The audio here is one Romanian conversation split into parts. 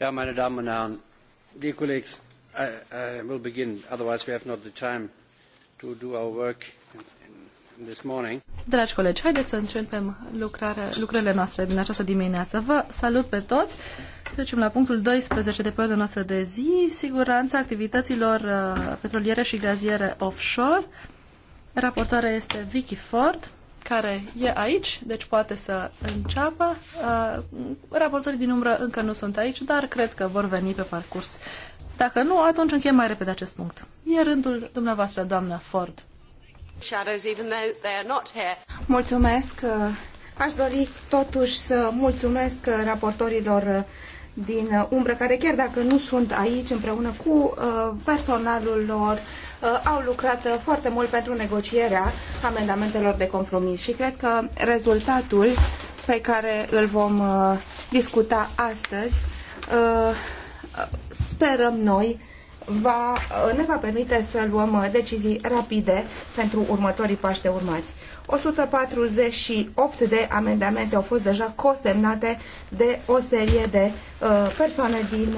meine Damen und Herren, dear colleagues, I, will begin, otherwise we have not the time to do our work this morning. Dragi colegi, haideți să începem lucrarea, lucrările noastre din această dimineață. Vă salut pe toți. Trecem la punctul 12 de pe ordinea noastră de zi, siguranța activităților uh, petroliere și gaziere offshore. Raportoarea este Vicky Ford care e aici, deci poate să înceapă. Uh, raportorii din umbră încă nu sunt aici, dar cred că vor veni pe parcurs. Dacă nu, atunci încheiem mai repede acest punct. E rândul dumneavoastră, doamna Ford. Mulțumesc. Uh, aș dori totuși să mulțumesc uh, raportorilor din umbră, care chiar dacă nu sunt aici împreună cu personalul lor, Uh, au lucrat uh, foarte mult pentru negocierea amendamentelor de compromis și cred că rezultatul pe care îl vom uh, discuta astăzi, sperăm noi, va, ne va permite să luăm decizii rapide pentru următorii pași de urmați. 148 de amendamente au fost deja cosemnate de o serie de persoane din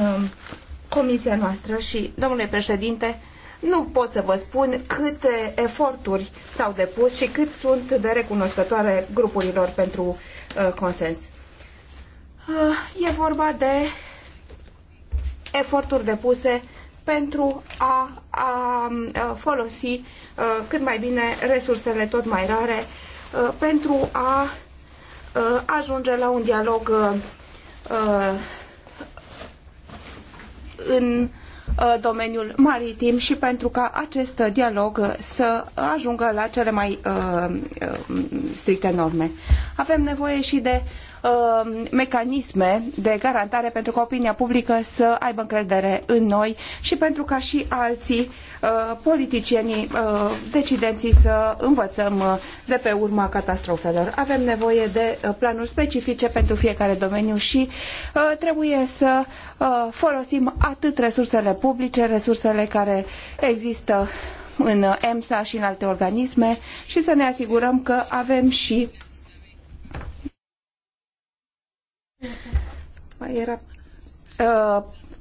comisia noastră și, domnule președinte, nu pot să vă spun câte eforturi s-au depus și cât sunt de recunoscătoare grupurilor pentru uh, consens. Uh, e vorba de eforturi depuse pentru a, a um, uh, folosi uh, cât mai bine resursele tot mai rare, uh, pentru a uh, ajunge la un dialog uh, uh, în Uh, domeniul maritim și pentru ca acest dialog să ajungă la cele mai uh, uh, stricte norme. Avem nevoie și de mecanisme de garantare pentru ca opinia publică să aibă încredere în noi și pentru ca și alții Uh, politicienii, uh, decidenții să învățăm uh, de pe urma catastrofelor. Avem nevoie de planuri specifice pentru fiecare domeniu și trebuie să folosim atât resursele publice, resursele care există în EMSA și în alte organisme și să ne asigurăm că avem și era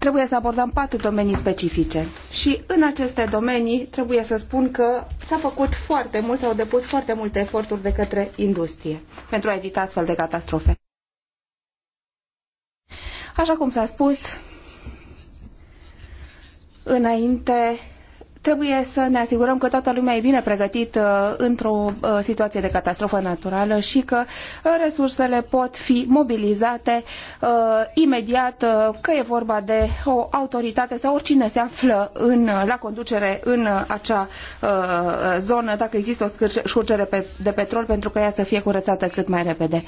trebuie să abordăm patru domenii specifice. Și în aceste domenii trebuie să spun că s-a făcut foarte mult, s-au depus foarte multe eforturi de către industrie pentru a evita astfel de catastrofe. Așa cum s-a spus, înainte Trebuie să ne asigurăm că toată lumea e bine pregătită uh, într-o uh, situație de catastrofă naturală și că uh, resursele pot fi mobilizate imediat, că e vorba de o autoritate sau oricine se află în, la conducere în acea zonă, dacă există o scurgere de petrol, pentru că ea să fie curățată cât mai repede.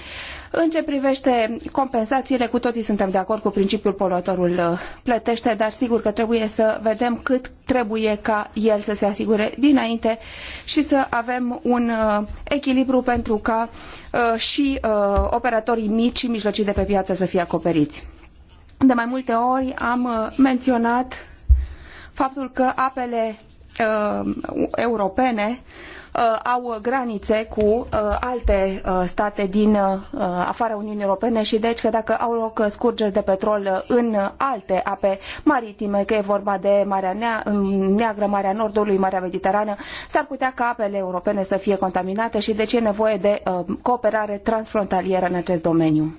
În ce privește compensațiile, cu toții suntem de acord cu principiul poluatorul plătește, dar sigur că trebuie să vedem cât trebuie ca el să se asigure dinainte și să avem un uh, echilibru pentru ca uh, și uh, operatorii mici și mijlocii de pe piață să fie acoperiți. De mai multe ori am menționat faptul că apele europene Uh, au granițe cu uh, alte uh, state din afara Uniunii Europene și deci că dacă au loc scurgeri de petrol în alte ape maritime, că e vorba de Marea Neagră, Marea Nordului, Marea Mediterană, s-ar putea ca apele europene să fie contaminate și deci e nevoie de cooperare transfrontalieră în acest domeniu.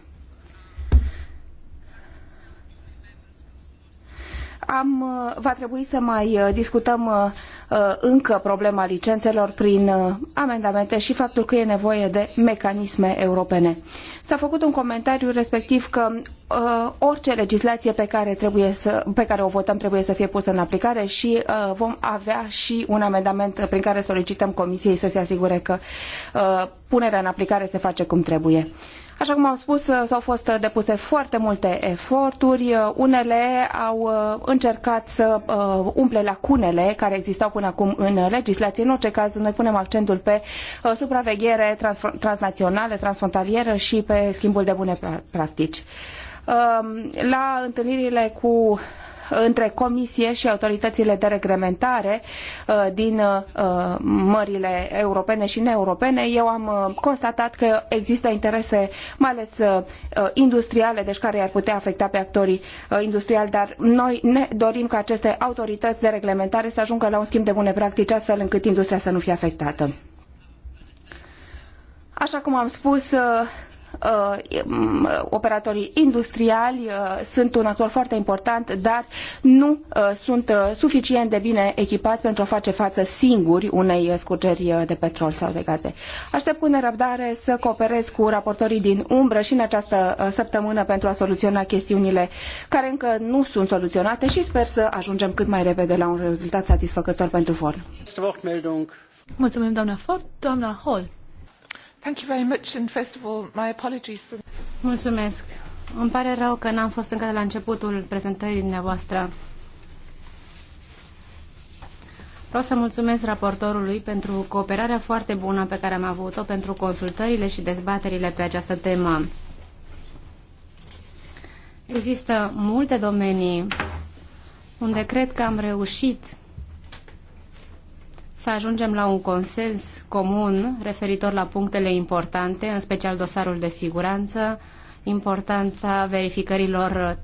am, uh, va trebui să mai uh, discutăm uh, încă problema licențelor prin amendamente și faptul că e nevoie de mecanisme europene. S-a făcut un comentariu respectiv că orice legislație pe care, trebuie să, pe care o votăm trebuie să fie pusă în aplicare și vom avea și un amendament prin care solicităm Comisiei să se asigure că punerea în aplicare se face cum trebuie. Așa cum am spus, uh, s-au fost uh, depuse foarte multe eforturi. Uh, unele au încercat să umple lacunele care existau până acum în legislație. În orice caz, noi punem accentul pe supraveghere trans transnațională, transfrontalieră și pe schimbul de bune practici. Um, la întâlnirile cu între Comisie și autoritățile de reglementare uh, din uh, mările europene și neeuropene. Eu am uh, constatat că există interese, mai ales industriale, deci care ar putea afecta pe actorii industriali, dar noi ne dorim ca aceste autorități de reglementare să ajungă la un schimb de bune practici, astfel încât industria să nu fie afectată. Așa cum am spus, Uh, operatorii industriali uh, sunt un actor foarte important, dar nu uh, sunt suficient de bine echipați pentru a face față singuri unei scurgeri de petrol sau de gaze. Aștept cu nerăbdare să cooperez cu raportorii din umbră și în această săptămână pentru a soluționa chestiunile care încă nu sunt soluționate și sper să ajungem cât mai repede la un rezultat satisfăcător pentru Ford. Mulțumim, doamna Ford. Doamna Hall. Mulțumesc. Îmi pare rău că n-am fost încă de la începutul prezentării dumneavoastră. Vreau să mulțumesc raportorului pentru cooperarea foarte bună pe care am avut-o, pentru consultările și dezbaterile pe această temă. Există multe domenii unde cred că am reușit să ajungem la un consens comun referitor la punctele importante, în special dosarul de siguranță, importanța verificărilor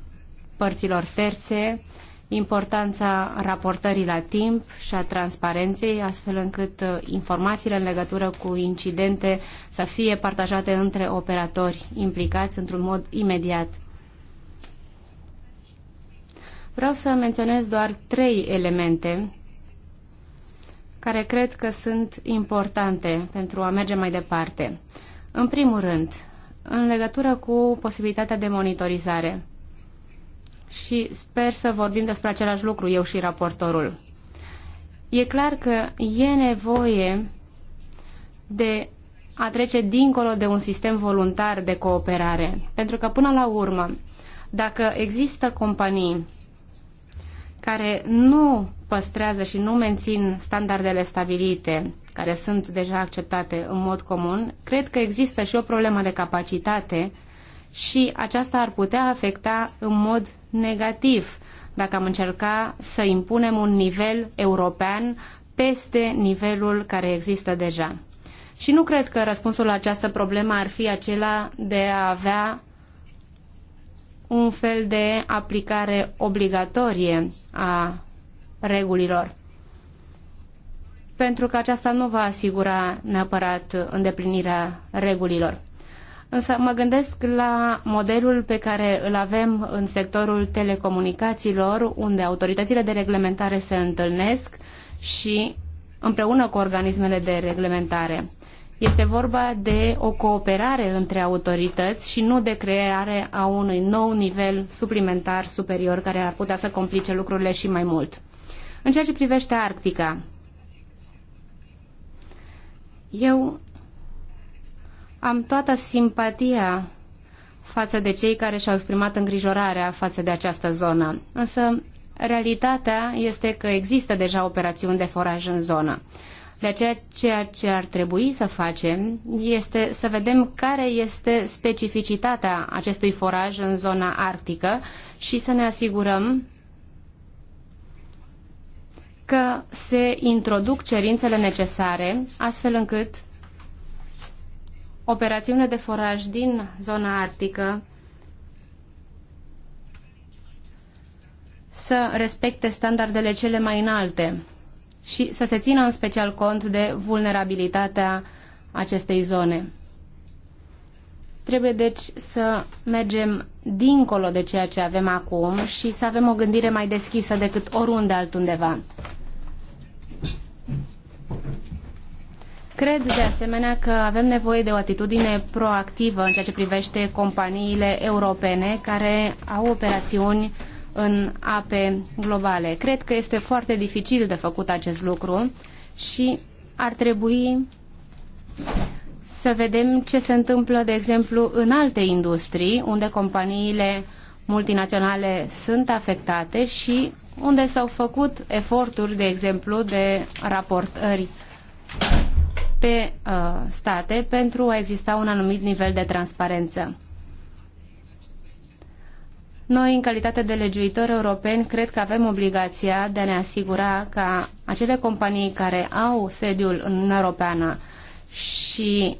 părților terțe, importanța raportării la timp și a transparenței, astfel încât uh, informațiile în legătură cu incidente să fie partajate între operatori implicați într-un mod imediat. Vreau să menționez doar trei elemente care cred că sunt importante pentru a merge mai departe. În primul rând, în legătură cu posibilitatea de monitorizare. Și sper să vorbim despre același lucru, eu și raportorul. E clar că e nevoie de a trece dincolo de un sistem voluntar de cooperare. Pentru că, până la urmă, dacă există companii care nu păstrează și nu mențin standardele stabilite, care sunt deja acceptate în mod comun, cred că există și o problemă de capacitate și aceasta ar putea afecta în mod negativ dacă am încerca să impunem un nivel european peste nivelul care există deja. Și nu cred că răspunsul la această problemă ar fi acela de a avea un fel de aplicare obligatorie a regulilor. Pentru că aceasta nu va asigura neapărat îndeplinirea regulilor. Însă mă gândesc la modelul pe care îl avem în sectorul telecomunicațiilor, unde autoritățile de reglementare se întâlnesc și împreună cu organismele de reglementare. Este vorba de o cooperare între autorități și nu de creare a unui nou nivel suplimentar superior care ar putea să complice lucrurile și mai mult. În ceea ce privește Arctica, eu am toată simpatia față de cei care și-au exprimat îngrijorarea față de această zonă. Însă, realitatea este că există deja operațiuni de foraj în zonă. De aceea, ceea ce ar trebui să facem este să vedem care este specificitatea acestui foraj în zona arctică și să ne asigurăm că se introduc cerințele necesare, astfel încât operațiunea de foraj din zona arctică să respecte standardele cele mai înalte și să se țină în special cont de vulnerabilitatea acestei zone. Trebuie deci să mergem dincolo de ceea ce avem acum și să avem o gândire mai deschisă decât oriunde altundeva. Cred de asemenea că avem nevoie de o atitudine proactivă în ceea ce privește companiile europene care au operațiuni în ape globale. Cred că este foarte dificil de făcut acest lucru și ar trebui să vedem ce se întâmplă, de exemplu, în alte industrii unde companiile multinaționale sunt afectate și unde s-au făcut eforturi, de exemplu, de raportări pe uh, state pentru a exista un anumit nivel de transparență. Noi, în calitate de legiuitori europeni, cred că avem obligația de a ne asigura că acele companii care au sediul în Uniunea Europeană și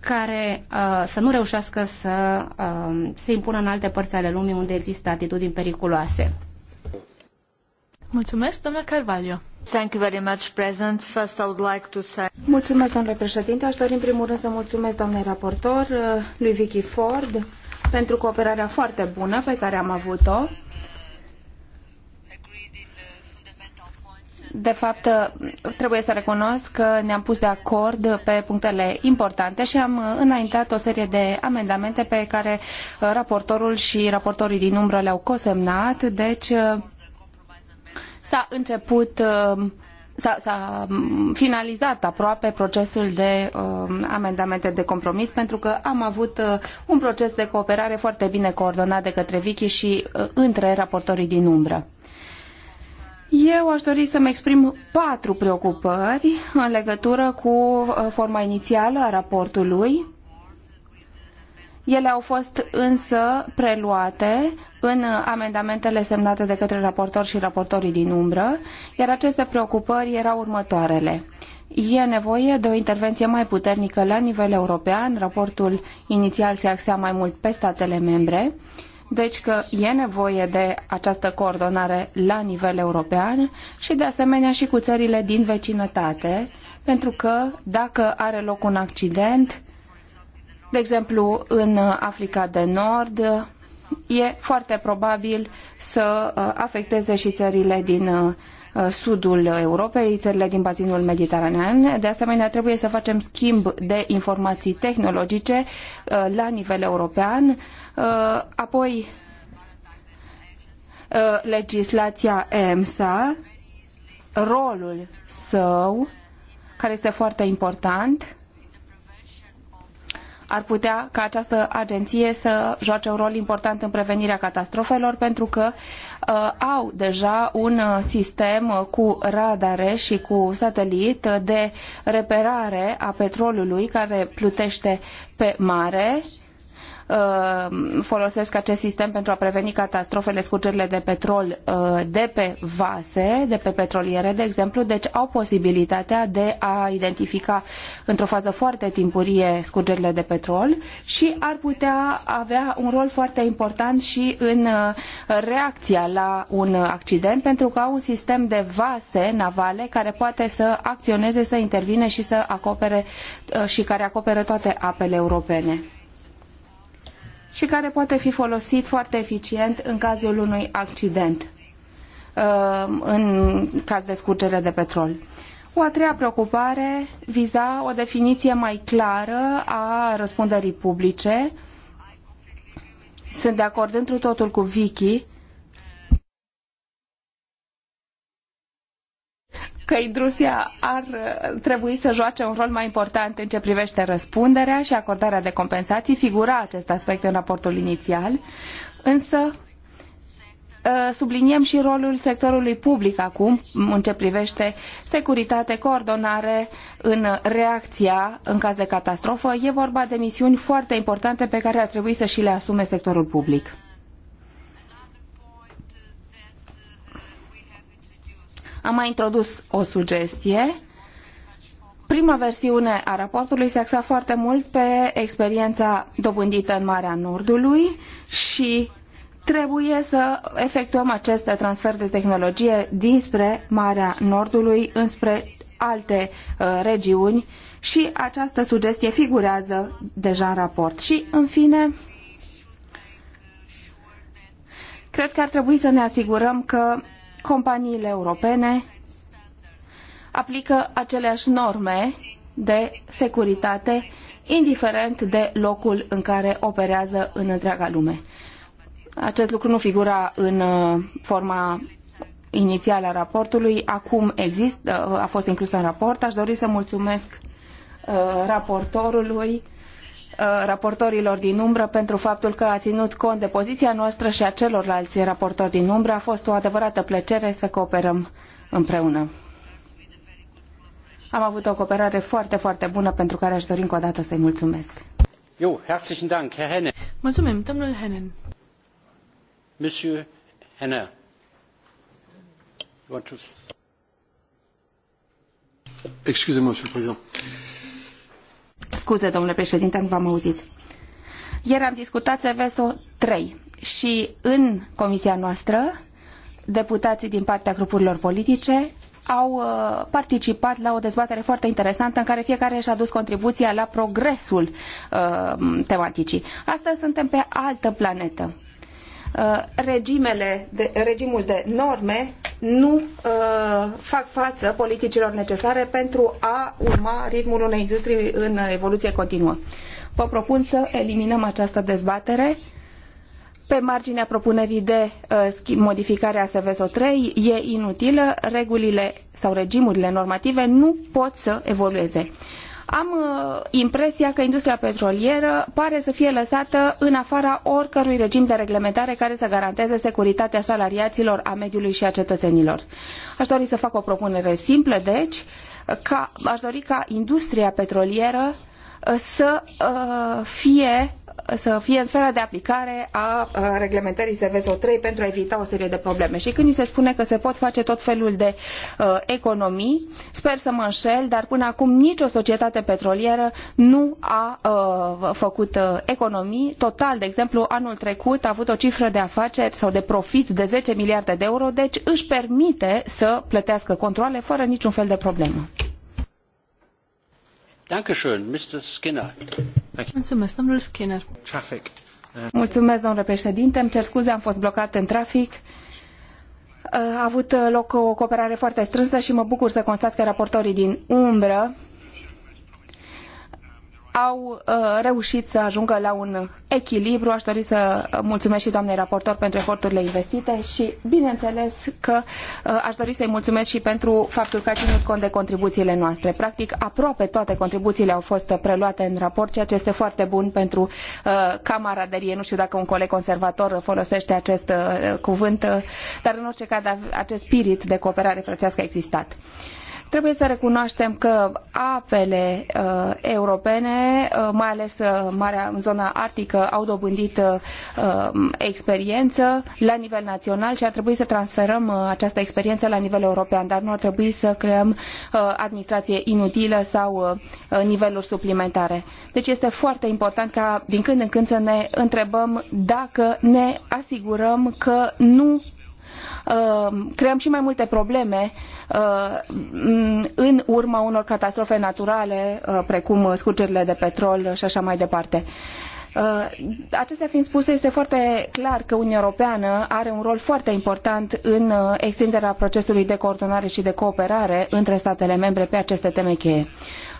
care uh, să nu reușească să uh, se impună în alte părți ale lumii unde există atitudini periculoase. Mulțumesc, domnule Carvalho. Mulțumesc, domnule președinte. Aș dori în primul rând să mulțumesc doamnei raportor, uh, lui Vicky Ford, pentru cooperarea foarte bună pe care am avut-o. de fapt, uh, trebuie să recunosc că ne-am pus de acord pe punctele importante și am uh, înaintat o serie de amendamente pe care raportorul și raportorii din umbră le-au cosemnat, deci s-a început, uh, s-a, mm, finalizat aproape procesul de uh, amendamente de compromis pentru că am avut uh, un proces de cooperare foarte bine coordonat de către Vicky și între raportorii din umbră. Eu aș dori să-mi exprim patru preocupări în legătură cu forma inițială a raportului, ele au fost însă preluate în amendamentele semnate de către raportor și raportorii din umbră, iar aceste preocupări erau următoarele. E nevoie de o intervenție mai puternică la nivel european, raportul inițial se axa mai mult pe statele membre, deci că e nevoie de această coordonare la nivel european și de asemenea și cu țările din vecinătate, pentru că dacă are loc un accident, de exemplu, în Africa de Nord e foarte probabil să uh, afecteze și țările din uh, sudul Europei, țările din bazinul mediteranean. De asemenea, trebuie să facem schimb de informații tehnologice uh, la nivel european, apoi legislația EMSA, rolul său, care este foarte important, ar putea ca această agenție să joace un rol important în prevenirea catastrofelor pentru că uh, au deja un uh, sistem uh, cu radare și cu satelit de reperare a petrolului care plutește pe mare uh, Uh, folosesc acest sistem pentru a preveni catastrofele, scurgerile de petrol uh, de pe vase, de pe petroliere, de exemplu, deci au posibilitatea de a identifica într-o fază foarte timpurie scurgerile de petrol și ar putea avea un rol foarte important și în uh, reacția la un accident, pentru că au un sistem de vase navale care poate să acționeze, să intervine și să acopere și care acoperă toate apele europene și care poate fi folosit foarte eficient în cazul unui accident, uh, în caz de scurgere de petrol. O a treia preocupare viza o definiție mai clară a răspunderii publice. Sunt de acord întru totul cu Vicky că Rusia ar uh, trebui să joace un rol mai important în ce privește răspunderea și acordarea de compensații. Figura acest aspect în raportul inițial, însă uh, subliniem și rolul sectorului public acum în ce privește securitate, coordonare în reacția în caz de catastrofă. E vorba de misiuni foarte importante pe care ar trebui să și le asume sectorul public. Am mai introdus o sugestie. Prima versiune a raportului se axa foarte mult pe experiența dobândită în Marea Nordului și trebuie să efectuăm acest transfer de tehnologie dinspre Marea Nordului înspre alte uh, regiuni și această sugestie figurează deja în raport. Și, în fine, cred că ar trebui să ne asigurăm că companiile europene aplică aceleași norme de securitate, indiferent de locul în care operează în întreaga lume. Acest lucru nu figura în uh, forma inițială a raportului, acum există, uh, a fost inclusă în raport. Aș dori să mulțumesc uh, raportorului Uh, raportorilor din umbră pentru faptul că a ținut cont de poziția noastră și a celorlalți raportori din umbră. A fost o adevărată plăcere să cooperăm împreună. Am avut o cooperare foarte, foarte bună pentru care aș dori încă o dată să-i mulțumesc. Jo, herzlichen Dank, Herr Henne. Mulțumim, domnul Hennen. Monsieur Henne. Excusez-moi, monsieur le président scuze, domnule președinte, nu v-am auzit. Ieri am discutat SVSO 3 și în comisia noastră deputații din partea grupurilor politice au uh, participat la o dezbatere foarte interesantă în care fiecare și-a dus contribuția la progresul uh, tematicii. Astăzi suntem pe altă planetă. Uh, regimele de, regimul de norme nu uh, fac față politicilor necesare pentru a urma ritmul unei industrii în evoluție continuă. Vă propun să eliminăm această dezbatere. Pe marginea propunerii de uh, modificare a SVSO 3 e inutilă, regulile sau regimurile normative nu pot să evolueze am uh, impresia că industria petrolieră pare să fie lăsată în afara oricărui regim de reglementare care să garanteze securitatea salariaților, a mediului și a cetățenilor. Aș dori să fac o propunere simplă, deci, ca, aș dori ca industria petrolieră uh, să uh, fie să fie în sfera de aplicare a reglementării SVZO 3 pentru a evita o serie de probleme. Și când ni se spune că se pot face tot felul de economii, sper să mă înșel, dar până acum nicio societate petrolieră nu a făcut economii. Total, de exemplu, anul trecut a avut o cifră de afaceri sau de profit de 10 miliarde de euro, deci își permite să plătească controle fără niciun fel de problemă. Mulțumesc, Skinner. Uh, Mulțumesc, domnule Îmi cer scuze, am fost blocat în trafic. Uh, a avut loc o cooperare foarte strânsă și mă bucur să constat că raportorii din umbră au uh, reușit să ajungă la un echilibru. Aș dori să mulțumesc și doamnei raportor pentru eforturile investite și, bineînțeles, că uh, aș dori să-i mulțumesc și pentru faptul că a ținut cont de contribuțiile noastre. Practic, aproape toate contribuțiile au fost preluate în raport, ceea ce este foarte bun pentru uh, camaraderie. Nu știu dacă un coleg conservator folosește acest uh, cuvânt, uh, dar în orice caz acest spirit de cooperare frățească a existat. Uh, Trebuie să recunoaștem că apele uh, europene, uh, mai ales uh, marea, în zona arctică, au dobândit uh, uh, experiență la nivel național și ar trebui să transferăm uh, această experiență la nivel european, dar nu ar trebui să creăm uh, administrație inutilă sau uh, uh niveluri suplimentare. Deci este foarte important ca din când în când să ne întrebăm dacă ne asigurăm că nu uh, creăm și mai multe probleme uh, Uh, în urma unor catastrofe naturale, uh, precum scurgerile de petrol și așa mai departe. Uh, acestea fiind spuse, este foarte clar că Uniunea Europeană are un rol foarte important în extinderea procesului de coordonare și de cooperare între statele membre pe aceste teme cheie.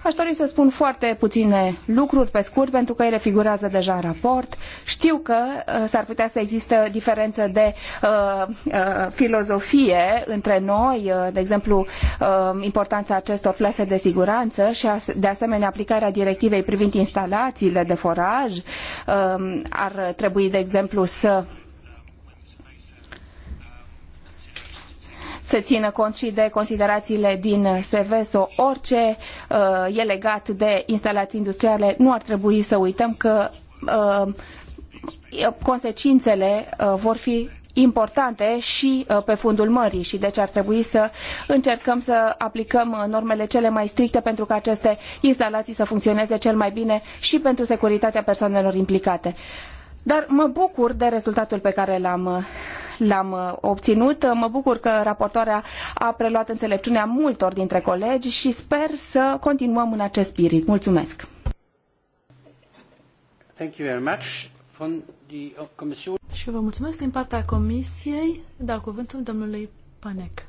Aș dori să spun foarte puține lucruri pe scurt, pentru că ele figurează deja în raport. Știu că uh, s-ar putea să existe diferență de uh, uh, filozofie între noi, uh, de exemplu, uh, importanța acestor plase de siguranță și, de asemenea, aplicarea directivei privind instalațiile de foraj. Um, ar trebui, de exemplu, să se țină cont și de considerațiile din Seveso. Orice uh, e legat de instalații industriale, nu ar trebui să uităm că uh, consecințele uh, vor fi importante și uh, pe fundul mării și deci ar trebui să încercăm să aplicăm uh, normele cele mai stricte pentru ca aceste instalații să funcționeze cel mai bine și pentru securitatea persoanelor implicate. Dar mă bucur de rezultatul pe care l-am l-am uh, obținut. Mă bucur că raportoarea a preluat înțelepciunea multor dintre colegi și sper să continuăm în acest spirit. Mulțumesc! Thank you very much. From the commission... Și vă mulțumesc din partea Comisiei. Dau cuvântul domnului Panec.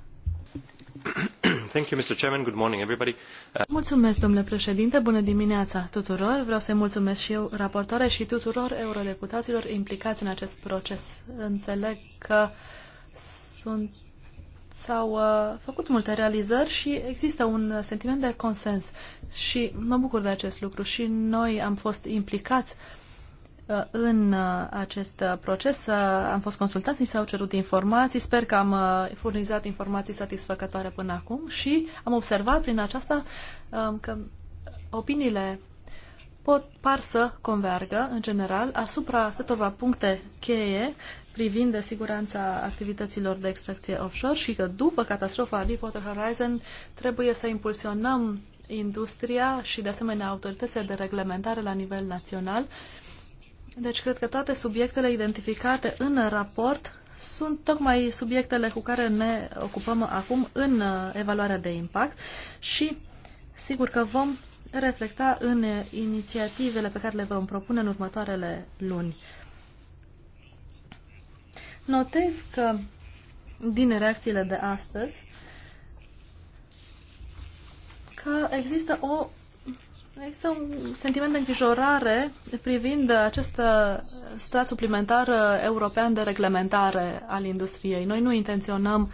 Uh, mulțumesc, domnule președinte. Bună dimineața tuturor. Vreau să-i mulțumesc și eu, raportoare, și tuturor eurodeputaților implicați în acest proces. Înțeleg că sunt, s-au uh, făcut multe realizări și există un sentiment de consens. Și mă bucur de acest lucru. Și noi am fost implicați uh, Uh, în uh, acest uh, proces. Am fost consultați, ni s-au cerut informații, sper că am furnizat informații satisfăcătoare până acum și am observat prin aceasta um, că opiniile pot par să convergă, în general, asupra câteva puncte cheie privind de siguranța activităților de extracție offshore și că după catastrofa Deepwater Horizon trebuie să impulsionăm industria și, de asemenea, autoritățile de reglementare la nivel național uh, deci cred că toate subiectele identificate în raport sunt tocmai subiectele cu care ne ocupăm acum în uh, evaluarea de impact și sigur că vom reflecta în inițiativele pe care le vom propune în următoarele luni. Notez că din reacțiile de astăzi că există o Există un sentiment de îngrijorare privind acest uh, strat suplimentar uh, european de reglementare al industriei. Noi nu intenționăm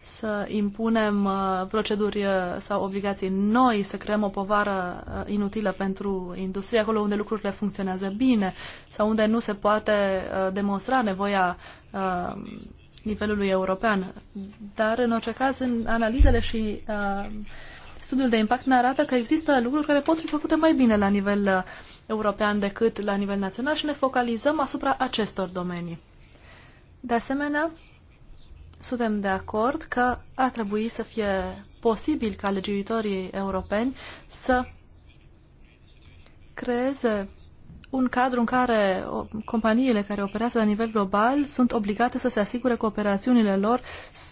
să impunem uh, proceduri sau obligații noi, să creăm o povară inutilă pentru industrie, acolo unde lucrurile funcționează bine sau unde nu se poate demonstra nevoia nivelului european. Dar, în orice caz, în analizele și uh, studiul de impact ne arată că există lucruri care pot fi făcute mai bine la nivel uh, european decât la nivel național și ne focalizăm asupra acestor domenii. De asemenea, suntem de acord că ar trebui să fie posibil ca legiuitorii europeni să creeze un cadru în care companiile care operează la nivel global sunt obligate să se asigure că operațiunile lor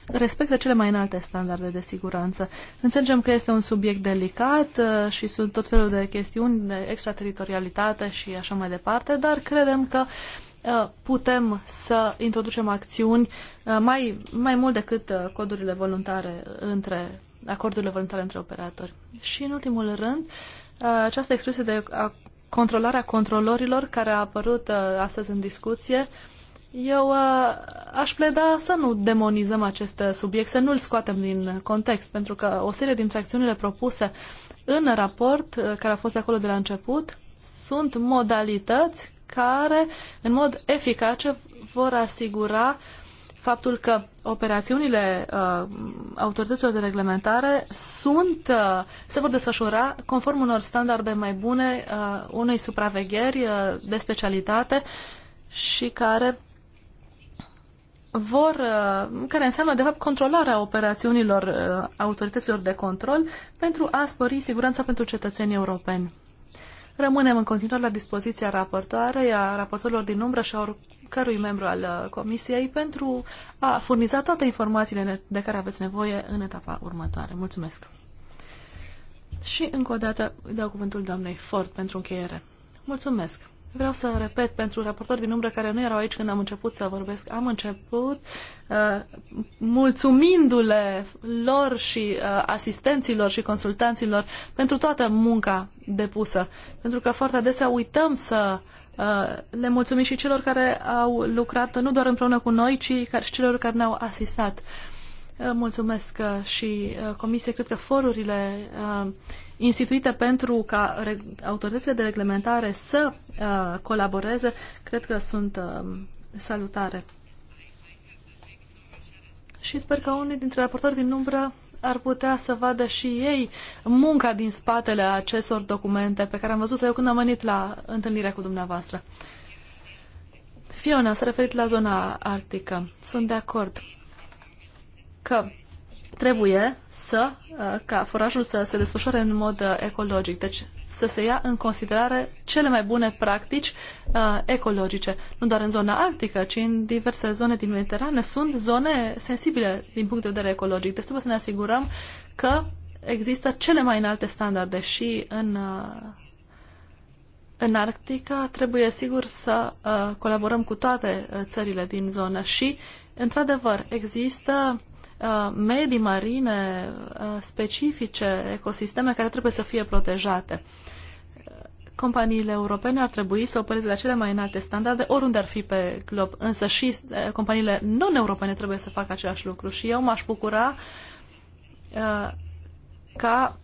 respectă cele mai înalte standarde de siguranță. Înțelegem că este un subiect delicat uh, și sunt tot felul de chestiuni de extraterritorialitate și așa mai departe, dar credem că uh, putem să introducem acțiuni uh, mai, mai mult decât codurile voluntare între acordurile voluntare între operatori. Și în ultimul rând, această expresie de controlarea controlorilor care a apărut uh, astăzi în discuție, eu uh, aș pleda să nu demonizăm acest uh, subiect, să nu-l scoatem din context, pentru că o serie dintre acțiunile propuse în raport, uh, care a fost de acolo de la început, sunt modalități care, în mod eficace, vor asigura uh, faptul că operațiunile uh, autorităților de reglementare sunt, uh, se vor desfășura conform unor standarde mai bune, uh, unei supravegheri uh, de specialitate și care vor, uh, care înseamnă de fapt controlarea operațiunilor uh, autorităților de control pentru a spori siguranța pentru cetățenii europeni. Rămânem în continuare la dispoziția raportoarei, a raportorilor din umbră și a oricărui membru al uh, Comisiei pentru a furniza toate informațiile de care aveți nevoie în etapa următoare. Mulțumesc! Și încă o dată dau cuvântul doamnei Ford pentru încheiere. Mulțumesc! Vreau să repet pentru raportori din umbră care nu erau aici când am început să vorbesc. Am început uh, mulțumindu-le lor și uh, asistenților și consultanților pentru toată munca depusă. Pentru că foarte adesea uităm să uh, Uh, le mulțumim și celor care au lucrat nu doar împreună cu noi, ci și celor care ne-au asistat. Uh, mulțumesc uh, și Comisie. Cred că forurile instituite pentru ca autoritățile de reglementare să colaboreze, cred că sunt salutare. Și sper că unii dintre raportori din umbră ar putea să vadă și ei munca din spatele acestor documente pe care am văzut-o eu când am venit la întâlnirea cu dumneavoastră. Fiona s-a referit la zona arctică. Sunt de acord că trebuie să, uh, ca forajul să se desfășoare în mod uh, ecologic. Deci să se ia în considerare cele mai bune practici uh, ecologice. Nu doar în zona arctică, ci în diverse zone din Mediterană sunt zone sensibile din punct de vedere ecologic. Deci trebuie să ne asigurăm că există cele mai înalte standarde și în, uh, în Arctica trebuie sigur să uh, colaborăm cu toate uh, țările din zonă și Într-adevăr, există Uh, medii marine uh, specifice, ecosisteme care trebuie să fie protejate. Companiile europene ar trebui să opereze la cele mai înalte standarde, oriunde ar fi pe glob, însă și uh, companiile non-europene trebuie să facă același lucru și eu m-aș bucura ca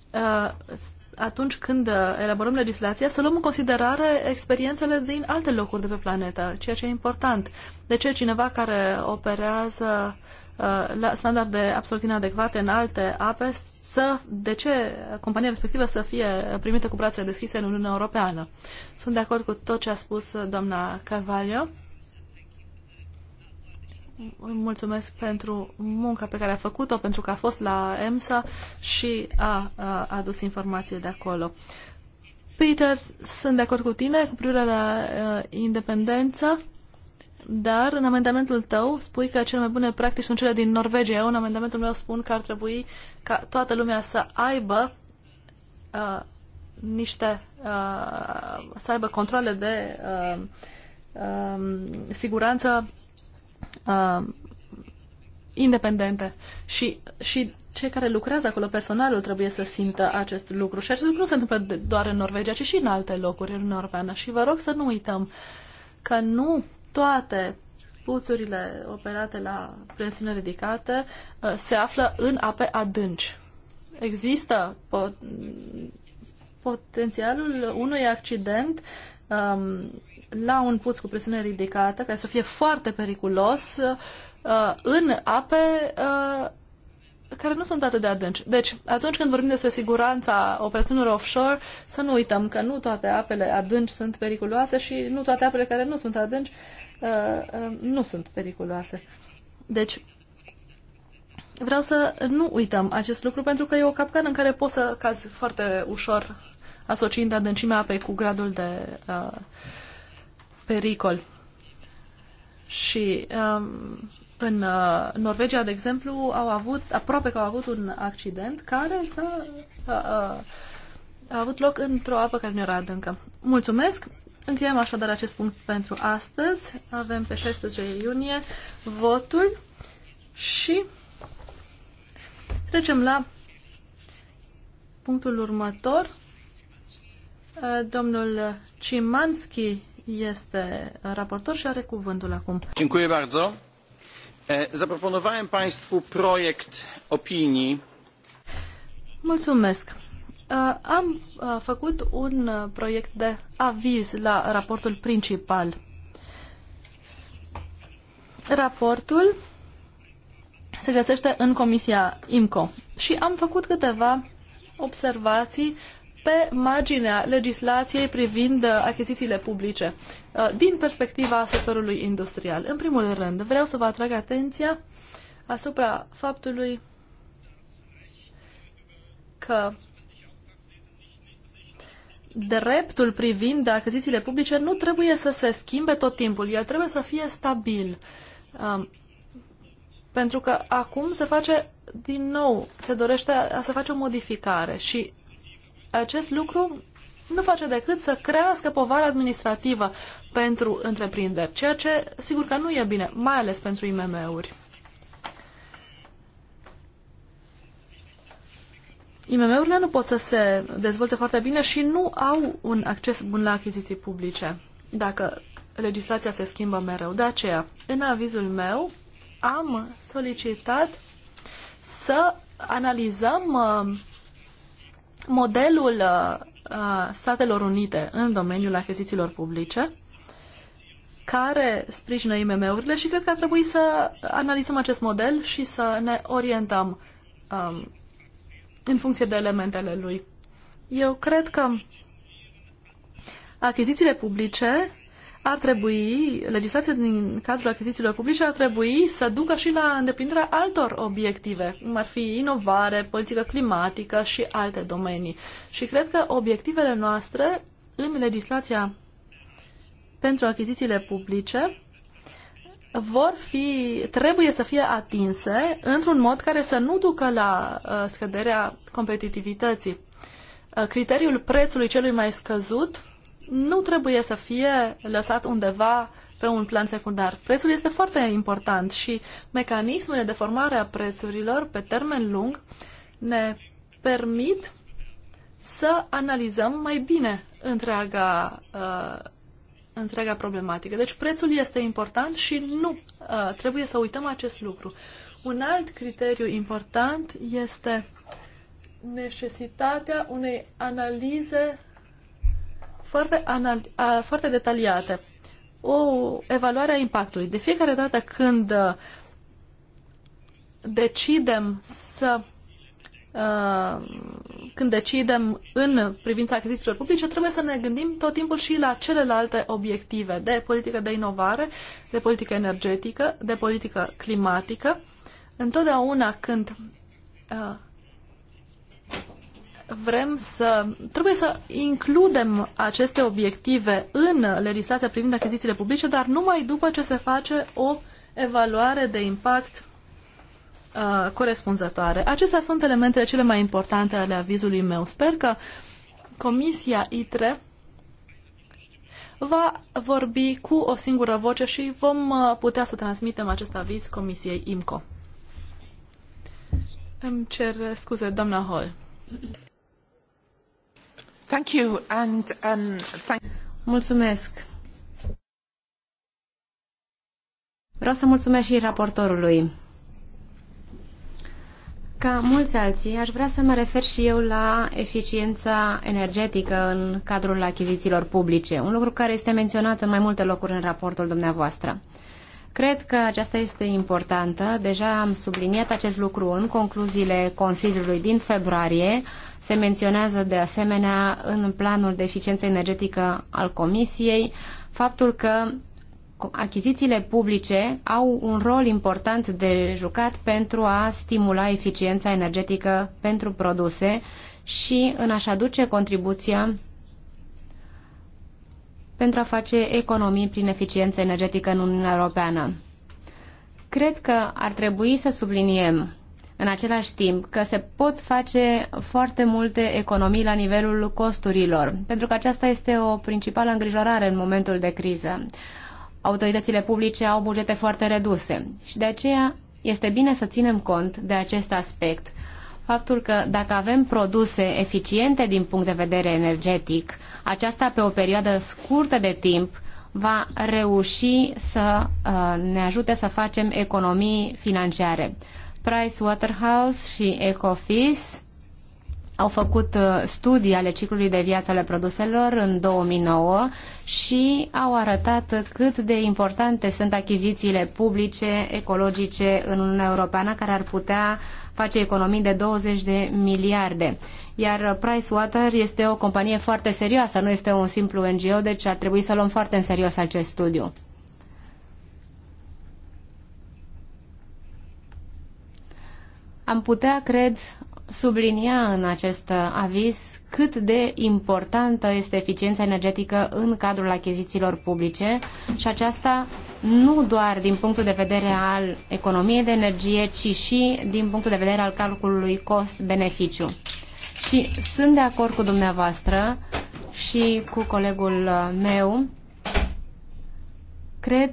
atunci când elaborăm legislația, să luăm în considerare experiențele din alte locuri de pe planetă, ceea ce e important. De ce cineva care operează Uh, la standarde absolut inadecvate în alte ape, să, de ce compania respectivă să fie primită cu brațele deschise în Uniunea Europeană. Sunt de acord cu tot ce a spus doamna Carvalho. Îi mulțumesc pentru munca pe care a făcut-o, pentru că a fost la EMSA și a, a adus informații de acolo. Peter, sunt de acord cu tine cu privire la uh, independență. Dar în amendamentul tău spui că cele mai bune practici sunt cele din Norvegia. Eu în amendamentul meu spun că ar trebui ca toată lumea să aibă uh, niște uh, să aibă controle de uh, um, siguranță uh, independente și, și cei care lucrează acolo, personalul trebuie să simtă acest lucru și acest lucru nu se întâmplă doar în Norvegia, ci și în alte locuri în Europeană și vă rog să nu uităm că nu toate puțurile operate la presiune ridicată uh, se află în ape adânci. Există pot potențialul unui accident um, la un puț cu presiune ridicată, care să fie foarte periculos, uh, în ape uh, care nu sunt atât de adânci. Deci, atunci când vorbim despre siguranța operațiunilor offshore, să nu uităm că nu toate apele adânci sunt periculoase și nu toate apele care nu sunt adânci uh, Uh, uh, nu sunt periculoase. Deci, vreau să nu uităm acest lucru pentru că e o capcană în care poți să cazi foarte ușor asociind adâncimea apei cu gradul de uh, pericol. Și um, în uh, Norvegia, de exemplu, au avut, aproape că au avut un accident care s-a, uh, uh, a avut loc într-o apă care nu era adâncă. Mulțumesc! Încheiem așadar acest punct pentru astăzi. Avem pe 16 iunie votul și trecem la punctul următor. Domnul Cimanski este raportor și are cuvântul acum. Dziękuję bardzo. Zaproponowałem Państwu projekt opinii. Mulțumesc. Uh, am uh, făcut un uh, proiect de aviz la raportul principal. Raportul se găsește în Comisia IMCO și am făcut câteva observații pe marginea legislației privind achizițiile publice din perspectiva sectorului industrial. În primul rând, vreau să vă atrag atenția asupra faptului că dreptul privind achizițiile publice nu trebuie să se schimbe tot timpul, el trebuie să fie stabil. Um, pentru că acum se face din nou, se dorește a, a se face o modificare și acest lucru nu face decât să crească povara administrativă pentru întreprinderi, ceea ce sigur că nu e bine, mai ales pentru IMM-uri. IMM-urile nu pot să se dezvolte foarte bine și nu au un acces bun la achiziții publice dacă legislația se schimbă mereu. De aceea, în avizul meu, am solicitat să analizăm uh, modelul uh, uh, Statelor Unite în domeniul achizițiilor publice care sprijină IMM-urile și cred că ar trebui să analizăm acest model și să ne orientăm um, în funcție de elementele lui. Eu cred că achizițiile publice ar trebui, legislația din cadrul achizițiilor publice ar trebui să ducă și la îndeplinirea altor obiective, cum ar fi inovare, politică climatică și alte domenii. Și cred că obiectivele noastre în legislația pentru achizițiile publice vor fi, trebuie să fie atinse într-un mod care să nu ducă la uh, scăderea competitivității. Uh, criteriul prețului celui mai scăzut nu trebuie să fie lăsat undeva pe un plan secundar. Prețul este foarte important și mecanismele de formare a prețurilor pe termen lung ne permit să analizăm mai bine întreaga uh, întreaga problematică. Deci prețul este important și nu uh, trebuie să uităm acest lucru. Un alt criteriu important este necesitatea unei analize foarte, anal- a, foarte detaliate. O evaluare a impactului. De fiecare dată când uh, decidem să uh, când decidem în privința achizițiilor publice, trebuie să ne gândim tot timpul și la celelalte obiective de politică de inovare, de politică energetică, de politică climatică. Întotdeauna când uh, vrem să. Trebuie să includem aceste obiective în legislația privind achizițiile publice, dar numai după ce se face o evaluare de impact Uh, corespunzătoare. Acestea sunt elementele cele mai importante ale avizului meu. Sper că Comisia ITRE va vorbi cu o singură voce și vom uh, putea să transmitem acest aviz Comisiei IMCO. Îmi cer scuze, doamna Hall. Thank you and, um, thank Mulțumesc. Vreau să mulțumesc și raportorului ca mulți alții, aș vrea să mă refer și eu la eficiența energetică în cadrul achizițiilor publice, un lucru care este menționat în mai multe locuri în raportul dumneavoastră. Cred că aceasta este importantă. Deja am subliniat acest lucru în concluziile Consiliului din februarie. Se menționează de asemenea în planul de eficiență energetică al Comisiei faptul că achizițiile publice au un rol important de jucat pentru a stimula eficiența energetică pentru produse și în a-și aduce contribuția pentru a face economii prin eficiență energetică în Uniunea Europeană. Cred că ar trebui să subliniem în același timp că se pot face foarte multe economii la nivelul costurilor, pentru că aceasta este o principală îngrijorare în momentul de criză autoritățile publice au bugete foarte reduse și de aceea este bine să ținem cont de acest aspect. Faptul că dacă avem produse eficiente din punct de vedere energetic, aceasta pe o perioadă scurtă de timp va reuși să uh, ne ajute să facem economii financiare. Price Waterhouse și Ecofis au făcut uh, studii ale ciclului de viață ale produselor în 2009 și au arătat cât de importante sunt achizițiile publice, ecologice în Uniunea Europeană, care ar putea face economii de 20 de miliarde. Iar Pricewater este o companie foarte serioasă, nu este un simplu NGO, deci ar trebui să luăm foarte în serios acest studiu. Am putea, cred, sublinia în acest aviz cât de importantă este eficiența energetică în cadrul achizițiilor publice și aceasta nu doar din punctul de vedere al economiei de energie, ci și din punctul de vedere al calculului cost-beneficiu. Și sunt de acord cu dumneavoastră și cu colegul meu. Cred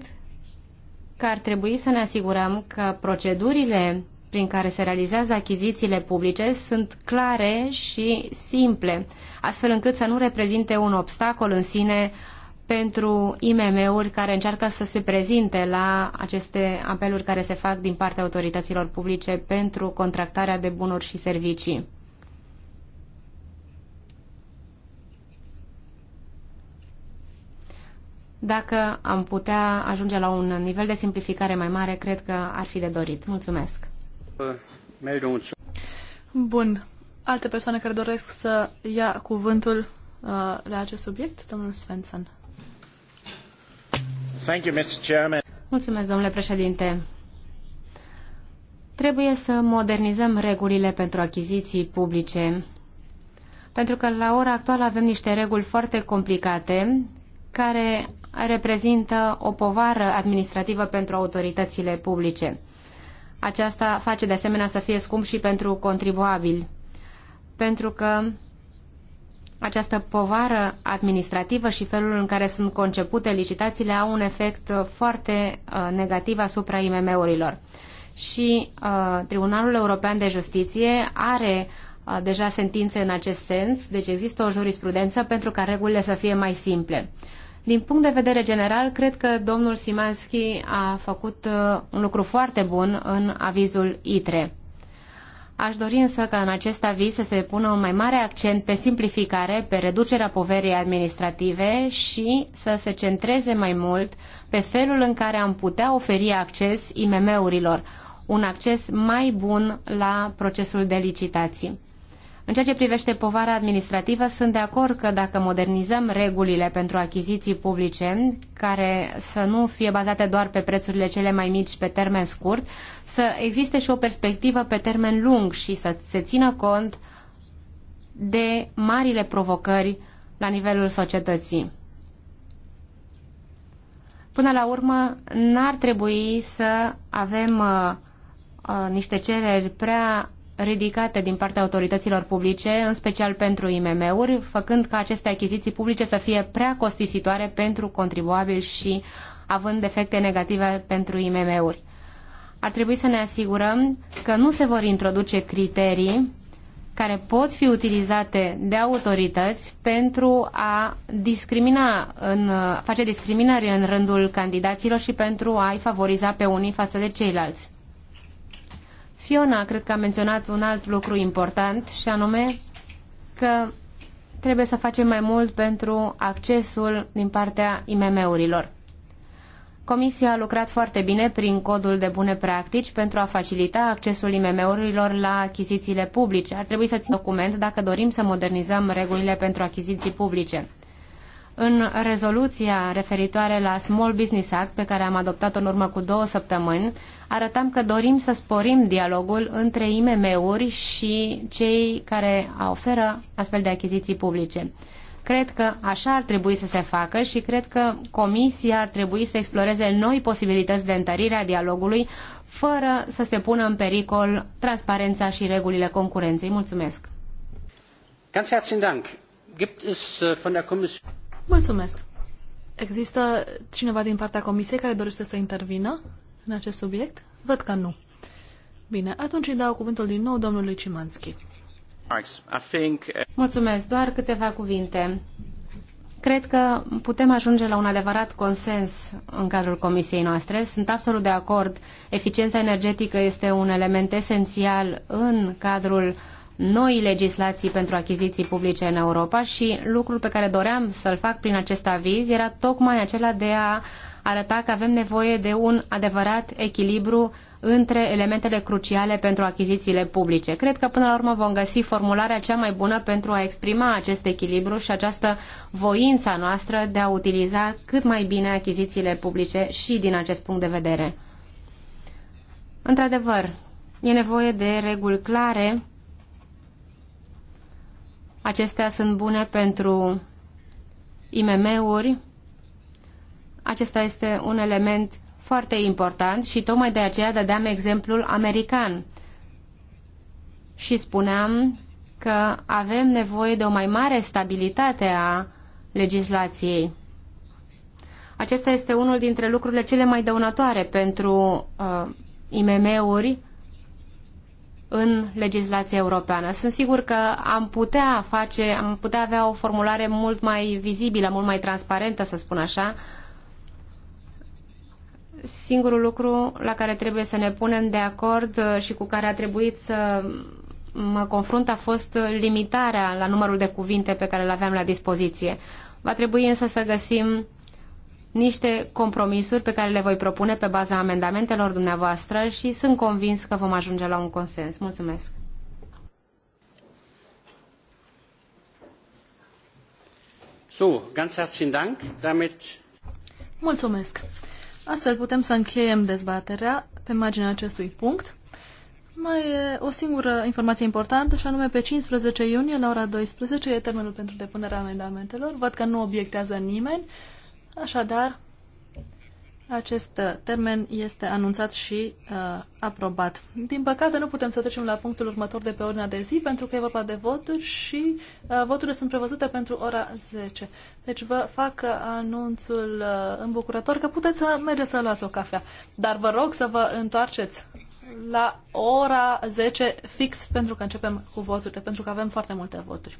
că ar trebui să ne asigurăm că procedurile prin care se realizează achizițiile publice sunt clare și simple, astfel încât să nu reprezinte un obstacol în sine pentru IMM-uri care încearcă să se prezinte la aceste apeluri care se fac din partea autorităților publice pentru contractarea de bunuri și servicii. Dacă am putea ajunge la un nivel de simplificare mai mare, cred că ar fi de dorit. Mulțumesc! Bun. Alte persoane care doresc să ia cuvântul uh, la acest subiect? Domnul Svensson. Thank you, Mr. Chairman. Mulțumesc, domnule președinte. Trebuie să modernizăm regulile pentru achiziții publice, pentru că la ora actuală avem niște reguli foarte complicate care reprezintă o povară administrativă pentru autoritățile publice. Aceasta face de asemenea să fie scump și pentru contribuabili, pentru că această povară administrativă și felul în care sunt concepute licitațiile au un efect uh, foarte uh, negativ asupra IMM-urilor. Și uh, Tribunalul European de Justiție are uh, deja sentințe în acest sens, deci există o jurisprudență pentru ca regulile să fie mai simple. Uh, din punct de vedere general, cred că domnul Simanski a făcut uh, un lucru foarte bun în avizul ITRE. Aș dori însă ca în acest aviz să se pună un mai mare accent pe simplificare, pe reducerea poverii administrative și să se centreze mai mult pe felul în care am putea oferi acces IMM-urilor, un acces mai bun la procesul de licitații. În ceea ce privește povara administrativă, sunt de acord că dacă modernizăm regulile pentru achiziții publice, care să nu fie bazate doar pe prețurile cele mai mici pe termen scurt, să existe și o perspectivă pe termen lung și să se țină cont de marile provocări la nivelul societății. Până la urmă, n-ar trebui să avem uh, uh, niște cereri prea ridicate din partea autorităților publice, în special pentru IMM-uri, făcând ca aceste achiziții publice să fie prea costisitoare pentru contribuabil și având efecte negative pentru IMM-uri. Ar trebui să ne asigurăm că nu se vor introduce criterii care pot fi utilizate de autorități pentru a discrimina în, face discriminări în rândul candidaților și pentru a-i favoriza pe unii față de ceilalți. Fiona, cred că a menționat un alt lucru important și anume că trebuie să facem mai mult pentru accesul din partea IMM-urilor. Comisia a lucrat foarte bine prin codul de bune practici pentru a facilita accesul IMM-urilor la achizițiile publice. Ar trebui să țin document dacă dorim să modernizăm regulile pentru achiziții publice în rezoluția referitoare la Small Business Act pe care am adoptat-o în urmă cu două săptămâni, arătam că dorim să sporim dialogul între IMM-uri și cei care oferă astfel de achiziții publice. Cred că așa ar trebui să se facă și cred că Comisia ar trebui să exploreze noi posibilități de întărire a dialogului fără să se pună în pericol transparența și regulile concurenței. Mulțumesc! Ganz herzlichen Dank. Gibt es äh, von der Kommission Mulțumesc. Există cineva din partea comisiei care dorește să intervină în acest subiect? Văd că nu. Bine, atunci îi dau cuvântul din nou domnului Cimanski. Mulțumesc, doar câteva cuvinte. Cred că putem ajunge la un adevărat consens în cadrul comisiei noastre. Sunt absolut de acord. Eficiența energetică este un element esențial în cadrul noi legislații pentru achiziții publice în Europa și lucrul pe care doream să-l fac prin acest aviz era tocmai acela de a arăta că avem nevoie de un adevărat echilibru între elementele cruciale pentru achizițiile publice. Cred că până la urmă vom găsi formularea cea mai bună pentru a exprima acest echilibru și această voința noastră de a utiliza cât mai bine achizițiile publice și din acest punct de vedere. Într-adevăr, e nevoie de reguli clare Acestea sunt bune pentru IMM-uri. Acesta este un element foarte important și tocmai de aceea dădeam exemplul american. Și spuneam că avem nevoie de o mai mare stabilitate a legislației. Acesta este unul dintre lucrurile cele mai dăunătoare pentru uh, IMM-uri în legislația europeană. Sunt sigur că am putea face, am putea avea o formulare mult mai vizibilă, mult mai transparentă, să spun așa. Singurul lucru la care trebuie să ne punem de acord uh, și cu care a trebuit să mă confrunt a fost limitarea la numărul de cuvinte pe care le aveam la dispoziție. Va trebui însă să găsim niște compromisuri pe care le voi propune pe baza amendamentelor dumneavoastră și sunt convins că vom ajunge la un consens. Mulțumesc! So, ganz herzlichen Dank. Damit... Mulțumesc! Astfel putem să încheiem dezbaterea pe marginea acestui punct. Mai e o singură informație importantă, și anume pe 15 iunie la ora 12 e termenul pentru depunerea amendamentelor. Văd că nu obiectează nimeni. Așadar, acest uh, termen este anunțat și uh, aprobat. Din păcate, nu putem să trecem la punctul următor de pe ordinea de zi, pentru că e vorba de voturi și uh, voturile sunt prevăzute pentru ora 10. Deci vă fac uh, anunțul uh, îmbucurător că puteți să mergeți să luați o cafea. Dar vă rog să vă întoarceți la ora 10 fix, pentru că începem cu voturile, pentru că avem foarte multe voturi.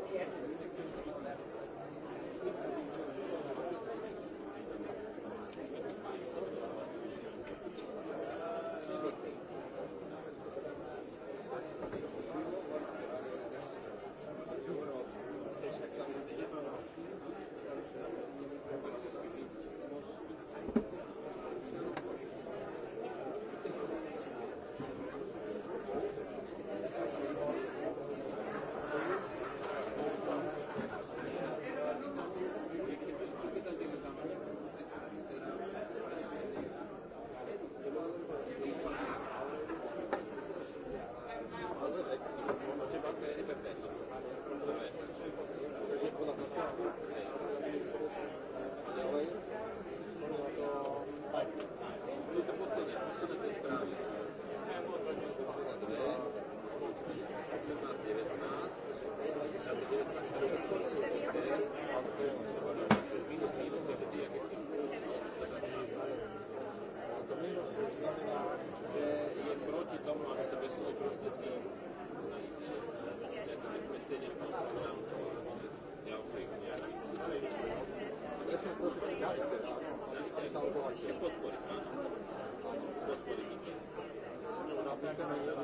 Și pot pori. Pot pori. Nu, dar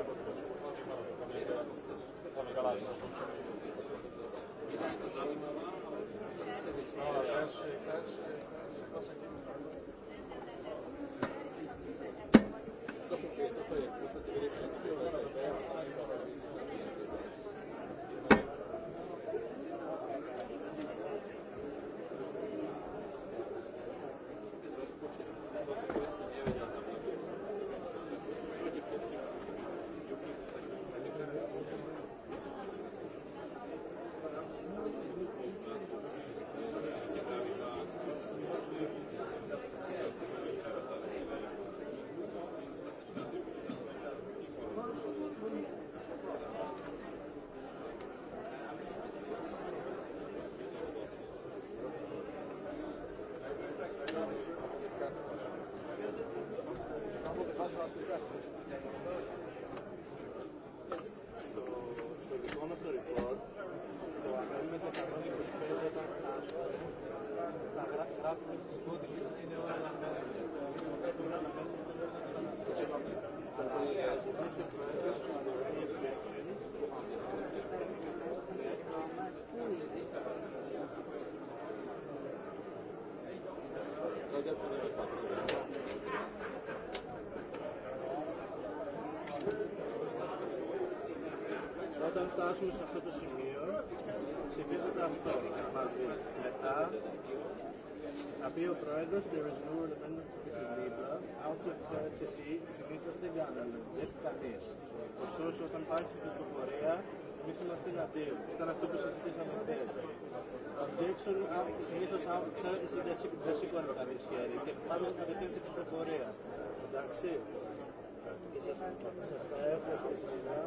φτάσουμε σε αυτό το σημείο, ψηφίζεται αυτό μαζί. Μετά, θα πει ο Πρόεδρος, there is no element this is Libra, out of εσύ, συνήθως δεν κάνει αναλογητζεύει κανείς. Ωστόσο, όταν πάει στην πληροφορία, εμείς είμαστε εναντίον. Ήταν αυτό που συζητήσαμε χθες. Objection, συνήθως out of courtesy, δεν σήκωνε κανείς χέρι και πάμε δεχτεί την πληροφορία. Εντάξει. Και σας, σας τα έχω στο σημείο.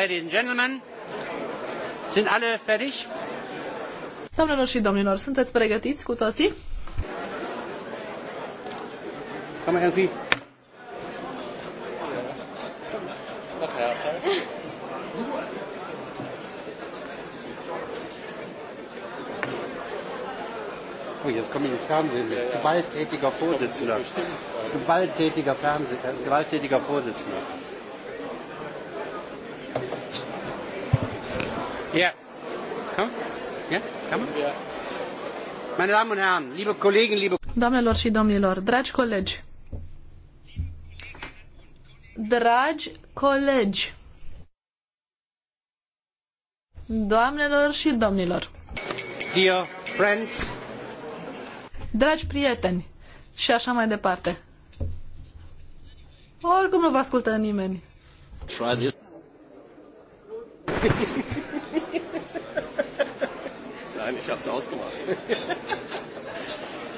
Ladies and gentlemen, sunt alle fertig? Doamnelor și domnilor, sunteți pregătiți cu toții? Kann man irgendwie... Oh, jetzt komme ich ins Fernsehen. Mit. Gewalttätiger Vorsitzender. Gewalttätiger, Fernseh, äh, gewalttätiger Vorsitzender. Ja. Komm. Ja, komm. Ja. Meine Damen und Herren, liebe Kollegen, liebe Doamnelor și domnilor, dragi colegi. Dragi colegi. Doamnelor și domnilor. Dear friends. Dragi prieteni și așa mai departe. Oricum nu vă ascultă nimeni. Try this. Ich habe es ausgemacht.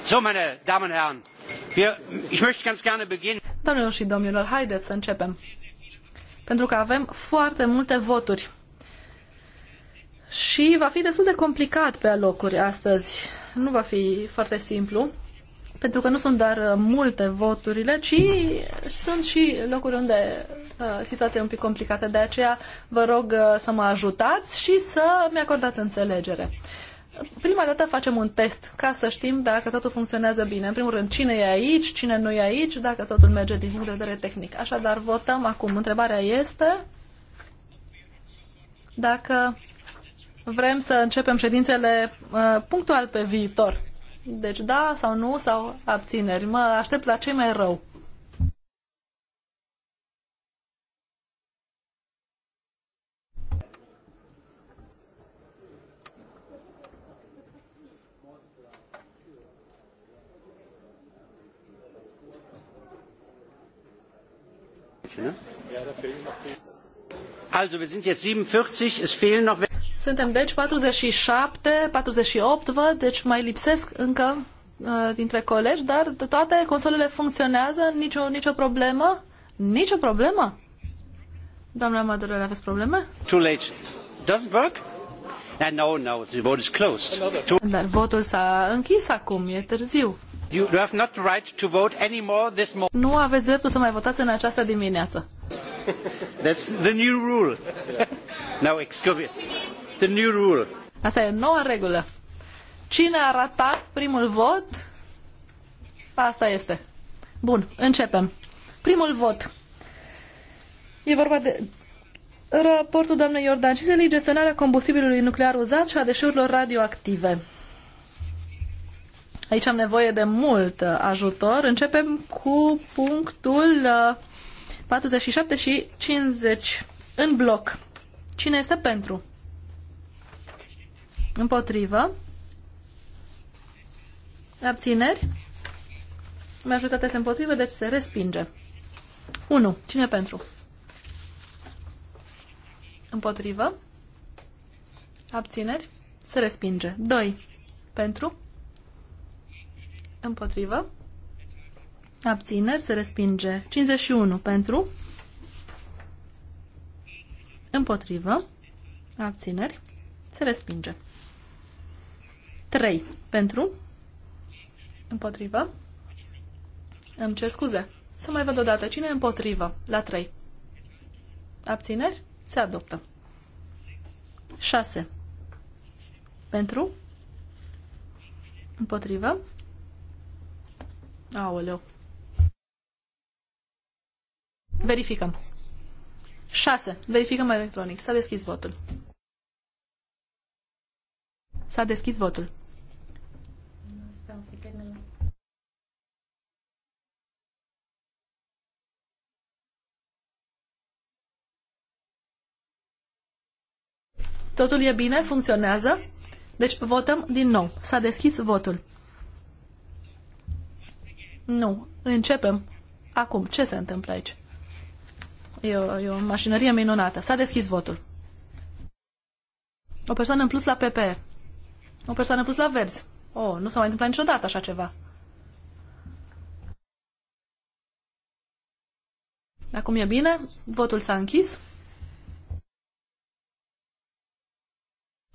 So, meine Damen und Herren, wir, ich möchte ganz gerne beginnen. Doamnelor și domnilor, haideți să începem. Pentru că avem foarte multe voturi. Și va fi destul de complicat pe alocuri astăzi. Nu va fi foarte simplu, pentru că nu sunt doar uh, multe voturile, ci sunt și locuri unde uh, situația e un pic complicată. De aceea vă rog uh, să mă ajutați și să mi acordați înțelegere prima dată facem un test ca să știm dacă totul funcționează bine. În primul rând, cine e aici, cine nu e aici, dacă totul merge din punct de vedere tehnic. Așadar, votăm acum. Întrebarea este dacă vrem să începem ședințele uh, punctual pe viitor. Deci da sau nu sau abțineri. Mă aștept la cei mai rău. Suntem deci 47, 48 văd, deci mai lipsesc încă uh, dintre colegi, dar toate consolele funcționează, nicio, nicio problemă, nicio problemă. Doamna Madurele, aveți probleme? Too late. Doesn't work? No, no, the vote is closed. Dar votul s-a închis acum, e târziu. You have not right to vote anymore this morning. Nu aveți dreptul să mai votați în această dimineață. That's the new rule. Now, excuse me. The new rule. Asta e noua regulă. Cine a ratat primul vot? Asta este. Bun, începem. Primul vot. E vorba de raportul doamnei Iordan se gestionarea combustibilului nuclear uzat și a deșeurilor radioactive. Aici am nevoie de mult uh, ajutor. Începem cu punctul 47 uh, și 50 în bloc. Cine este pentru? Împotrivă. Abțineri. Majoritatea se împotrivă, deci se respinge. 1. Cine pentru? Împotrivă. Abțineri. Se respinge. 2. Pentru. Împotrivă. Abțineri se respinge. 51 pentru. Împotrivă. Abțineri se respinge. 3 pentru. Împotrivă. Îmi cer scuze. Să mai văd o dată. Cine e împotrivă? La 3. Abțineri? Se adoptă. 6. Pentru? Împotrivă? Aoleu. Verificăm. 6. Verificăm electronic. S-a deschis votul. S-a deschis votul. Totul e bine? Funcționează? Deci votăm din nou. S-a deschis votul. Nu. Începem. Acum, ce se întâmplă aici? E o, e o mașinărie minunată. S-a deschis votul. O persoană în plus la PP. O persoană în plus la Verzi. Oh, nu s-a mai întâmplat niciodată așa ceva. Acum e bine. Votul s-a închis.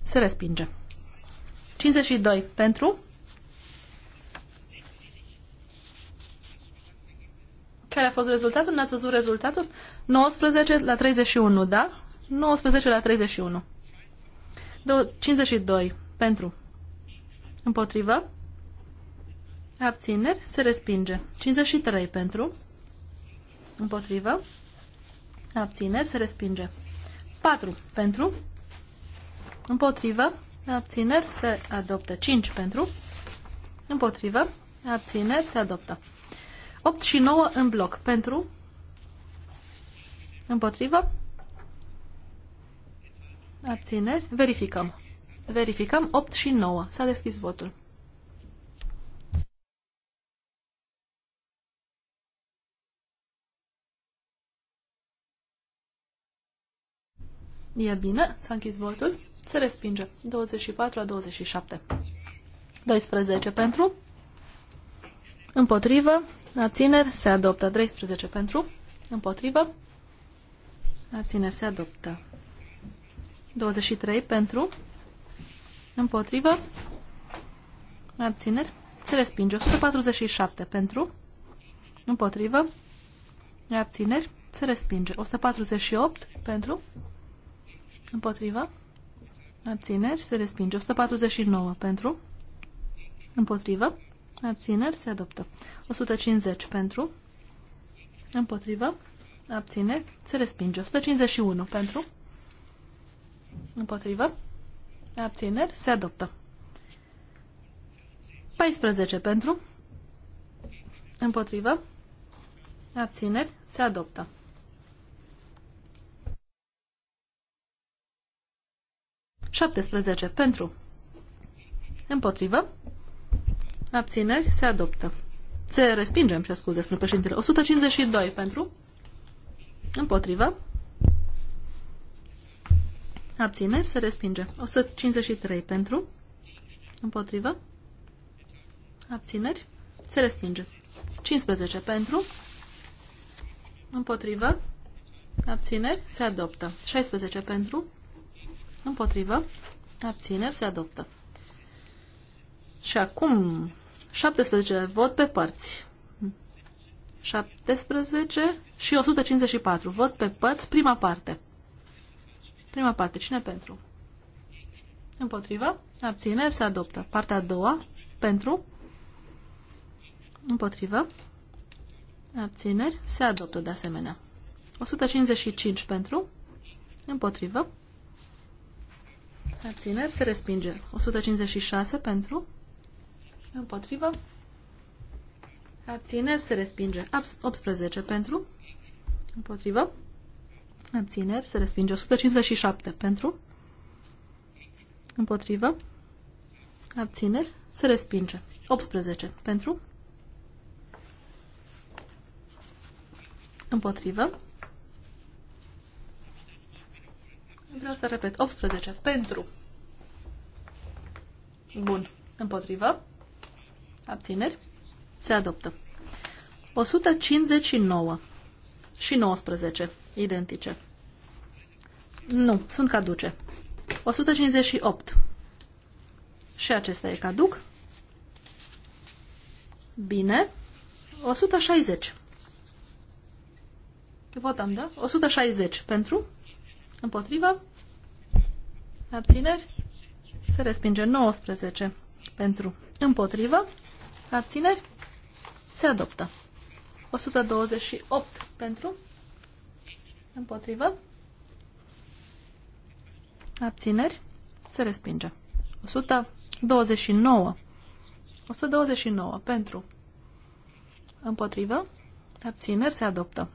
Se respinge. 52 pentru. Care a fost rezultatul? N-ați văzut rezultatul? 19 la 31, da? 19 la 31. 52 pentru. Împotrivă. Abțineri. Se respinge. 53 pentru. Împotrivă. Abțineri. Se respinge. 4 pentru. Împotrivă. Abțineri. Se adoptă. 5 pentru. Împotrivă. Abțineri. Se adoptă. 8 și 9 în bloc. Pentru? Împotrivă? Abțineri? Verificăm. Verificăm 8 și 9. S-a deschis votul. E bine, s-a închis votul. Se respinge. 24 la 27. 12 pentru. Împotrivă. Abțineri se adoptă. 13 pentru. Împotrivă. Abțineri se adoptă. 23 pentru. Împotrivă. Abțineri. Se respinge. 147 pentru. Împotrivă. Abțineri. Se respinge. 148 pentru. Împotrivă. Abțineri. Se respinge. 149 pentru. Împotrivă. Abțineri se adoptă. 150 pentru. Împotrivă. Abțineri se respinge. 151 pentru. Împotrivă. Abțineri se adoptă. 14 pentru. Împotrivă. Abțineri se adoptă. Șaptesprezece pentru. Împotrivă. Abțineri. Se adoptă. Se respinge, și scuze, spune președintele. 152 pentru. Împotrivă. Abțineri. Se respinge. 153 pentru. Împotrivă. Abțineri. Se respinge. 15 pentru. Împotrivă. Abțineri. Se adoptă. 16 pentru. Împotrivă. Abțineri. Se adoptă. Și acum 17 vot pe părți. 17 și 154 vot pe părți, prima parte. Prima parte, cine pentru? Împotrivă, abțineri, se adoptă. Partea a doua, pentru, împotrivă, abțineri, se adoptă de asemenea. 155 pentru, împotrivă, abțineri, se respinge. 156 pentru, Împotrivă. Abțineri se respinge. 18 pentru. Împotrivă. Abțineri se respinge. 157 pentru. Împotrivă. Abțineri se respinge. 18 pentru. Împotrivă. Vreau să repet. 18 pentru. Bun. Împotrivă abțineri, se adoptă. 159 și 19, identice. Nu, sunt caduce. 158. Și acesta e caduc. Bine. 160. Votăm, da? 160 pentru, împotriva, abțineri, se respinge 19 pentru, împotriva, Abțineri? Se adoptă. 128 pentru. Împotrivă. Abțineri? Se respinge. 129. 129 pentru. Împotrivă. Abțineri? Se adoptă.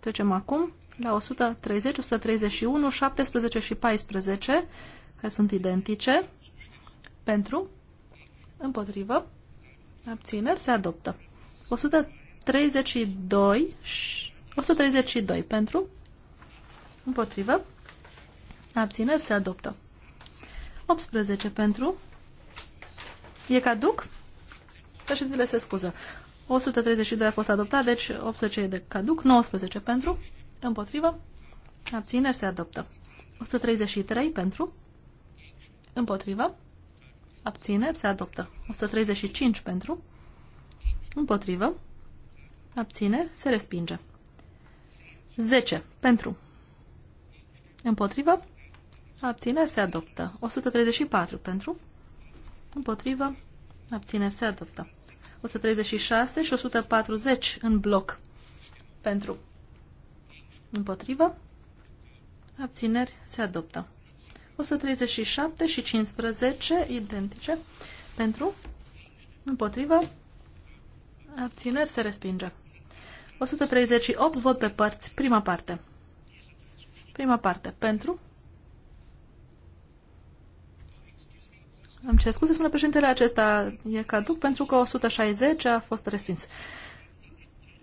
Trecem acum la 130, 131, 17 și 14, care sunt identice, pentru, împotrivă, abțineri, se adoptă. 132, 132 pentru, împotrivă, abțineri, se adoptă. 18 pentru, e caduc, președintele se scuză. 132 a fost adoptat, deci 18 e de caduc, 19 pentru, împotrivă, abțineri, se adoptă. 133 pentru, împotrivă, Abțineri se adoptă. 135 pentru. Împotrivă. Abțineri se respinge. 10 pentru. Împotrivă. Abțineri se adoptă. 134 pentru. Împotrivă. Abțineri se adoptă. 136 și 140 în bloc. Pentru. Împotrivă. Abțineri se adoptă. 137 și 15 identice pentru, împotrivă, abțineri se respinge. 138 vot pe părți, prima parte. Prima parte, pentru. Am ce scuze, spune președintele, acesta e caduc pentru că 160 a fost respins.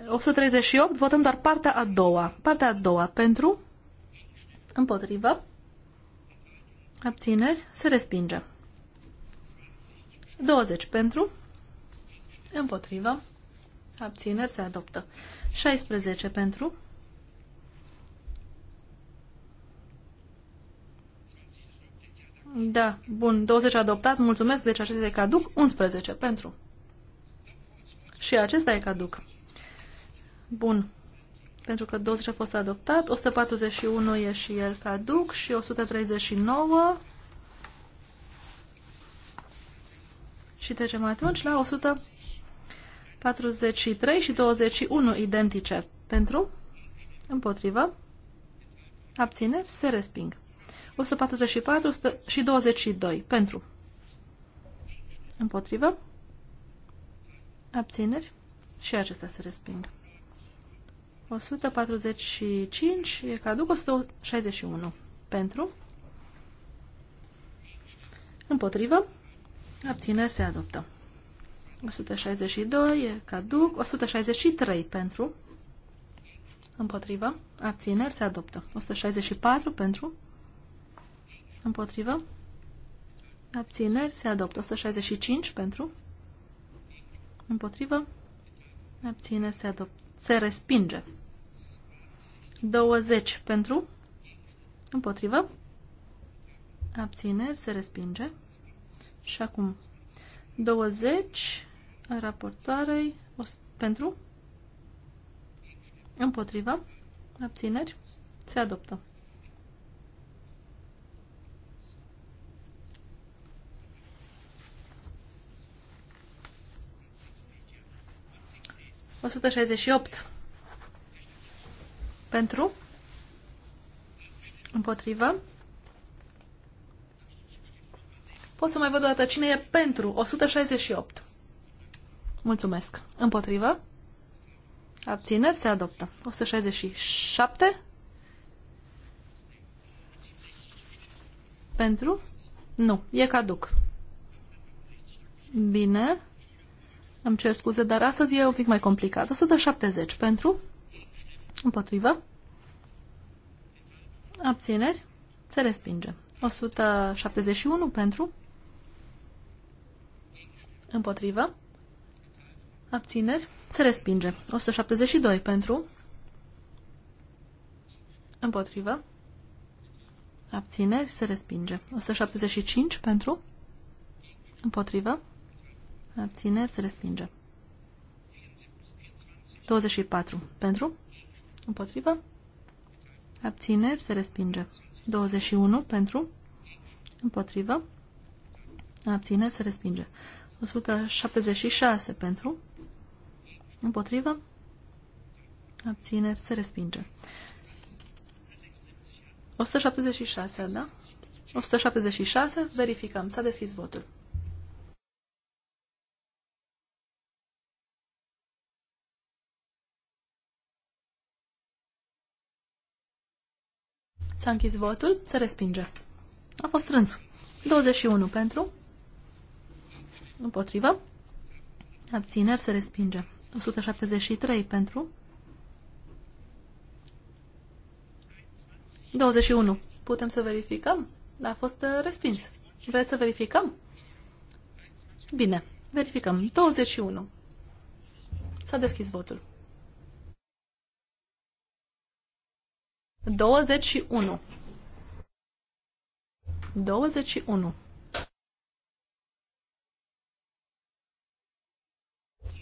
138, votăm doar partea a doua. Partea a doua, pentru, împotrivă, Abțineri. Se respinge. 20 pentru. Împotrivă. Abțineri. Se adoptă. 16 pentru. Da, bun, 20 adoptat, mulțumesc, deci acesta e caduc, 11 pentru. Și acesta e caduc. Bun, pentru că 12 a fost adoptat, 141 e și el caduc și 139 și trecem atunci la 143 și 21 identice pentru, împotrivă, abțineri, se resping. 144 100 și 22 pentru, împotrivă, abțineri și acestea se resping. 145 e caduc, 161 pentru, împotrivă, abține se adoptă. 162 e caduc, 163 pentru, împotrivă, abține se adoptă. 164 pentru, împotrivă, abțineri se adoptă. 165 pentru, împotrivă, abțineri se adoptă. Se respinge. 20 pentru, împotrivă, abțineri, se respinge. Și acum 20 raportoarei pentru, împotrivă, abțineri, se adoptă. opt pentru? Împotrivă? Pot să mai văd o dată cine e pentru 168. Mulțumesc. Împotrivă? Abțineri se adoptă. 167? Pentru? Nu, e caduc. Bine. Îmi cer scuze, dar astăzi e un pic mai complicat. 170 pentru? Împotrivă. Abțineri. Se respinge. 171 pentru. Împotrivă. Abțineri. Se respinge. 172 pentru. Împotrivă. Abțineri. Se respinge. 175 pentru. Împotrivă. Abțineri. Se respinge. 24 pentru. Împotrivă? Abțineri se respinge. 21 pentru? Împotrivă? Abțineri se respinge. 176 pentru? Împotrivă? Abțineri se respinge. 176, da? 176, verificăm. S-a deschis votul. S-a închis votul, se respinge. A fost strâns. 21 pentru, împotrivă, abțineri, se respinge. 173 pentru, 21. Putem să verificăm? Da, a fost uh, respins. Vreți să verificăm? Bine, verificăm. 21. S-a deschis votul. 21. 21.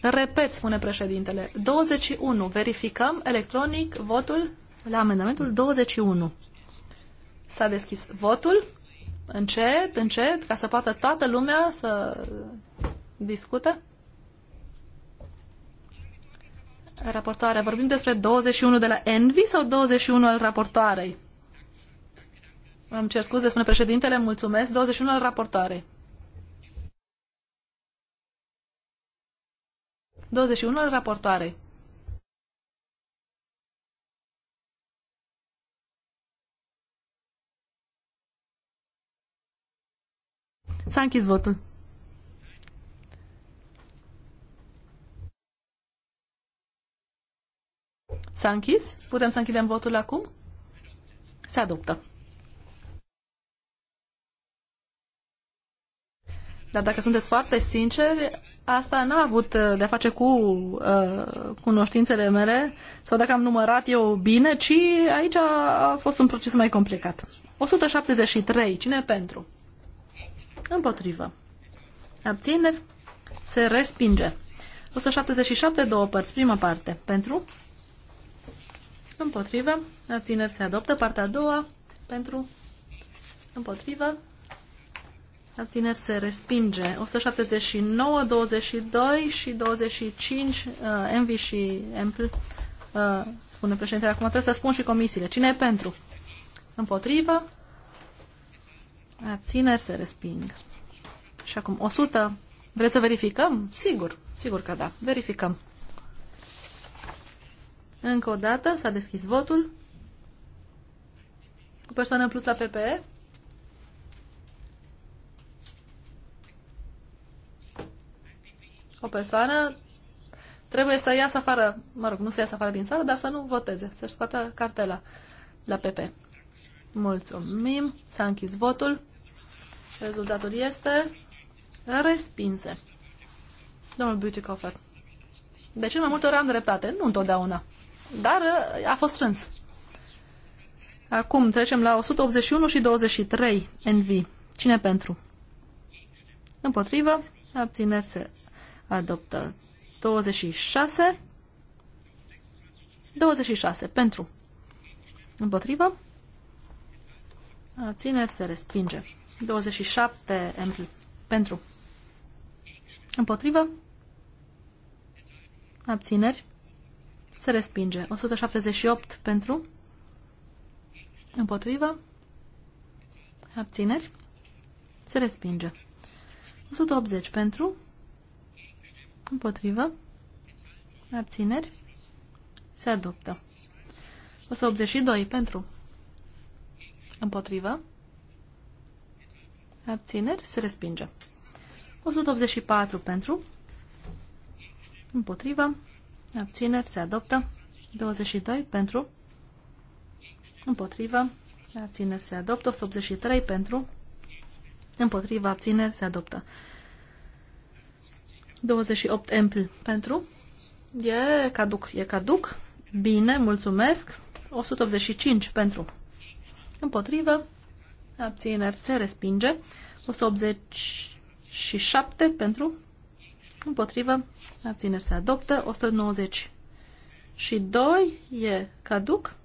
Repet, spune președintele. 21. Verificăm electronic votul la amendamentul 21. S-a deschis votul. Încet, încet, ca să poată toată lumea să discute. Raportoarea, vorbim despre 21 de la Envy sau 21 al raportoarei? Am cer scuze, spune președintele, mulțumesc, 21 al raportoarei. 21 al raportoarei. S-a închis votul. S-a închis? Putem să închidem votul acum? Se adoptă. Dar dacă sunteți foarte sinceri, asta n-a avut uh, de-a face cu uh, cunoștințele mele sau dacă am numărat eu bine, ci aici a, a fost un proces mai complicat. 173. Cine pentru? Împotrivă. Abțineri? Se respinge. 177, două părți. Prima parte. Pentru? Împotrivă. Abțineri se adoptă. Partea a doua. Pentru. Împotrivă. Abțineri se respinge. 179, 22 și 25. Uh, Envi și Empl. Uh, spune președintele. Acum trebuie să spun și comisiile. Cine e pentru? Împotrivă. Abțineri se resping. Și acum 100. Vreți să verificăm? Sigur. Sigur că da. Verificăm. Încă o dată s-a deschis votul. O persoană în plus la PPE. O persoană trebuie să iasă afară, mă rog, nu să iasă afară din sală, dar să nu voteze, să-și scoată cartela la PP. Mulțumim, s-a închis votul. Rezultatul este respinse. Domnul Coffer. De ce mai multe ori am dreptate, nu întotdeauna dar uh, a fost strâns. Acum trecem la 181 și 23 NV. Cine pentru? Împotrivă. Abțineri se adoptă. 26. 26. Pentru. Împotrivă. Abțineri se respinge. 27 NV. Pentru. Împotrivă. Abțineri. Se respinge. 178 pentru. Împotrivă. Abțineri. Se respinge. 180 pentru. Împotrivă. Abțineri. Se adoptă. 182 pentru. Împotrivă. Abțineri. Se respinge. 184 pentru. Împotrivă. Abțineri se adoptă. 22 pentru. Împotrivă. Abțineri se adoptă. 183 pentru. Împotrivă. Abțineri se adoptă. 28 ampli pentru. E caduc. E caduc. Bine, mulțumesc. 185 pentru. Împotrivă. Abțineri se respinge. 187 pentru împotrivă, abține se adoptă, 190 și 2 e caduc.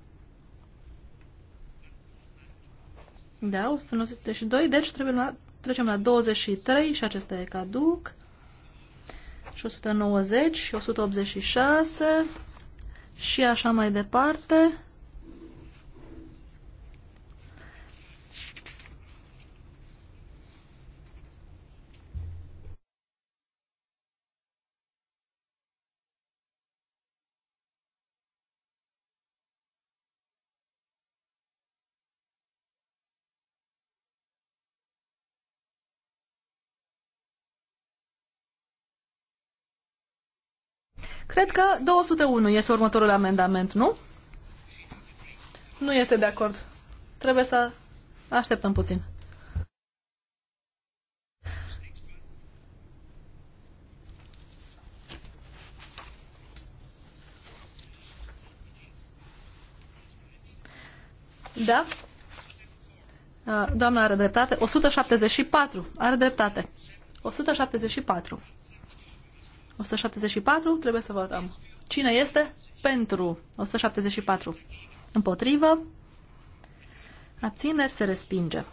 Da, 192, deci trebuie la, trecem la 23 și acesta e caduc. Și 190 și 186 și așa mai departe. Cred că 201 este următorul amendament, nu? Nu este de acord. Trebuie să așteptăm puțin. Da? Doamna are dreptate. 174. Are dreptate. 174. 174, trebuie să votăm. Cine este pentru 174? Împotrivă? Abțineri se respinge.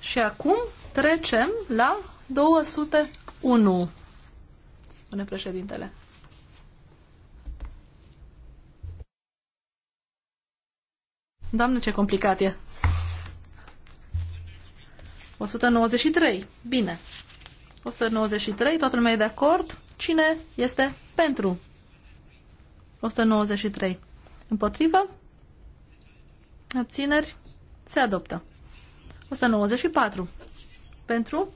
Și acum trecem la 201, spune președintele. Doamne, ce complicat e! 193. Bine. 193, toată lumea e de acord. Cine este pentru? 193. Împotrivă? Abțineri? Se adoptă. 194. Pentru?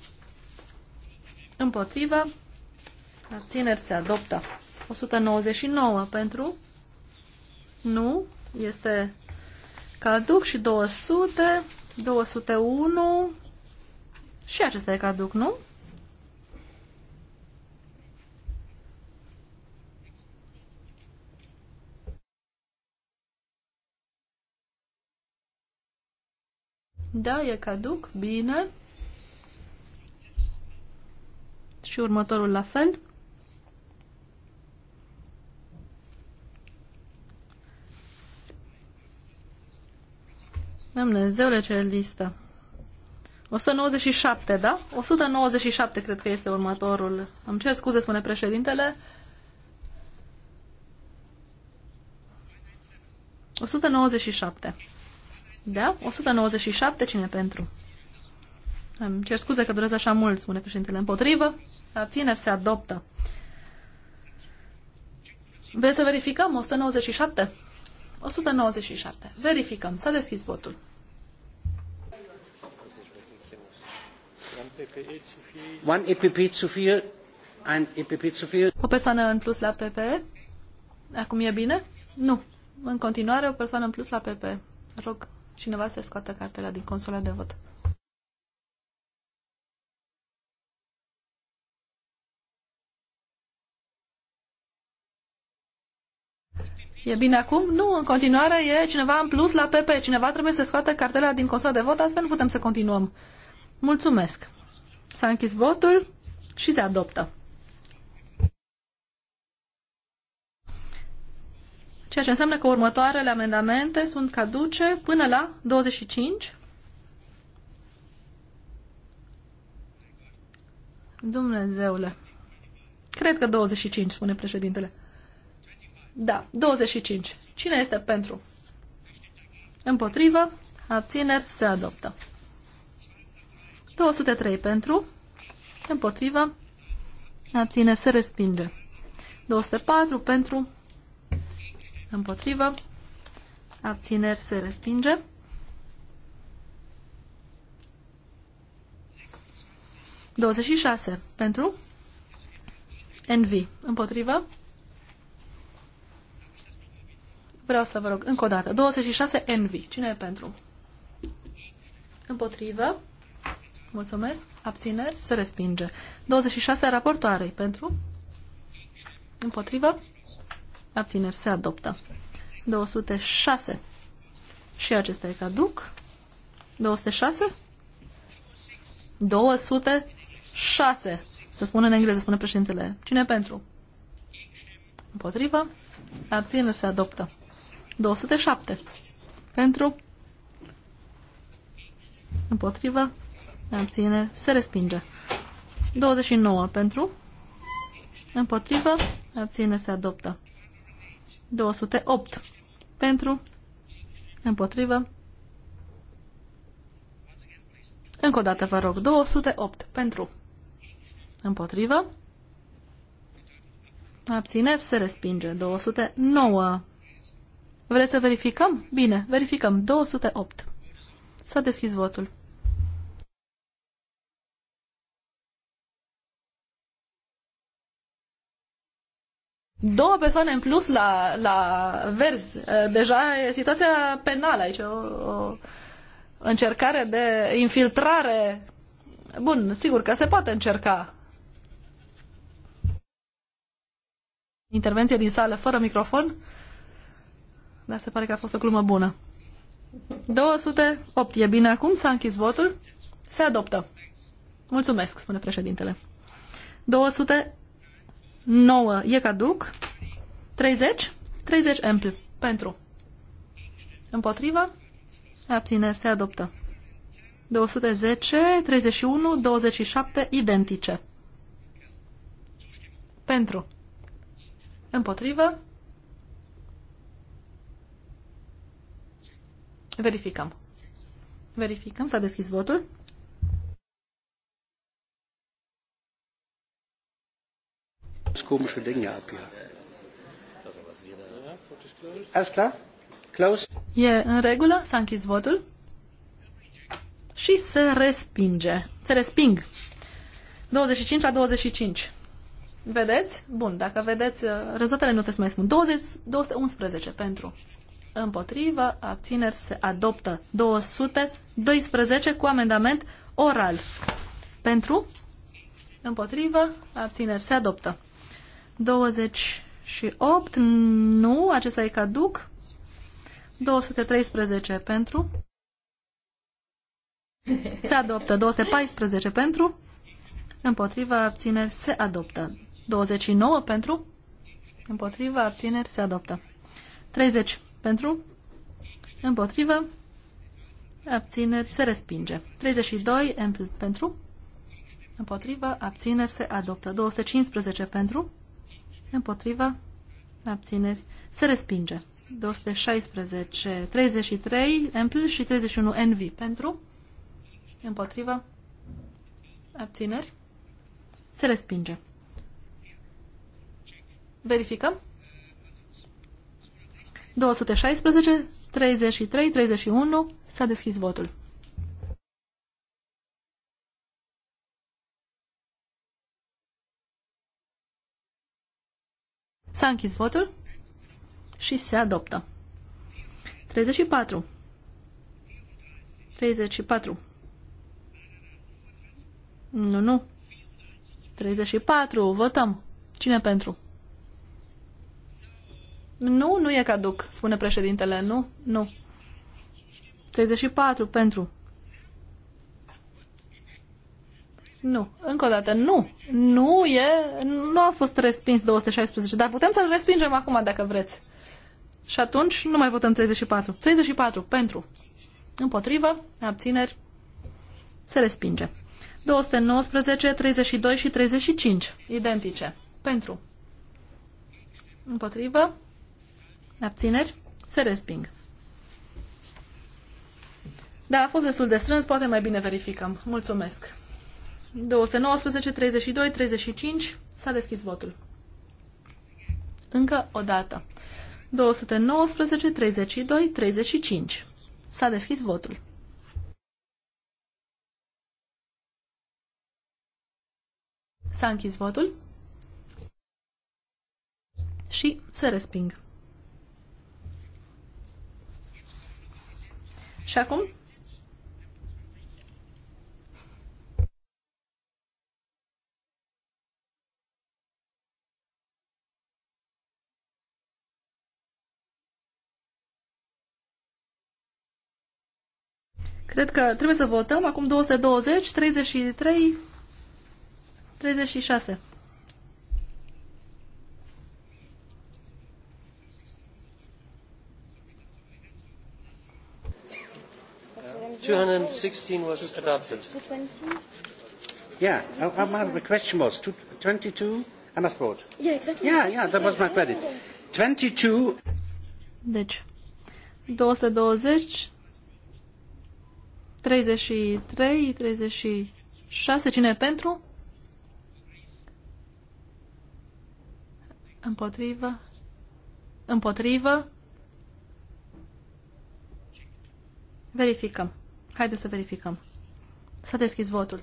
Împotrivă? Abțineri se adoptă. 199 pentru? Nu. Este caduc și 200. 201. Și acesta e caduc, nu? Da, e caduc. Bine. Și următorul la fel. Dumnezeule, ce listă! 197, da? 197 cred că este următorul. Am cer scuze, spune președintele. 197. Da? 197 cine pentru? Îmi cer scuze că durează așa mult, spune președintele. Împotrivă? Abțineri se adoptă. Vreți să verificăm? 197? 197. Verificăm. S-a deschis votul. One O persoană în plus la PPE? Acum e bine? Nu. În continuare, o persoană în plus la PP. Rog cineva să scoată cartela din consola de vot. E bine acum? Nu, în continuare e cineva în plus la PP. Cineva trebuie să scoată cartela din consola de vot, astfel nu putem să continuăm. Mulțumesc. S-a închis votul și se adoptă. Ceea ce înseamnă că următoarele amendamente sunt caduce până la 25. Dumnezeule. Cred că 25, spune președintele. Da, 25. Cine este pentru? Împotrivă, abțineri, se adoptă. 203 pentru, împotrivă, abțineri, se respinge. 204 pentru, Împotrivă. Abțineri se respinge. 26. Pentru? Envy. Împotrivă? Vreau să vă rog încă o dată. 26. Envy. Cine e pentru? Împotrivă? Mulțumesc. Abțineri? Se respinge. 26. Raportoarei. Pentru? Împotrivă? abțineri se adoptă. 206 și acesta e caduc. 206? 206. Se spune în engleză, spune președintele. Cine pentru? Împotrivă. Abțineri se adoptă. 207. Pentru. Împotrivă. Abțineri se respinge. 29 pentru. Împotrivă. Abțineri se adoptă. 208 pentru, împotrivă. Încă o dată vă rog, 208 pentru, împotrivă. Abține. se respinge, 209. Vreți să verificăm? Bine, verificăm, 208. S-a deschis votul. două persoane în plus la, la verzi. Eh, deja e situația penală aici, o, o încercare de infiltrare. Bun, sigur că se poate încerca. Intervenție din sală fără microfon. Dar se pare că a fost o glumă bună. 208. E bine acum? S-a închis votul? Se adoptă. Mulțumesc, spune președintele. 200 9 e caduc. 30. 30 ampl. Pentru. Împotriva. Abțineri se adoptă. 210, 31, 27 identice. Pentru. Împotrivă. Verificăm. Verificăm. S-a deschis votul. Das komische Ding hier ab hier. Alles klar? Close? E în regulă? S-a închis votul? Și se respinge. Se resping. 25 la 25. Vedeți? Bun, dacă vedeți, uh, rezultatele nu trebuie să mai spun. 20, 211 pentru. Împotrivă, abțineri se adoptă. 212 cu amendament oral. Pentru? Împotrivă, abțineri se adoptă. 28, nu, acesta e caduc. 213 pentru. Se adoptă. 214 pentru. Împotriva abțineri se adoptă. 29 pentru. Împotriva abțineri se adoptă. 30 pentru. Împotriva abțineri se respinge. 32 pentru. Împotriva abțineri se adoptă. 215 pentru împotriva, abțineri, se respinge. 216, 33, Ample și 31, Envy, pentru, împotriva, abțineri, se respinge. Verificăm. 216, 33, 31, s-a deschis votul. S-a închis votul și se adoptă. 34. 34. Nu, nu. 34. Votăm. Cine pentru? Nu, nu e caduc, spune președintele. Nu, nu. 34 pentru. Nu, încă o dată, nu. Nu e, nu a fost respins 216, dar putem să-l respingem acum dacă vreți. Și atunci nu mai votăm 34. 34 pentru. Împotrivă, abțineri, se respinge. 219, 32 și 35, identice. Pentru. Împotrivă, abțineri, se resping. Da, a fost destul de strâns, poate mai bine verificăm. Mulțumesc. 219, 32, 35. S-a deschis votul. Încă o dată. 219, 32, 35. S-a deschis votul. S-a închis votul și se resping. Și acum Cred că trebuie să votăm acum 220, 33, 36. Two hundred and sixteen was adopted. Yeah, uh, my question was two, 22. I must vote. Yeah, exactly. Yeah, yeah, that was my credit. 22. Deci, 220, 33, 36, cine e pentru? Împotrivă. Împotrivă. Verificăm. Haideți să verificăm. S-a deschis votul.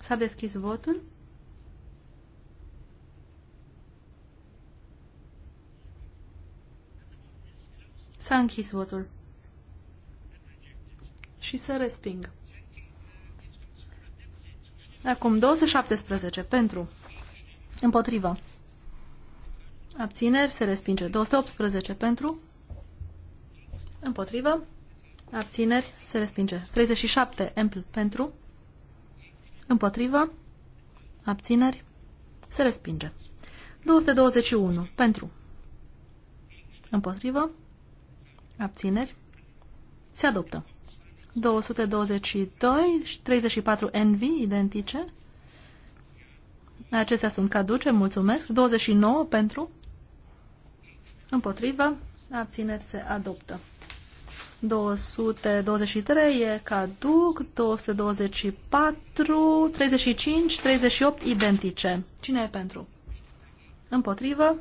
S-a deschis votul. S-a închis votul. Și se resping. Acum 217 pentru. Împotriva. Abțineri se respinge. 218 pentru. Împotrivă. Abțineri se respinge. 37 empl pentru. Împotrivă. Abțineri se respinge. 221 pentru. Împotrivă. Abțineri. Se adoptă. 222 și 34 NV identice. Acestea sunt caduce, mulțumesc. 29 pentru. Împotrivă. Abțineri se adoptă. 223 e caduc, 224, 35, 38 identice. Cine e pentru? Împotrivă.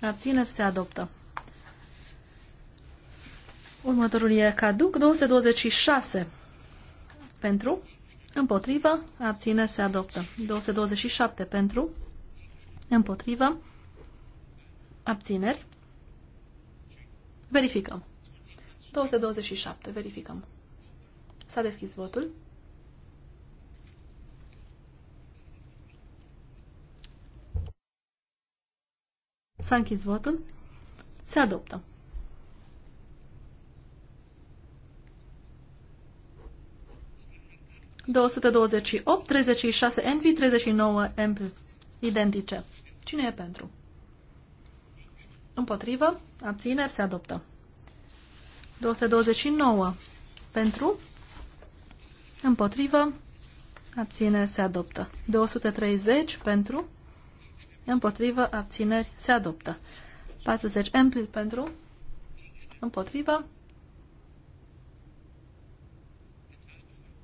Abțineri se adoptă. Următorul e caduc. 226 pentru, împotrivă, abține, se adoptă. 227 pentru, împotrivă, abțineri. Verificăm. 227, verificăm. S-a deschis votul. S-a închis votul. Se adoptă. 228, 36 Envy, 39 Empl. Identice. Cine e pentru? Împotrivă. Abțineri se adoptă. 229 pentru. Împotrivă. Abțineri se adoptă. 230 pentru. Împotrivă. Abțineri se adoptă. 40 Empl pentru. Împotrivă.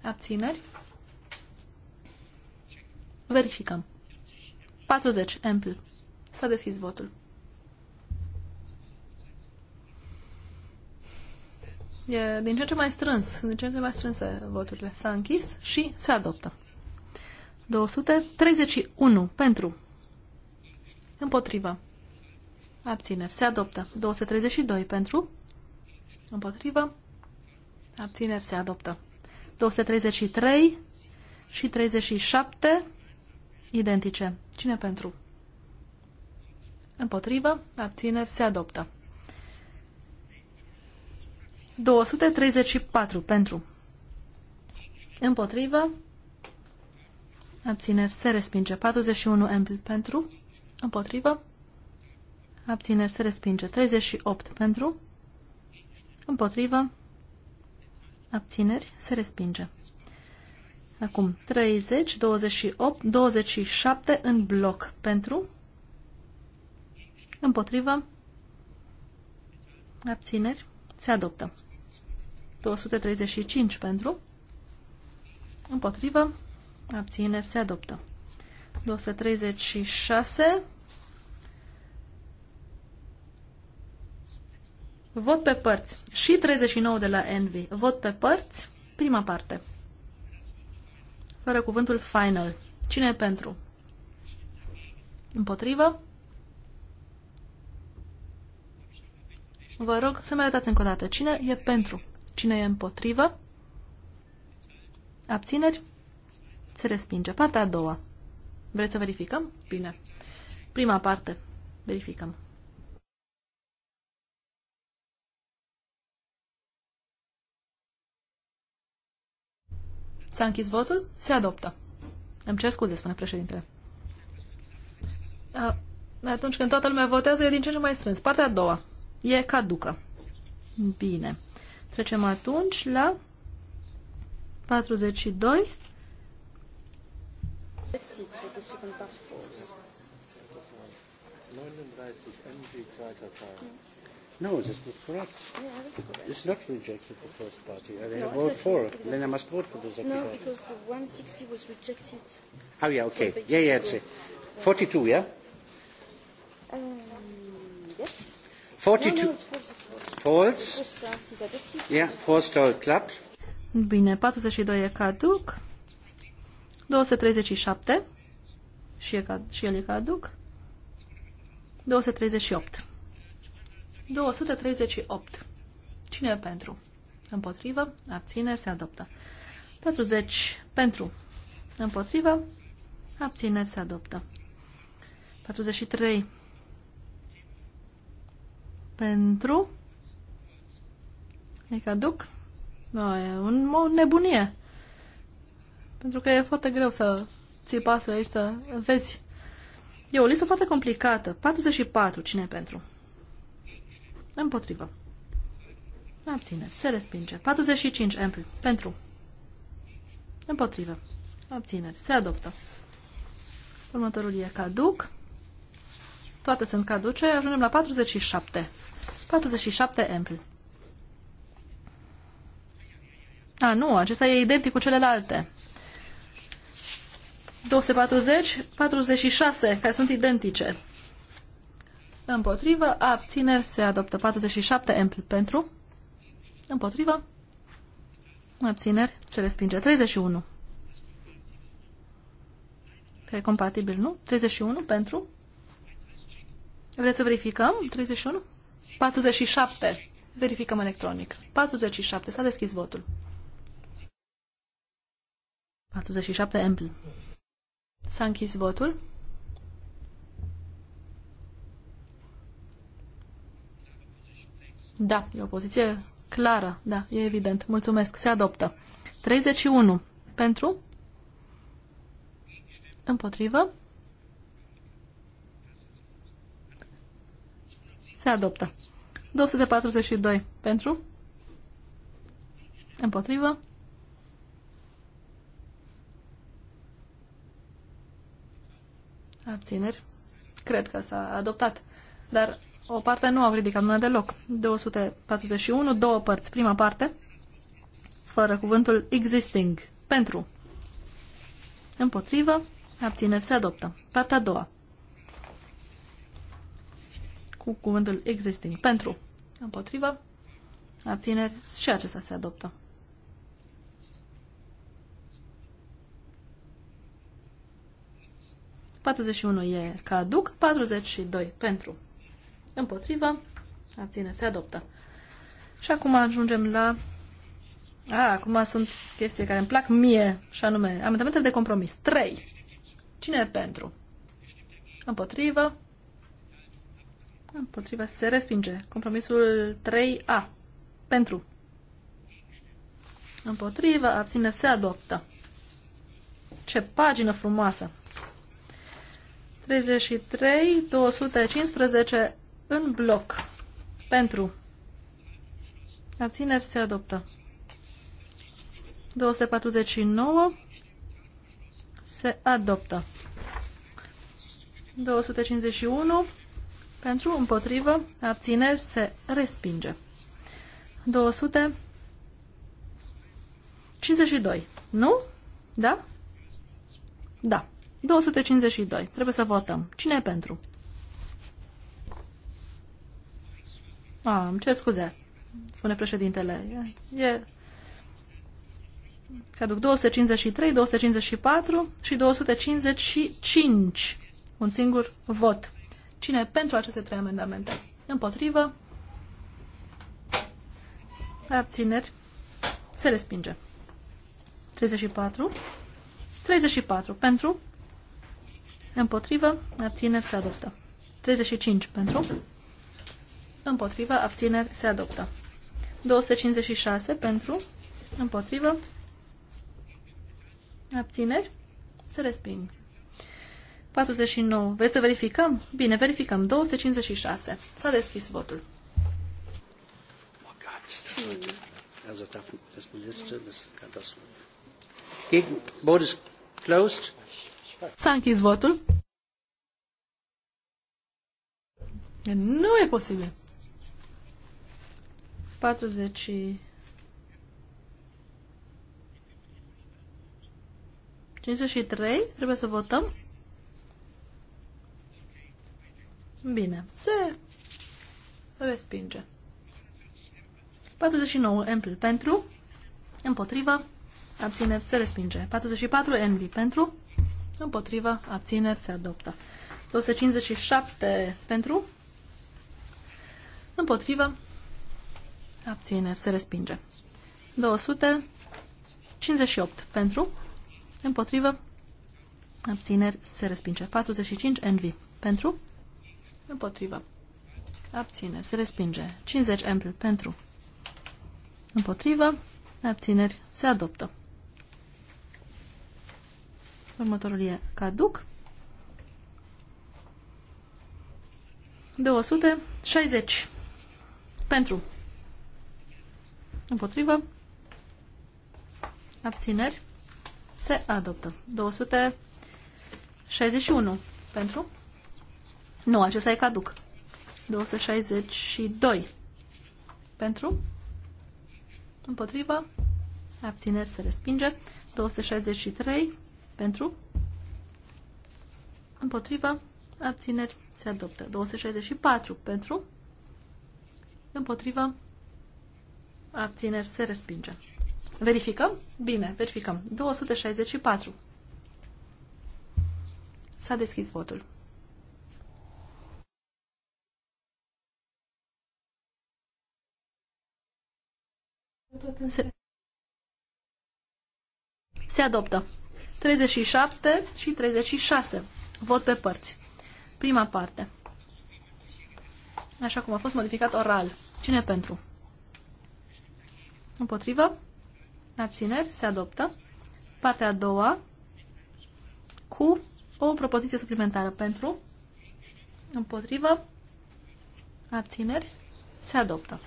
Abțineri. Verificăm. 40. Ample. S-a deschis votul. E din ce în ce mai strâns, din ce în ce mai strânse voturile. S-a închis și se adoptă. 231 pentru. Împotrivă. Abțineri. Se adoptă. 232 pentru. Împotrivă. Abțineri. Se adoptă. 233 și 37 identice. Cine pentru? Împotrivă, abțineri, se adoptă. 234 pentru. Împotrivă, abțineri, se respinge. 41 ampl pentru. Împotrivă, abțineri, se respinge. 38 pentru. Împotrivă, abțineri, se respinge. Acum 30, 28, 27 în bloc pentru, împotrivă, abțineri, se adoptă. 235 pentru, împotrivă, abțineri, se adoptă. 236 Vot pe părți. Și 39 de la Envy. Vot pe părți. Prima parte fără cuvântul final. Cine e pentru? Împotrivă? Vă rog să mi arătați încă o dată. Cine e pentru? Cine e împotrivă? Abțineri? Se respinge. Partea a doua. Vreți să verificăm? Bine. Prima parte. Verificăm. S-a închis votul? Se adoptă. Îmi cer scuze, spune președintele. A, atunci când toată lumea votează, e din ce în ce mai strâns. Partea a doua. E caducă. Bine. Trecem atunci la 42. Neununddreißig MG zweiter Teil. No, this was correct. Yeah, that's correct. It's not rejected, the first party. They no, vote for. it. Then I must vote for the second no, party. No, because the 160 was rejected. Oh, yeah, okay. So, yeah, yeah, it's it. 42, yeah? Um, yes. 42. Polls. Yeah, Postal club. Bine, 42 e caduc. 237 și, și el e caduc. 238. 238. Cine e pentru? Împotrivă. Abțineri. Se adoptă. 40. Pentru. Împotrivă. Abțineri. Se adoptă. 43. Pentru. E caduc. No, e un, o nebunie. Pentru că e foarte greu să ții pasul aici, să vezi. E o listă foarte complicată. 44. Cine pentru? Împotrivă. Abține. Se respinge. 45 ampl. Pentru. Împotrivă. Abțineri. Se adoptă. Următorul e caduc. Toate sunt caduce. Ajungem la 47. 47 ampl. A, nu. Acesta e identic cu celelalte. 240, 46, care sunt identice împotrivă, abțineri se adoptă. 47 ampl pentru, împotrivă, abțineri se respinge. 31. Cred compatibil, nu? 31 pentru. Vreți să verificăm? 31? 47. Verificăm electronic. 47. S-a deschis votul. 47 ampl. S-a închis votul. Da, e o poziție clară. Da, e evident. Mulțumesc. Se adoptă. 31. Pentru? Împotrivă? Se adoptă. 242. Pentru? Împotrivă? Abțineri? Cred că s-a adoptat. Dar o parte nu au ridicat mâna deloc. 241, două părți. Prima parte, fără cuvântul existing, pentru. Împotrivă, abține, se adoptă. Partea a doua, cu cuvântul existing, pentru. Împotrivă, abțineri și acesta se adoptă. Patruzeci și unu e caduc, patruzeci și doi pentru. Împotrivă. Abține. Se adoptă. Și acum ajungem la... A, acum sunt chestii care îmi plac mie, și anume amendamentele de compromis. 3. Cine e pentru? Împotrivă. Împotrivă. Se respinge. Compromisul 3A. Pentru. Împotrivă. Abține. Se adoptă. Ce pagină frumoasă! 33, 215 în bloc. Pentru. Abțineri se adoptă. 249 se adoptă. 251 pentru, împotrivă, abțineri se respinge. 252. Nu? Da? Da. 252. Trebuie să votăm. Cine e pentru? A, ah, îmi cer scuze, spune președintele. E caduc 253, 254 și 255. Un singur vot. Cine pentru aceste trei amendamente? Împotrivă? Abțineri? Se respinge. 34. 34 pentru? Împotrivă? Abțineri? Se adoptă. 35 pentru? împotrivă, abțineri, se adoptă. 256 pentru, împotrivă, abțineri, se respinge. 49. Vreți să verificăm? Bine, verificăm. 256. S-a deschis votul. S-a închis votul. Nu e posibil. 40 53, trebuie să votăm. Bine, se respinge. 49, ampli pentru, împotrivă, abțineri, se respinge. 44, Envy pentru, împotrivă, abțineri, se adoptă. 257 pentru, împotrivă, Abțineri. Se respinge. 258 pentru. Împotrivă. Abțineri. Se respinge. 45. Envy. Pentru. Împotrivă. Abțineri. Se respinge. 50. ampl, Pentru. Împotrivă. Abțineri. Se adoptă. Următorul e caduc. 260. Pentru. Împotrivă. Abțineri. Se adoptă. 261. Pentru? Nu, acesta e caduc. 262. Pentru? Împotrivă. Abțineri se respinge. 263. Pentru? Împotrivă. Abțineri se adoptă. 264. Pentru? Împotrivă. Abțineri se respinge. Verificăm? Bine, verificăm. 264. S-a deschis votul. Se, se adoptă. 37 și 36. Vot pe părți. Prima parte. Așa cum a fost modificat oral. Cine pentru? Împotrivă? Abțineri? Se adoptă. Partea a doua cu o propoziție suplimentară pentru, împotrivă, abțineri, se adoptă.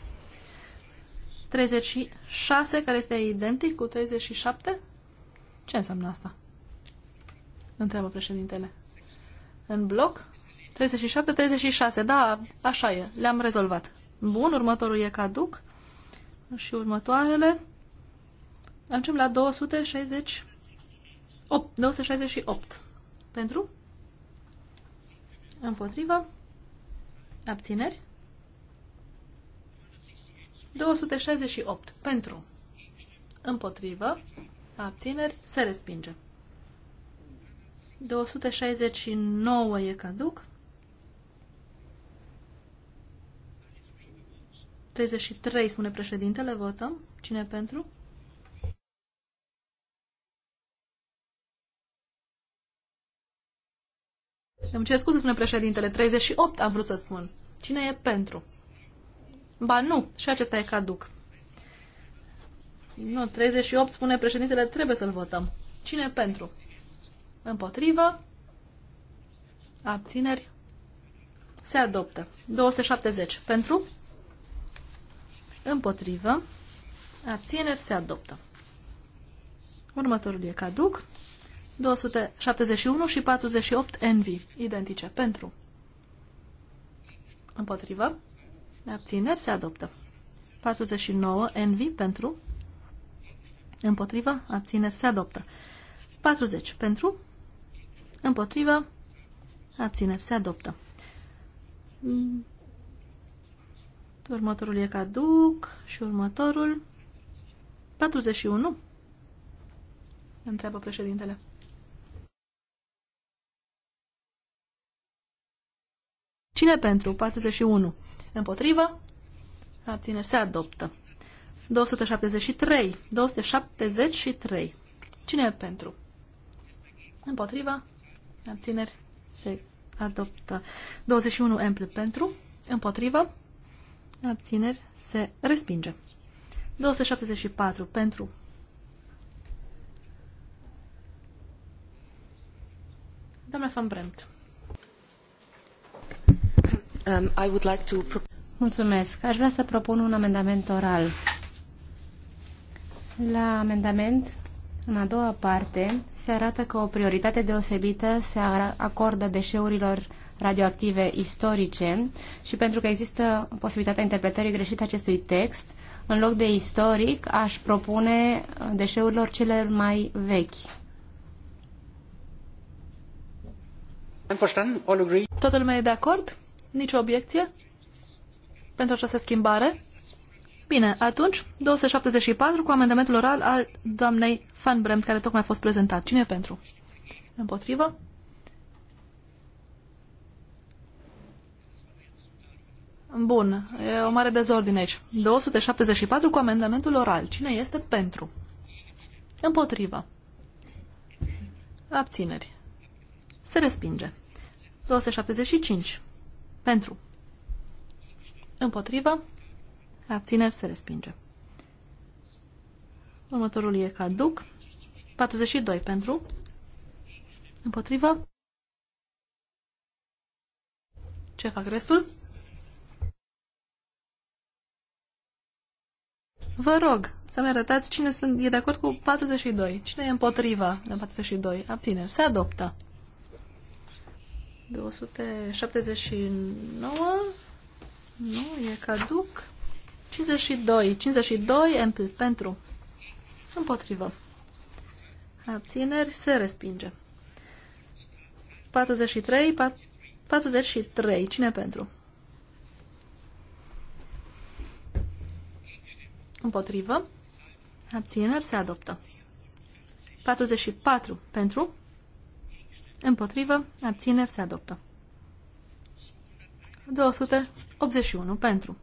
36, care este identic cu 37? Ce înseamnă asta? Întreabă președintele. În bloc? 37, 36, da, așa e, le-am rezolvat. Bun, următorul e caduc și următoarele. Ajungem la 260, 8, 268. Pentru? Împotrivă? Abțineri? 268. Pentru? Împotrivă? Abțineri? Se respinge. 269 e caduc. 33, spune președintele, votăm. Cine pentru? Îmi cer scuze, spune președintele, 38 am vrut să spun. Cine e pentru? Ba nu, și acesta e caduc. Nu, 38 spune președintele, trebuie să-l votăm. Cine e pentru? Împotrivă? Abțineri? Se adoptă. 270. Pentru? Împotrivă. Abțineri se adoptă. Următorul e caduc. 271 și 48 envy, identice, pentru. Împotrivă. Abțineri se adoptă. 49 envy, pentru. Împotrivă. Abțineri se adoptă. 40 pentru. Împotrivă. Abțineri se adoptă. Următorul e caduc și următorul. 41? Întreabă președintele. Cine pentru? 41. Împotrivă? Abține. Se adoptă. 273. 273. Cine e pentru? Împotriva? Abțineri? Se adoptă. 21 ample pentru? Împotrivă? abțineri, se respinge. 274 pentru, Doamna Van Brent. Um, I would like to... Mulțumesc. Aș vrea să propun un amendament oral. La amendament, în a doua parte, se arată că o prioritate deosebită se acordă deșeurilor radioactive istorice și pentru că există posibilitatea interpretării greșite acestui text, în loc de istoric, aș propune deșeurilor cele mai vechi. Totul meu e de acord? Nicio obiecție? Pentru această schimbare? Bine, atunci 274 cu amendamentul oral al doamnei Van care tocmai a fost prezentat. Cine e pentru? Împotrivă? Bun, e o mare dezordine aici. 274 cu amendamentul oral. Cine este pentru? Împotrivă. Abțineri. Se respinge. 275. Pentru. Împotrivă. Abțineri se respinge. Următorul e caduc. 42 pentru. Împotrivă. Ce fac restul? Vă rog să-mi arătați cine sunt, e de acord cu 42. Cine e împotriva de 42? Abțineri. Se adoptă. 279. Nu, e caduc. 52. 52 MP pentru. Împotrivă. Abțineri se respinge. 43. 43. Cine pentru? Împotrivă. Abțineri se adoptă. 44 pentru. Împotrivă. Abțineri se adoptă. 281 pentru.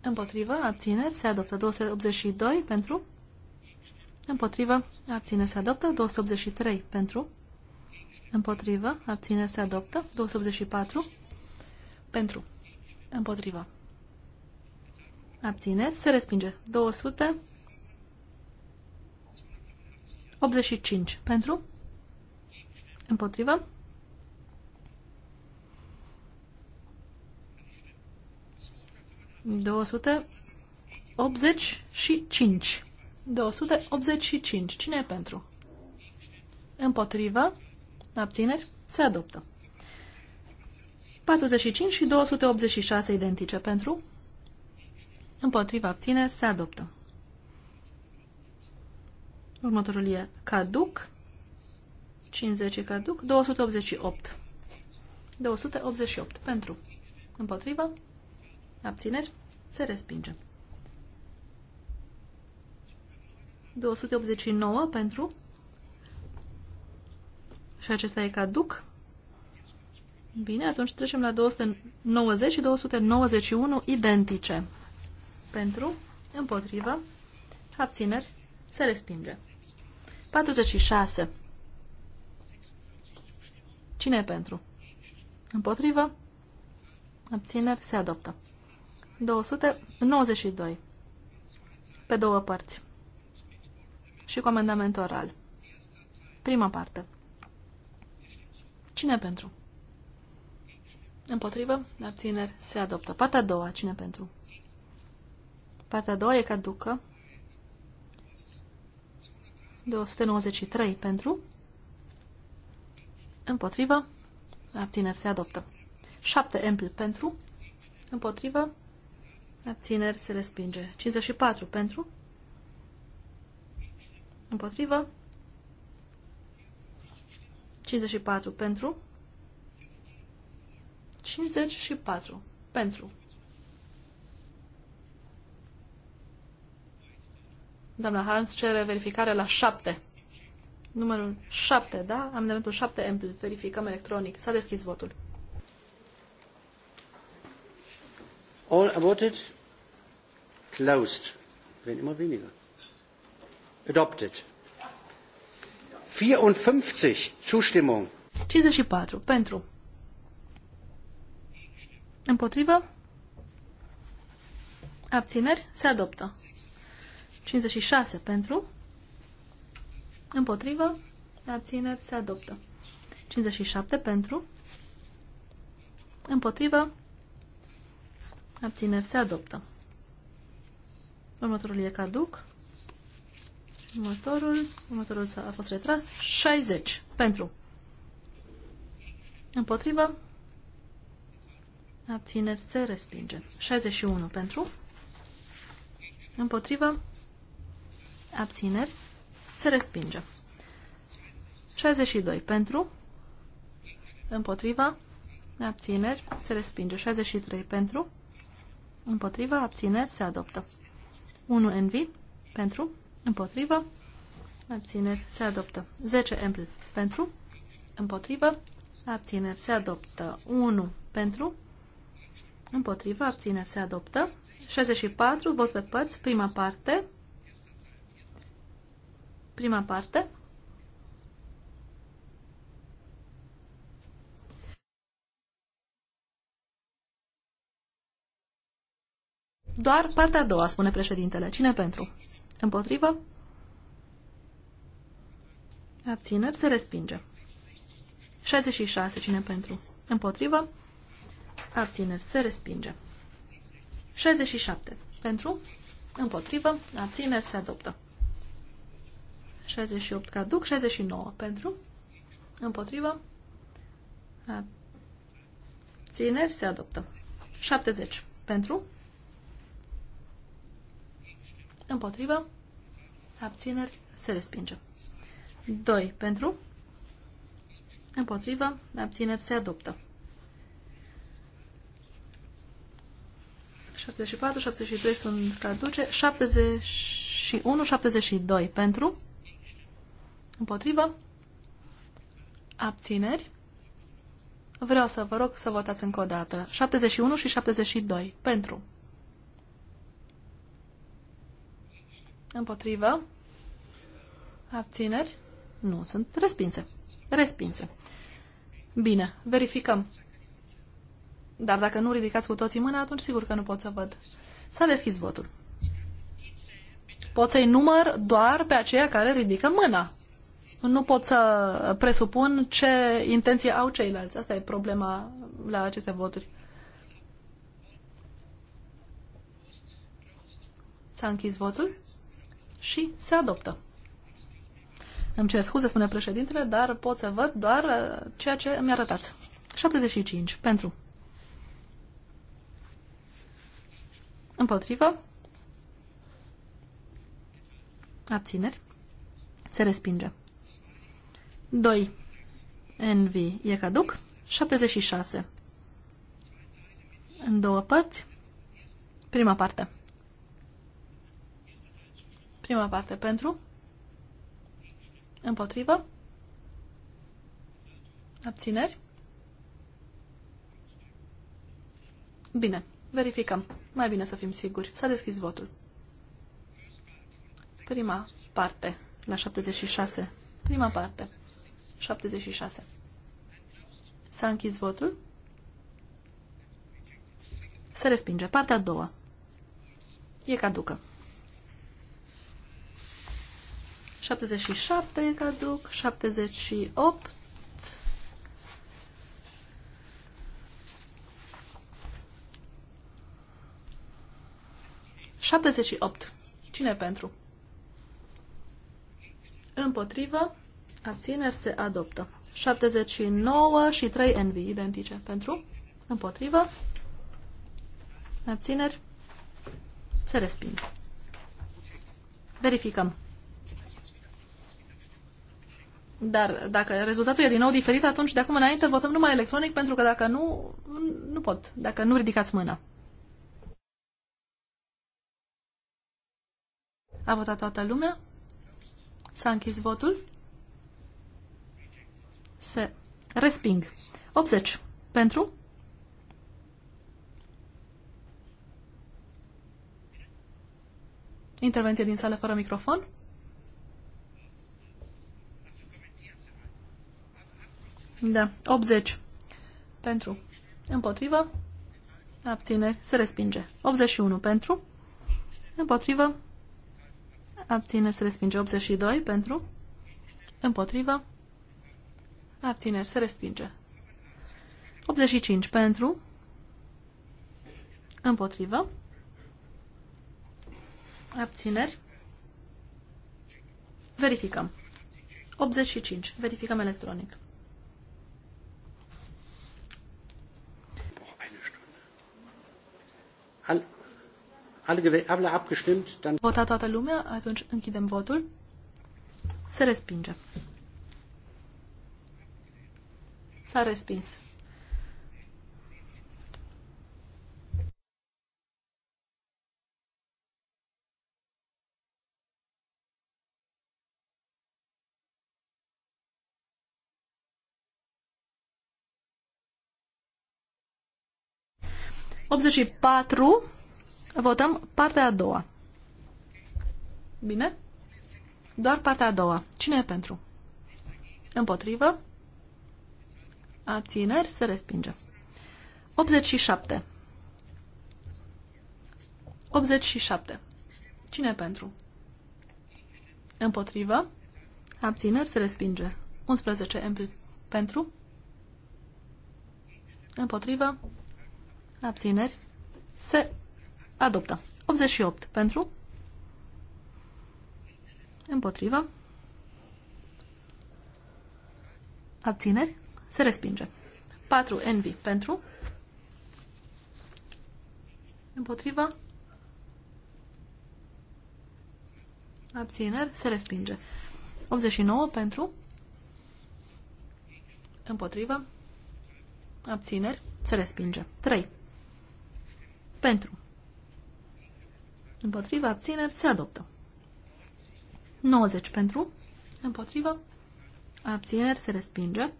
Împotrivă. Abțineri se adoptă. 282 pentru. Împotrivă. Abțineri se adoptă. 283 pentru. Împotrivă. Abțineri se adoptă. 284 pentru. Împotrivă. Abțineri. Se respinge. 200. 85. Pentru? Împotrivă? Două sute optzeci și cinci. Cine e pentru? Împotrivă? Abțineri? Se adoptă. 45 și șase identice pentru? Împotriva abțineri se adoptă. Următorul e caduc. 50 e caduc. 288. 288 pentru. Împotriva. Abțineri. Se respinge. 289 pentru. Și acesta e caduc. Bine, atunci trecem la 290 și 291 identice pentru, împotrivă, abțineri, se respinge. 46. Cine e pentru? Împotrivă, abțineri, se adoptă. 292. Pe două părți. Și cu amendament oral. Prima parte. Cine pentru? Împotrivă, abțineri, se adoptă. Partea a doua, cine pentru? Partea a doua e caducă. 293 pentru. Împotrivă. Abțineri se adoptă. 7 ampl pentru. Împotrivă. Abțineri se respinge. 54 pentru. Împotrivă. 54 pentru. 54 pentru. Doamna Harms cere verificare la 7. Numărul 7, da? Amendamentul 7 ampl. Verificăm electronic. S-a deschis votul. All voted. Closed. Wenn immer weniger. Adopted. 54. Zustimmung. 54. Pentru. Împotrivă. Abțineri. Se adoptă. 56 pentru, împotrivă, abțineri, se adoptă. 57 pentru, împotrivă, abțineri, se adoptă. Următorul e caduc. Următorul, următorul a fost retras. 60 pentru, împotrivă, Abțineri se respinge. 61 pentru. Împotrivă abțineri, se respinge. 62 pentru, împotriva, abțineri, se respinge. 63 pentru, împotriva, abțineri, se adoptă. 1 NV pentru, împotriva, abțineri, se adoptă. 10 empl pentru, împotriva, abțineri, se adoptă. 1 pentru, împotriva, abțineri, se adoptă. 64, vot pe părți, prima parte, Prima parte. Doar partea a doua, spune președintele. Cine pentru? Împotrivă? Abțineri se respinge. 66. Cine pentru? Împotrivă? Abțineri se respinge. 67. Pentru? Împotrivă? Abțineri se adoptă. 68 caduc, 69 pentru, împotrivă, țineri se adoptă. 70 pentru, împotrivă, abțineri se respinge. 2 pentru, împotrivă, abțineri se adoptă. 74, 73 sunt caduce, 71, 72 pentru, Împotrivă? Abțineri? Vreau să vă rog să votați încă o dată. 71 și 72. Pentru. Împotrivă? Abțineri? Nu, sunt respinse. Respinse. Bine, verificăm. Dar dacă nu ridicați cu toții mâna, atunci sigur că nu pot să văd. S-a deschis votul. Pot să-i număr doar pe aceia care ridică mâna nu pot să presupun ce intenție au ceilalți. Asta e problema la aceste voturi. S-a închis votul și se adoptă. Îmi cer scuze, spune președintele, dar pot să văd doar uh, ceea ce mi arătați. 75 pentru. Împotrivă. Abțineri. Se respinge. 2. Envy e caduc. 76. În două părți. Prima parte. Prima parte pentru. Împotrivă. Abțineri. Bine, verificăm. Mai bine să fim siguri. S-a deschis votul. Prima parte, la 76. Prima parte. 76. S-a închis votul. Se respinge. Partea a doua. E caducă. 77 e caduc, 78. Șaptezeci opt. Cine pentru? Împotrivă abțineri se adoptă. 79 și 3 NV identice pentru, împotrivă, abțineri se resping. Verificăm. Dar dacă rezultatul e din nou diferit, atunci de acum înainte votăm numai electronic, pentru că dacă nu, nu pot, dacă nu ridicați mâna. A votat toată lumea? S-a închis votul? se resping. 80 pentru, Intervenție din sală fără microfon. Da, 80 pentru, împotrivă, abțineri, se respinge. 81 pentru, împotrivă, abțineri, se respinge. 82 pentru, împotrivă, Abțineri. Se respinge. 85 pentru. Împotrivă. Abțineri. Verificăm. 85. Verificăm electronic. Votat toată lumea, atunci închidem votul. Se respinge. S-a respins. Optzeci și patru. Votăm partea a doua. Bine? Doar partea a doua. Cine e pentru? Împotrivă? Abțineri se respinge. 87. 87. Cine pentru? Împotrivă. Abțineri se respinge. 11 MP. Pentru? Împotrivă. Abțineri se adoptă. 88. Pentru? Împotrivă. Abțineri se respinge. 4. Envy. Pentru. Împotrivă. Abțineri. Se respinge. 89. Pentru. Împotrivă. Abțineri. Se respinge. 3. Pentru. Împotrivă. Abțineri. Se adoptă. 90. Pentru. Împotrivă. Abțineri. Se respinge.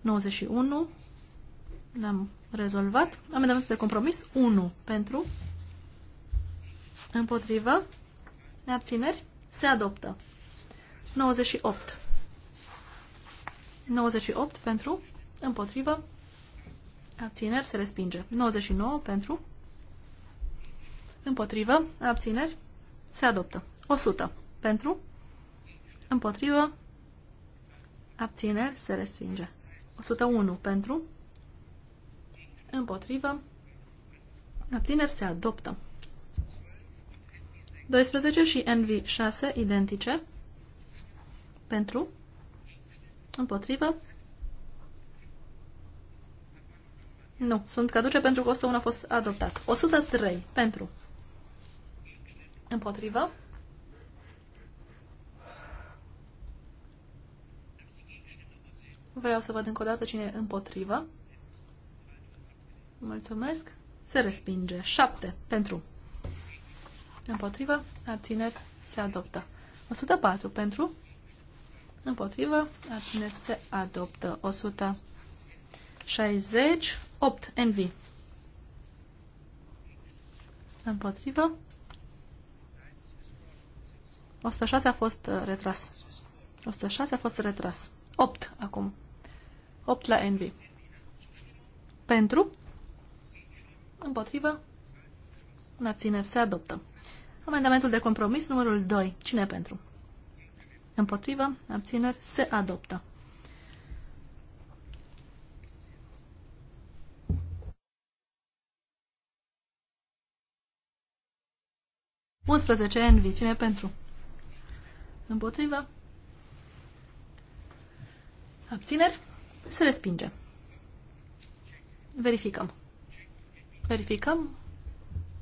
91. L-am rezolvat. Amendamentul de compromis 1 pentru împotrivă neabțineri se adoptă. 98. 98 pentru împotrivă abțineri se respinge. 99 pentru împotrivă abțineri se adoptă. 100 pentru împotrivă abțineri se respinge. 101 pentru, împotrivă, abțineri se adoptă. 12 și NV6 identice pentru, împotrivă, nu, sunt caduce pentru că 101 a fost adoptat. 103 pentru, împotrivă, Vreau să văd încă o dată cine e împotrivă. Mulțumesc. Se respinge. 7 pentru. Împotrivă. Abțineri. Se adoptă. 104 pentru. Împotrivă. Abțineri. Se adoptă. 160. 8. Envy. Împotrivă. 106 uh, a fost retras. 106 a fost retras. 8 acum. 8 la Envy. Pentru. Împotrivă. În abțineri se adoptă. Amendamentul de compromis numărul 2. Cine pentru? Împotrivă. Abțineri se adoptă. Unsprezece envi. Cine pentru? Împotrivă. Abțineri? Se respinge. Verificăm. Verificăm.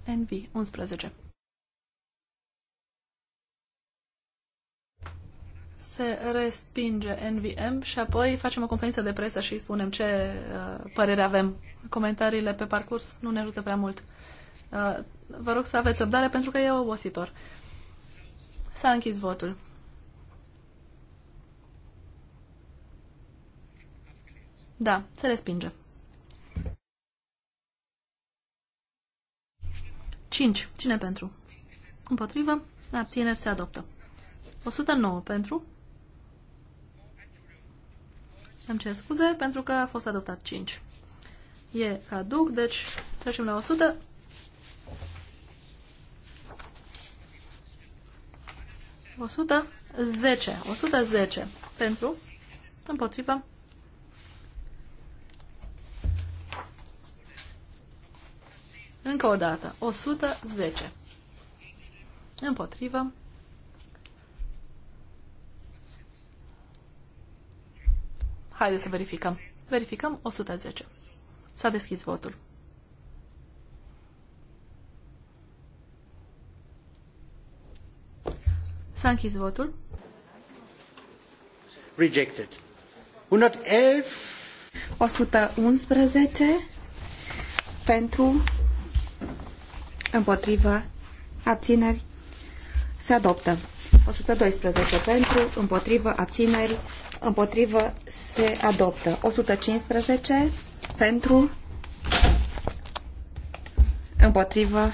NV 11. se respinge NVM și apoi facem o conferință de presă și spunem ce uh, părere avem. Comentariile pe parcurs nu ne ajută prea mult. Uh, vă rog să aveți răbdare pentru că e obositor. S-a închis votul. Da, se respinge. 5. Cine pentru? Împotrivă. Abțineri se adoptă. 109 pentru. Am cer scuze pentru că a fost adoptat 5. E caduc, deci trecem la 100. O 110. 110 pentru, împotriva, Încă o dată. 110. Împotrivă. Haideți să verificăm. Verificăm 110. S-a deschis votul. S-a închis votul. Rejected. 111. 111 pentru împotrivă, abțineri, se adoptă. 112 pentru, împotrivă, abțineri, împotrivă, se adoptă. 115 pentru, împotrivă,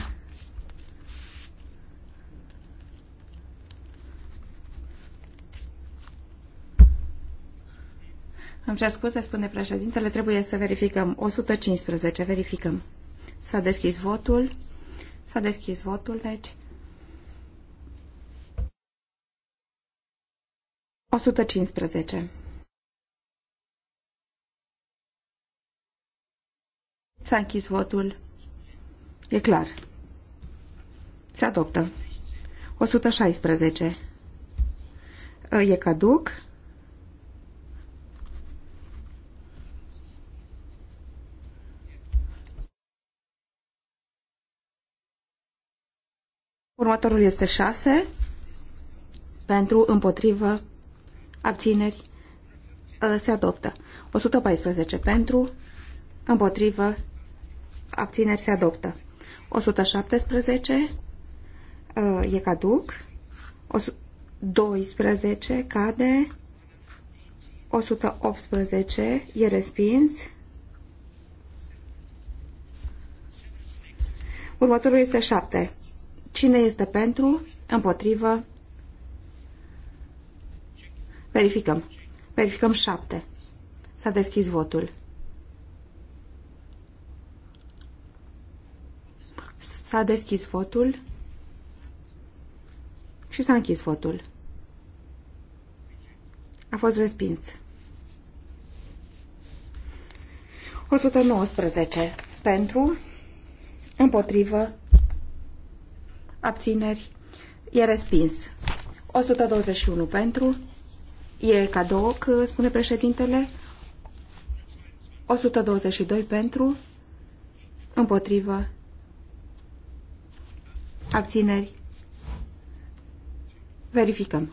Îmi cer scuze, spune președintele, trebuie să verificăm. 115, verificăm. S-a deschis votul. S-a deschis votul, deci. 115. S-a închis votul. E clar. Se adoptă. 116. E caduc. Următorul este 6. Ă, pentru, împotrivă, abțineri, se adoptă. 114 pentru, împotrivă, abțineri se adoptă. 117 e caduc, 12 cade, 118 e respins, următorul este 7 Cine este pentru? Împotrivă? Verificăm. Verificăm șapte. S-a deschis votul. S-a deschis votul și s-a închis votul. A fost respins. 119 pentru, împotrivă, abțineri, e respins. 121 pentru, e că spune președintele. 122 pentru, împotrivă, abțineri. Verificăm.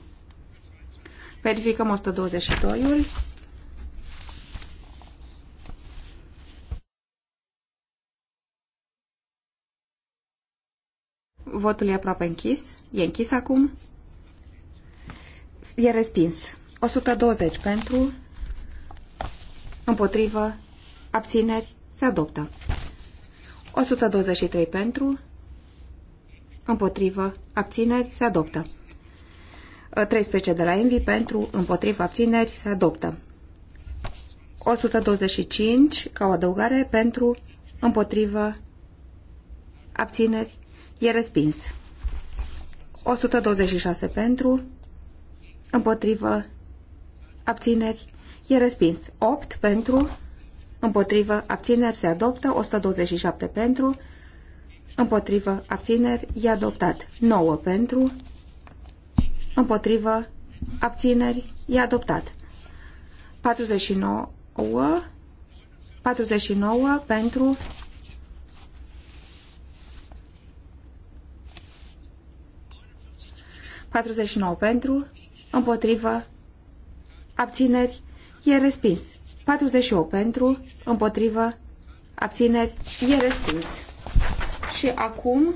Verificăm 122-ul. Votul e aproape închis. E închis acum. E respins. 120 pentru, împotrivă, abțineri, se adoptă. 123 pentru, împotrivă, abțineri, se adoptă. 13 de la Envi pentru, împotrivă, abțineri, se adoptă. 125 ca o adăugare pentru, împotrivă, abțineri, E respins. 126 pentru, împotrivă, abțineri, e respins. 8 pentru, împotrivă, abțineri, se adoptă. 127 pentru, împotrivă, abțineri, e adoptat. 9 pentru, împotrivă, abțineri, e adoptat. 49, 49 pentru, 49 pentru, împotrivă, abțineri, e respins. 48 pentru, împotrivă, abțineri, e respins. Și acum,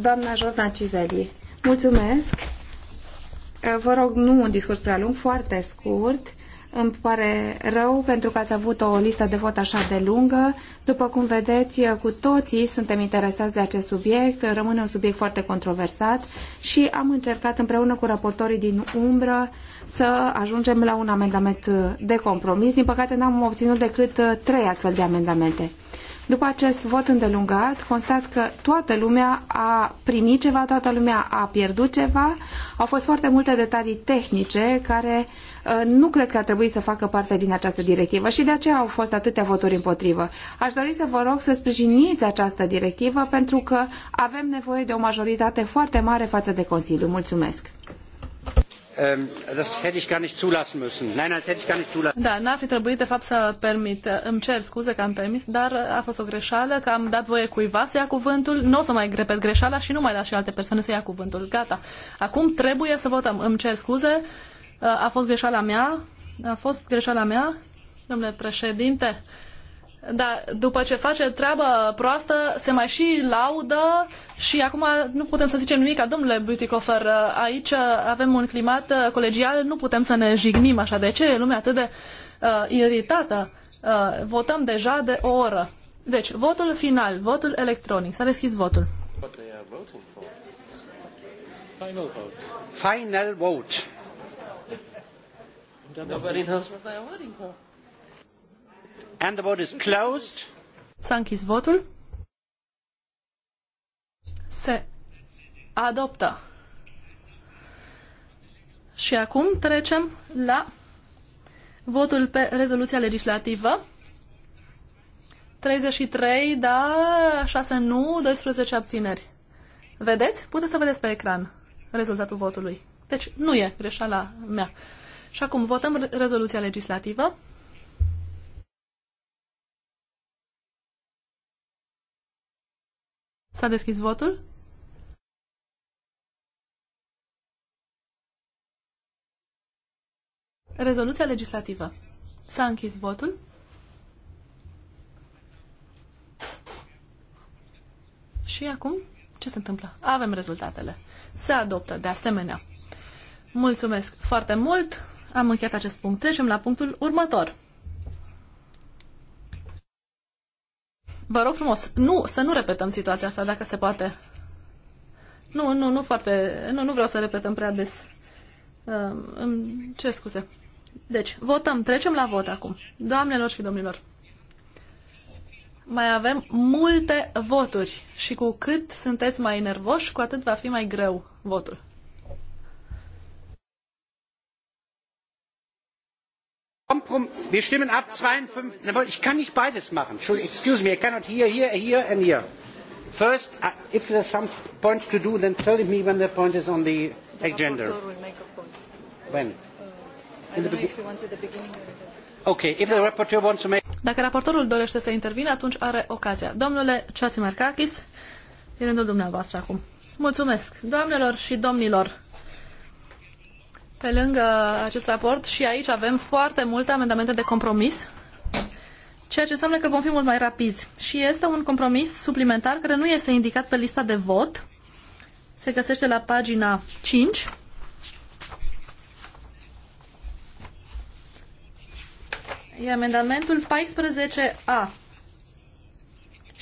doamna Jordan Cizeli, mulțumesc. Vă rog, nu un discurs prea lung, foarte scurt. Îmi pare rău pentru că ați avut o listă de vot așa de lungă. După cum vedeți, cu toții suntem interesați de acest subiect. Rămâne un subiect foarte controversat și am încercat împreună cu raportorii din umbră să ajungem la un amendament de compromis. Din păcate n-am obținut decât uh, trei astfel de amendamente. După acest vot îndelungat, constat că toată lumea a primit ceva, toată lumea a pierdut ceva. Au fost foarte multe detalii tehnice care uh, nu cred că ar trebui să facă parte din această directivă și de aceea au fost atâtea voturi împotrivă. Aș dori să vă rog să sprijiniți această directivă pentru că avem nevoie de o majoritate foarte mare față de Consiliu. Mulțumesc! Da, n-ar fi trebuit de fapt să permit. Uh, îmi cer scuze că am permis, dar uh, a fost o greșeală, că am dat voie cuiva să ia cuvântul. Nu o să mai repet greșeala și nu mai las și alte persoane să ia cuvântul. Gata. Acum trebuie să votăm. Îmi cer scuze. Uh, a fost greșeala mea. A fost greșeala mea. Domnule președinte, da, după ce face treabă proastă, se mai și laudă și acum nu putem să zicem nimic. Domnule Butikofer, aici avem un climat uh, colegial, nu putem să ne jignim așa. De ce e lumea atât de uh, iritată? Uh, votăm deja de o oră. Deci, votul final, votul electronic. S-a deschis votul. Final vote. Final vote. And the vote is closed. S-a închis votul. Se adoptă. Și acum trecem la votul pe rezoluția legislativă. 33, da, 6 nu, 12 abțineri. Vedeți? Puteți să vedeți pe ecran rezultatul votului. Deci nu e greșeala mea. Și acum votăm rezoluția legislativă. S-a deschis votul? Rezoluția legislativă. S-a închis votul. Și acum, ce se întâmplă? Avem rezultatele. Se adoptă, de asemenea. Mulțumesc foarte mult. Am încheiat acest punct. Trecem la punctul următor. Vă rog frumos, nu, să nu repetăm situația asta, dacă se poate. Nu, nu, nu foarte, nu, nu vreau să repetăm prea des. Uh, ehm, ce scuze. Deci, votăm, trecem la vot acum. Doamnelor și domnilor, mai avem multe voturi și cu cât sunteți mai nervoși, cu atât va fi mai greu votul. Wir stimmen ab 52. Ich kann nicht beides machen. Excuse me, I cannot hear here, here and here. First, uh, if there's some point to do, then tell me when the point is on the agenda. When? Uh, In the beginning. Okay, if the rapporteur wants to make... Dacă raportorul dorește să intervină, atunci are ocazia. Domnule Ceați Marcachis, e rândul dumneavoastră acum. Mulțumesc. Doamnelor și domnilor, pe lângă acest raport și aici avem foarte multe amendamente de compromis, ceea ce înseamnă că vom fi mult mai rapizi. Și este un compromis suplimentar care nu este indicat pe lista de vot. Se găsește la pagina 5. E amendamentul 14A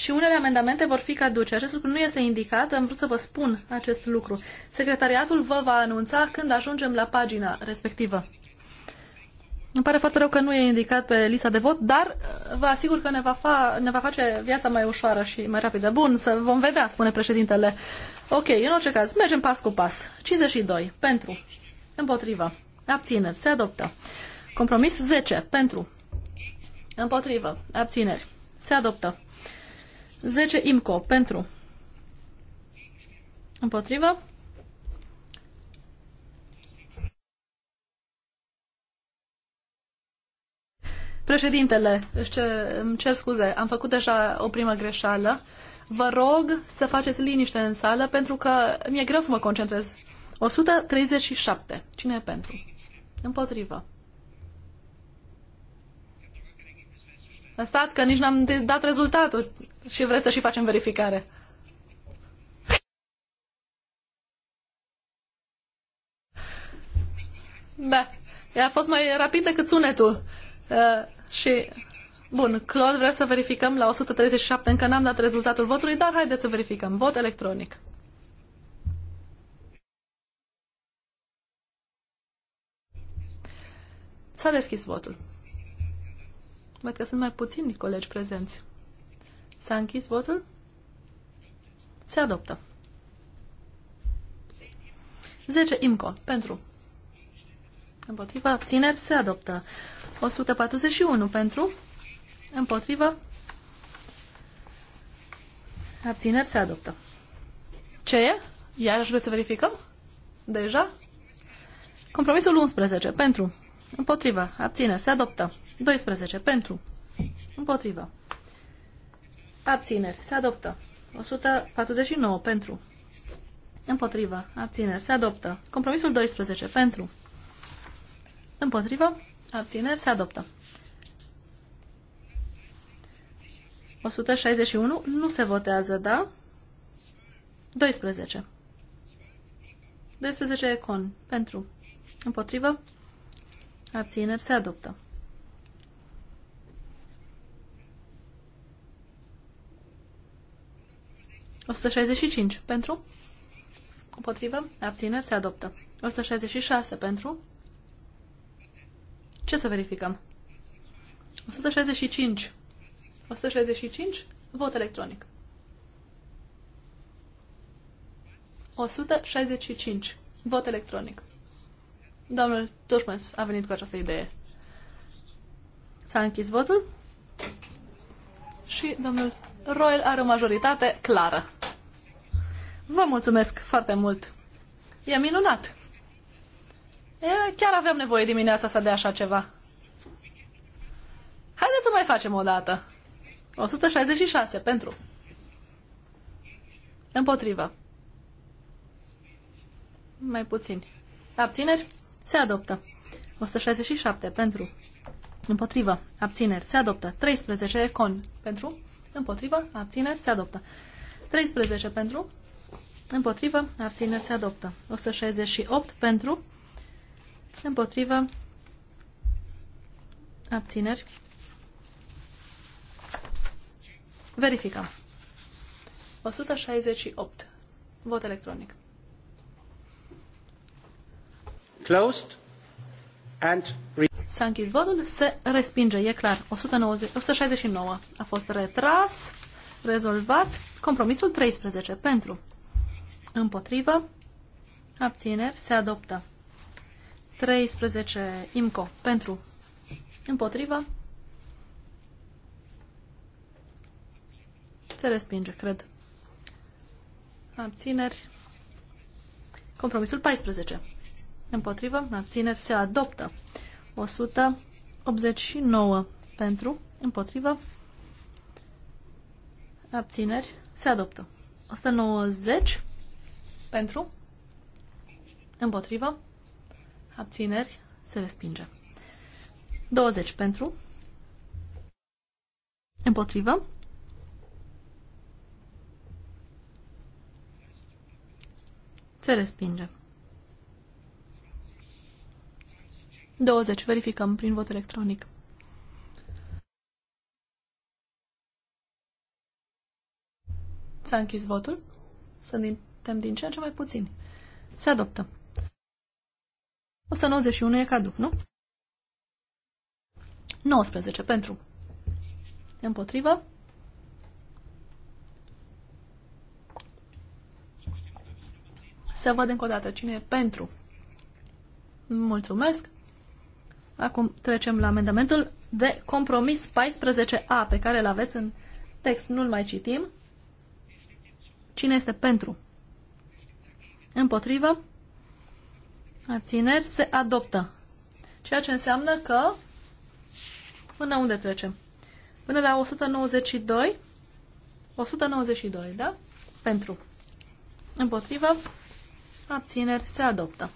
și unele amendamente vor fi caduce. Acest lucru nu este indicat, am vrut să vă spun acest lucru. Secretariatul vă va anunța când ajungem la pagina respectivă. Îmi pare foarte rău că nu e indicat pe lista de vot, dar uh, vă asigur că ne va, fa- ne va face viața mai ușoară și mai rapidă. Bun, să vom vedea, spune președintele. Ok, în orice caz, mergem pas cu pas. 52, pentru, împotrivă, abțineri, se adoptă. Compromis 10, pentru, împotrivă, abțineri, se adoptă. 10 IMCO pentru. Împotrivă. Președintele, își cer, îmi cer scuze, am făcut deja o primă greșeală. Vă rog să faceți liniște în sală pentru că mi-e greu să mă concentrez. 137. Cine e pentru? Împotrivă. stați că nici n-am dat rezultatul și vreți să și facem verificare. Da. Ea a fost mai rapid decât sunetul. Uh, și, bun, Claude vrea să verificăm la 137, încă n-am dat rezultatul votului, dar haideți să verificăm. Vot electronic. S-a deschis votul. Văd că sunt mai puțini colegi prezenți. S-a închis votul? Se adoptă. 10 IMCO. Pentru. Împotriva. Abțineri. Se adoptă. 141 pentru. Împotriva. Abțineri. Se adoptă. Ce e? Iarăși vreți să verificăm? Deja? Compromisul 11. Pentru. Împotriva. Abțineri. Se adoptă. 12. Pentru. Împotrivă. Abțineri. Se adoptă. 149. Pentru. Împotrivă. Abțineri. Se adoptă. Compromisul 12. Pentru. Împotrivă. Abțineri. Se adoptă. 161. Nu se votează, da? 12. 12 con Pentru. Împotrivă. Abțineri. Se adoptă. 165 pentru, împotrivă, abțineri, se adoptă. 166 pentru, ce să verificăm? 165. 165, vot electronic. 165, vot electronic. Domnul Turmes a venit cu această idee. S-a închis votul și domnul Royal are o majoritate clară. Vă mulțumesc foarte mult. E minunat. E, chiar aveam nevoie dimineața asta de așa ceva. Haideți să mai facem o dată. 166 pentru. Împotrivă. Mai puțin. Abțineri? Se adoptă. 167 pentru. Împotrivă. Abțineri. Se adoptă. 13 con. Pentru. Împotrivă, abțineri, se adoptă. 13 pentru. Împotrivă, abțineri, se adoptă. 168 pentru. Împotrivă, abțineri. Verificăm. 168. Vot electronic. Closed and S-a închis votul, se respinge, e clar. 190, 169 a fost retras, rezolvat. Compromisul 13 pentru, împotrivă, abțineri, se adoptă. 13 IMCO pentru, împotrivă, se respinge, cred. Abțineri. Compromisul 14. Împotrivă, abțineri, se adoptă. 189 pentru, împotrivă, abțineri, se adoptă. 190 pentru, împotrivă, abțineri, se respinge. 20 pentru, împotrivă, se respinge. 20. Verificăm prin vot electronic. S-a închis votul. Suntem din ce în ce mai puțini. Se adoptă. 191 e caduc, nu? 19 pentru. Împotrivă. Să văd încă o dată cine e pentru. Mulțumesc. Acum trecem la amendamentul de compromis 14A pe care îl aveți în text. Nu-l mai citim. Cine este pentru? Împotrivă? Abțineri se adoptă. Ceea ce înseamnă că până unde trecem? Până la 192. 192, da? Pentru. Împotrivă. Abțineri se adoptă.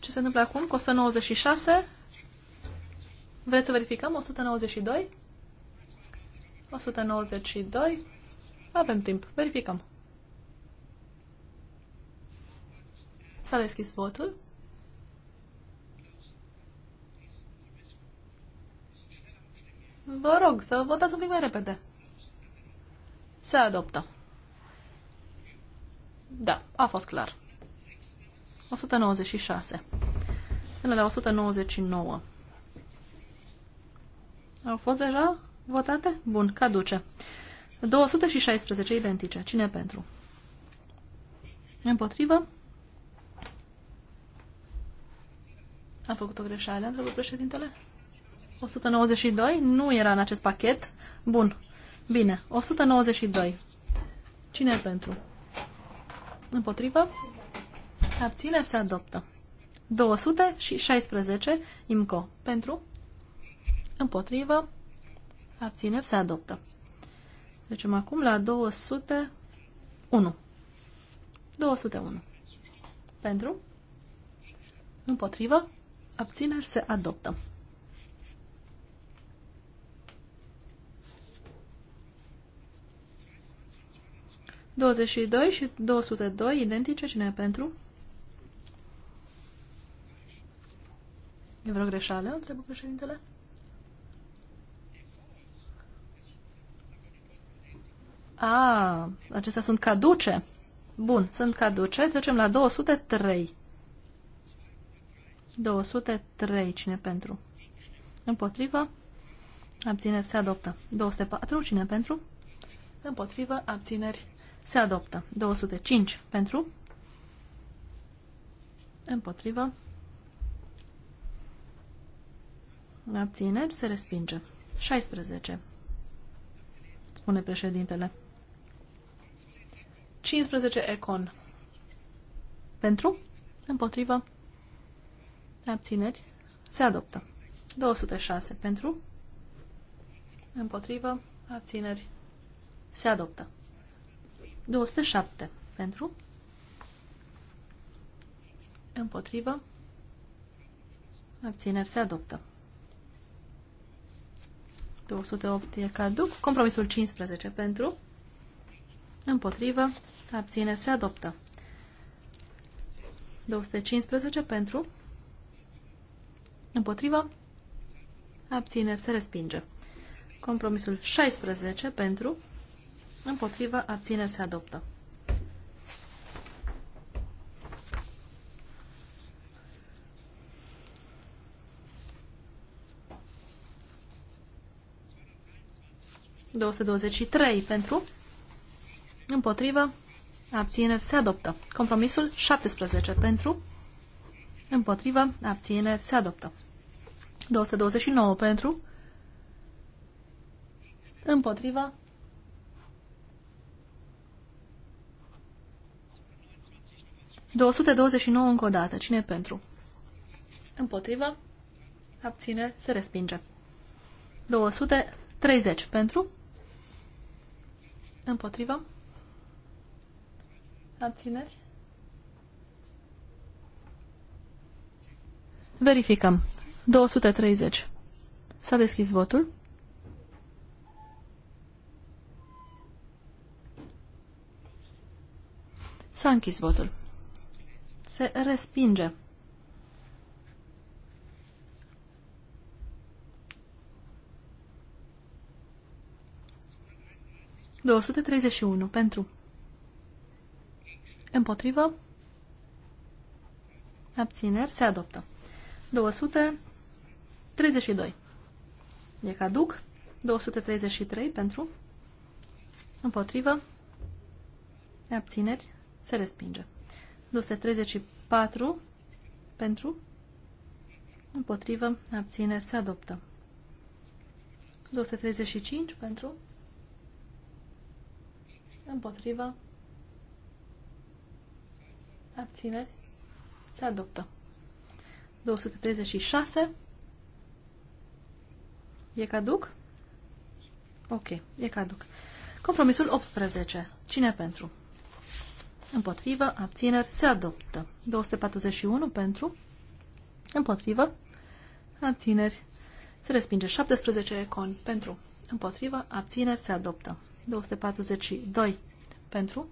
Ce se întâmplă acum? Cu 196? Vreți să verificăm? 192? 192? Avem timp. Verificăm. S-a deschis votul. Vă rog să votați un pic mai repede. Se adoptă. Da, a fost clar. 196. Până la 199. Au fost deja votate? Bun, caduce. 216 identice. Cine pentru? Împotrivă? Am făcut o greșeală, întrebă președintele. 192? Nu era în acest pachet. Bun. Bine. 192. Cine pentru? Împotrivă? abțineri se adoptă. 216 IMCO pentru, împotrivă, abțineri se adoptă. Trecem acum la 201. 201. Pentru, împotrivă, abțineri se adoptă. Douăzeci și doi și 202 identice, cine e pentru? E vreo greșeală? Întreabă președintele. A, acestea sunt caduce. Bun, sunt caduce. Trecem la 203. 203. Cine pentru? Împotrivă. Abțineri se adoptă. 204. Cine pentru? Împotrivă. Abțineri se adoptă. 205. Pentru? Împotrivă. Abțineri se respinge. 16. Spune președintele. 15 Econ. Pentru? Împotrivă? Abțineri? Se adoptă. 206 pentru? Împotrivă? Abțineri? Se adoptă. 207 pentru? Împotrivă? Abțineri? Se adoptă. 208 e caduc. Compromisul 15 pentru. Împotrivă. Abține. se adoptă. 215 pentru. Împotrivă. Abțineri se respinge. Compromisul 16 pentru. Împotrivă. Abțineri se adoptă. 223 pentru, împotrivă, abțineri se adoptă. Compromisul 17 pentru, împotrivă, abțineri se adoptă. 229 pentru, împotrivă, ...229 încă o dată. Cine pentru? Împotrivă. Abține. Se respinge. 230 pentru. Împotrivă? Abțineri? Verificăm. 230. S-a deschis votul. S-a închis votul. Se respinge. 231 pentru. Împotrivă. Abțineri. Se adoptă. 232. E caduc. 233 pentru. Împotrivă. Abțineri. Se respinge. 234 pentru. Împotrivă. Abțineri. Se adoptă. 235 pentru împotriva Abțineri. Se adoptă. 236. E caduc? Ok, e caduc. Compromisul 18. Cine pentru? Împotrivă, abțineri, se adoptă. 241 pentru, împotrivă, abțineri, se respinge. 17 con pentru, împotrivă, abțineri, se adoptă. 242 pentru,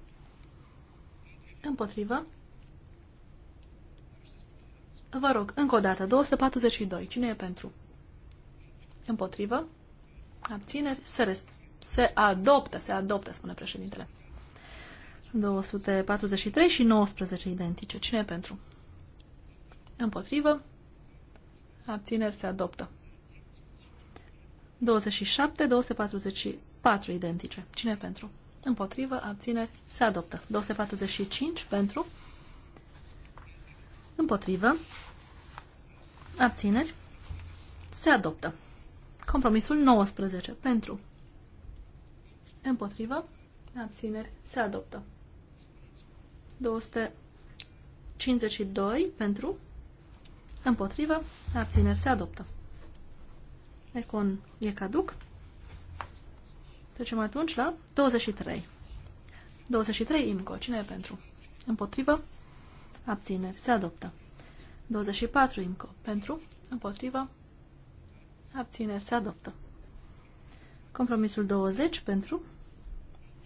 împotrivă. Vă rog, încă o dată, 242. Cine e pentru? Împotrivă. Abțineri. Se, se adoptă, se adoptă, spune președintele. 243 și 19 identice. Cine e pentru? Împotrivă. Abțineri se adoptă. 27, 240, 4 identice. Cine pentru? Împotrivă, abțineri, se adoptă. 245 pentru, împotrivă, abțineri, se adoptă. Compromisul 19 pentru, împotrivă, abțineri, se adoptă. 252 pentru, împotrivă, abțineri, se adoptă. Econ e caduc. Trecem atunci la 23. 23 IMCO. Cine e pentru? Împotrivă? Abțineri. Se adoptă. 24 IMCO. Pentru? Împotrivă? Abțineri. Se adoptă. Compromisul 20 pentru?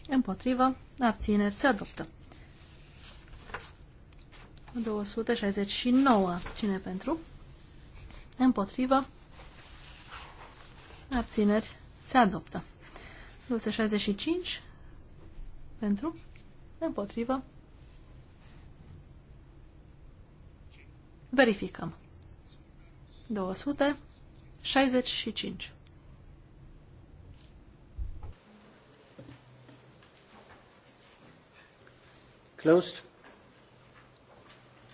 Împotrivă? Abțineri. Se adoptă. 269. Cine pentru? Împotrivă? Abțineri. Se adoptă. 265 pentru, împotrivă. Verificăm. 265. Closed.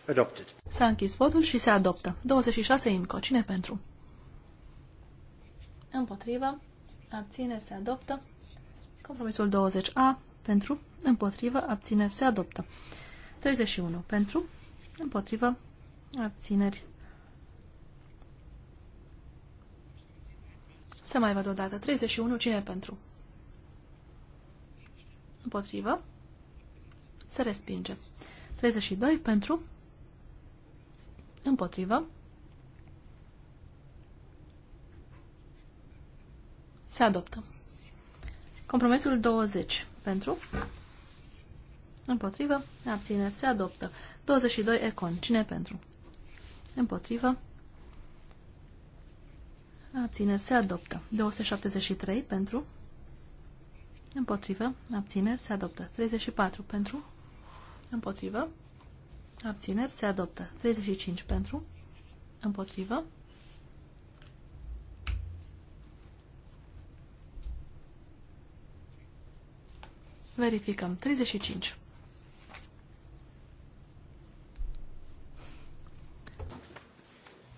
Adopted. S-a închis votul și se adoptă. 26 INCO. Cine pentru? Împotrivă. Abțineri se adoptă. Compromisul 20A pentru, împotrivă, abțineri se adoptă. 31 pentru, împotrivă, abțineri. Să mai văd o dată. 31, cine pentru? Împotrivă, se respinge. 32 pentru, împotrivă, se adoptă. Compromisul 20 pentru, împotrivă, abțineri, se adoptă. 22 Econ, cine pentru? Împotrivă, abțineri, se adoptă. 273 pentru, împotrivă, abțineri, se adoptă. 34 pentru, împotrivă, abțineri, se adoptă. 35 pentru, împotrivă, Verificăm. 35.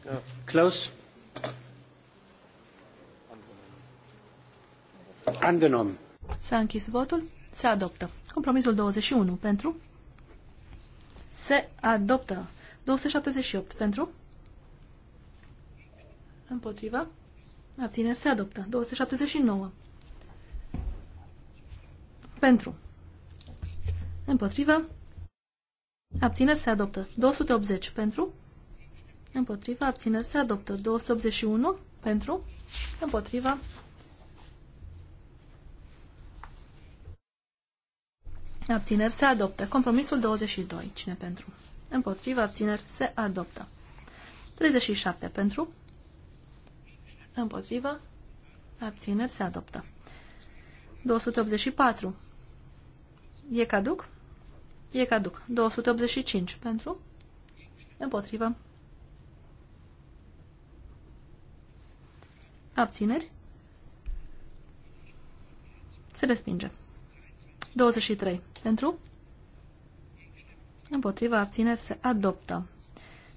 Uh, close. Angenom. S-a închis votul. Se adoptă. Compromisul 21 pentru. Se adoptă. 278 pentru. Împotriva. Abțineri se adoptă. 279 pentru. Împotrivă. Abțineri se adoptă. 280 pentru. Împotrivă. Abțineri se adoptă. 281 pentru. Împotrivă. Abțineri se adoptă. Compromisul 22. Cine pentru? Împotrivă. Abțineri se adoptă. 37 pentru. Împotrivă. Abțineri se adoptă. 284 E caduc? E caduc. 285 pentru? Împotrivă. Abțineri? Se respinge. 23. Pentru? Împotrivă. abțineri se adoptă.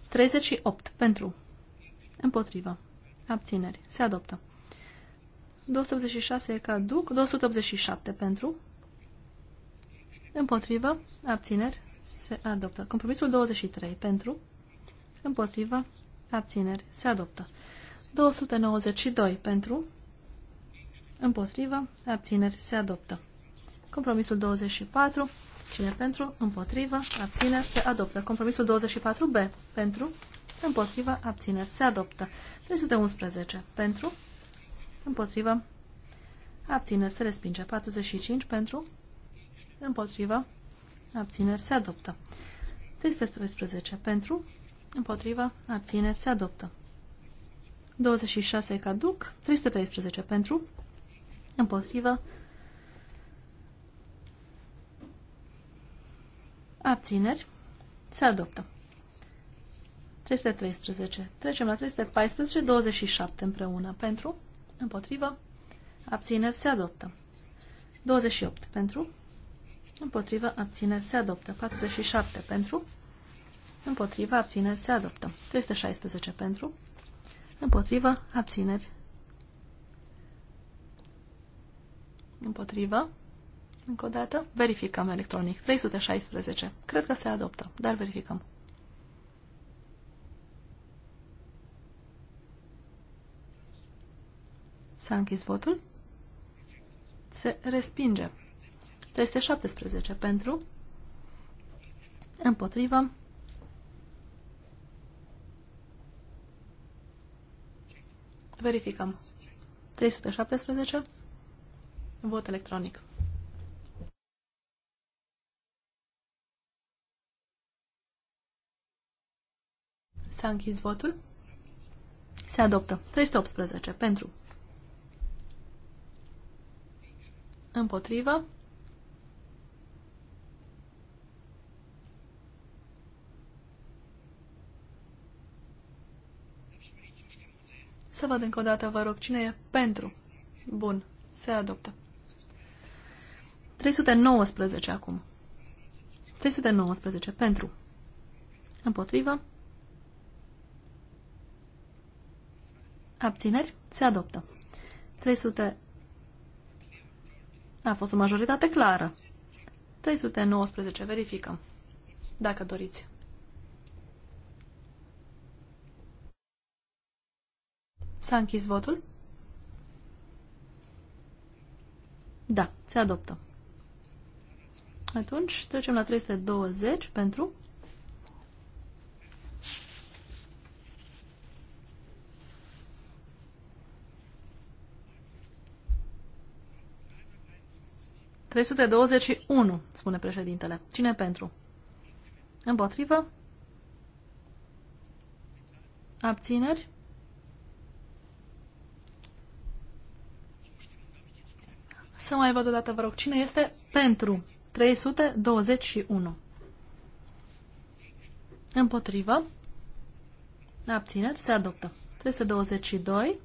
38. Pentru? Împotrivă. Abțineri. Se adoptă. 286 e caduc. 287 pentru? Împotrivă. Abțineri. Se adoptă. Compromisul 23. Pentru. Împotrivă. Abțineri. Se adoptă. 292. Pentru. Împotrivă. Abțineri. Se adoptă. Compromisul 24. Cine pentru? Împotrivă. Abțineri. Se adoptă. Compromisul 24B. Pentru. Împotrivă. Abțineri. Se adoptă. 311. Pentru. Împotrivă. Abțineri. Se respinge. 45. Pentru împotriva, abțineri se adoptă. 313 pentru, împotriva, abțineri se adoptă. 26 caduc, 313 pentru, împotriva, abțineri se adoptă. 313. Trecem la 314, 27 împreună. Pentru, împotrivă, abțineri se adoptă. 28 pentru, Împotrivă, abțineri, se adoptă. 47 pentru. Împotrivă, abțineri, se adoptă. 316 pentru. Împotrivă, abțineri. Împotrivă. Încă o dată. Verificăm electronic. 316. Cred că se adoptă, dar verificăm. S-a închis votul. Se respinge. 317 pentru, împotrivă, verificăm. 317, vot electronic. S-a închis votul. Se adoptă. 318 pentru. Împotrivă. Să văd încă o dată, vă rog, cine e pentru. Bun, se adoptă. 319 acum. 319 pentru. Împotrivă. Abțineri. Se adoptă. 300. A fost o majoritate clară. 319. Verificăm. Dacă doriți. S-a închis votul? Da, se adoptă. Atunci trecem la 320 pentru unu, spune președintele. Cine pentru? Împotrivă? Abțineri? Să mai văd o dată, vă rog, cine este pentru 321. Împotrivă. Abțineri. Se adoptă. 322.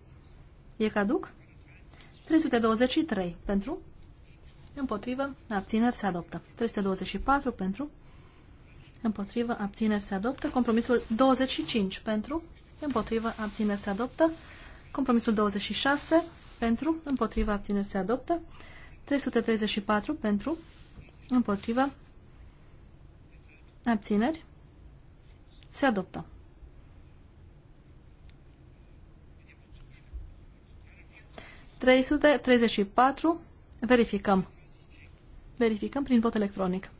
E caduc? 323. Pentru? Împotrivă. Abțineri. Se adoptă. 324. Pentru? Împotrivă. Abțineri. Se adoptă. Compromisul 25. Pentru? Împotrivă. Abțineri. Se adoptă. Compromisul 26 pentru, împotriva, abțineri se adoptă. 334 pentru, împotriva, abțineri se adoptă. Trei sute treizeci și patru. Verificăm. Verificăm prin vot electronic.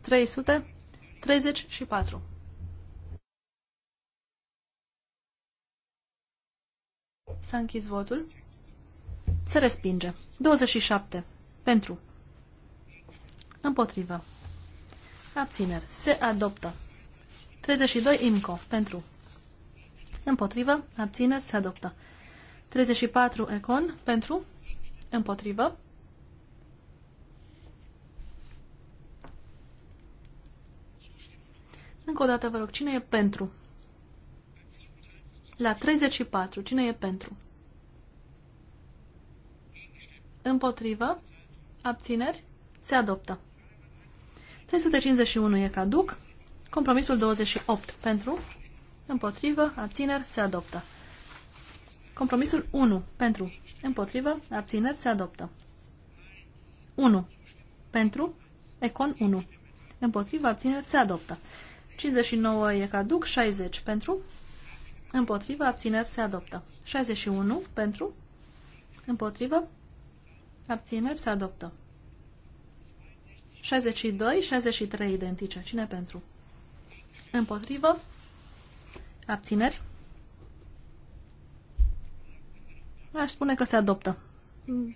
334. S-a închis votul. Se respinge. 27. Pentru. Împotrivă. Abțineri. Se adoptă. 32. IMCO. Pentru. Împotrivă. Abțineri. Se adoptă. 34. ECON. Pentru. Împotrivă. Încă o dată vă rog, cine e pentru? La 34, cine e pentru? Împotrivă. Abțineri. Se adoptă. 351 e caduc. Compromisul 28 pentru. Împotrivă. Abțineri. Se adoptă. Compromisul 1 pentru. Împotrivă. Abțineri. Se adoptă. 1 pentru. Econ 1. Împotrivă. Abțineri. Se adoptă. 59 e caduc. 60 pentru. Împotrivă. Abțineri. Se adoptă. 61 pentru. Împotrivă. Abțineri se adoptă. 62, 63 identice. Cine pentru? Împotrivă. Abțineri. Aș spune că se adoptă.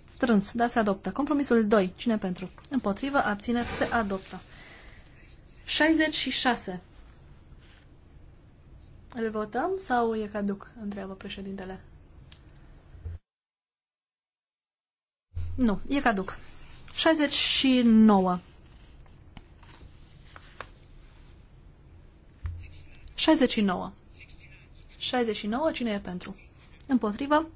Strâns, dar se adoptă. Compromisul 2. Cine pentru? Împotrivă, abțineri, se adoptă. 66. Îl votăm sau e caduc? Întreabă președintele. Nu, e caduc. 69. 69. 69, cine e pentru? Împotrivă?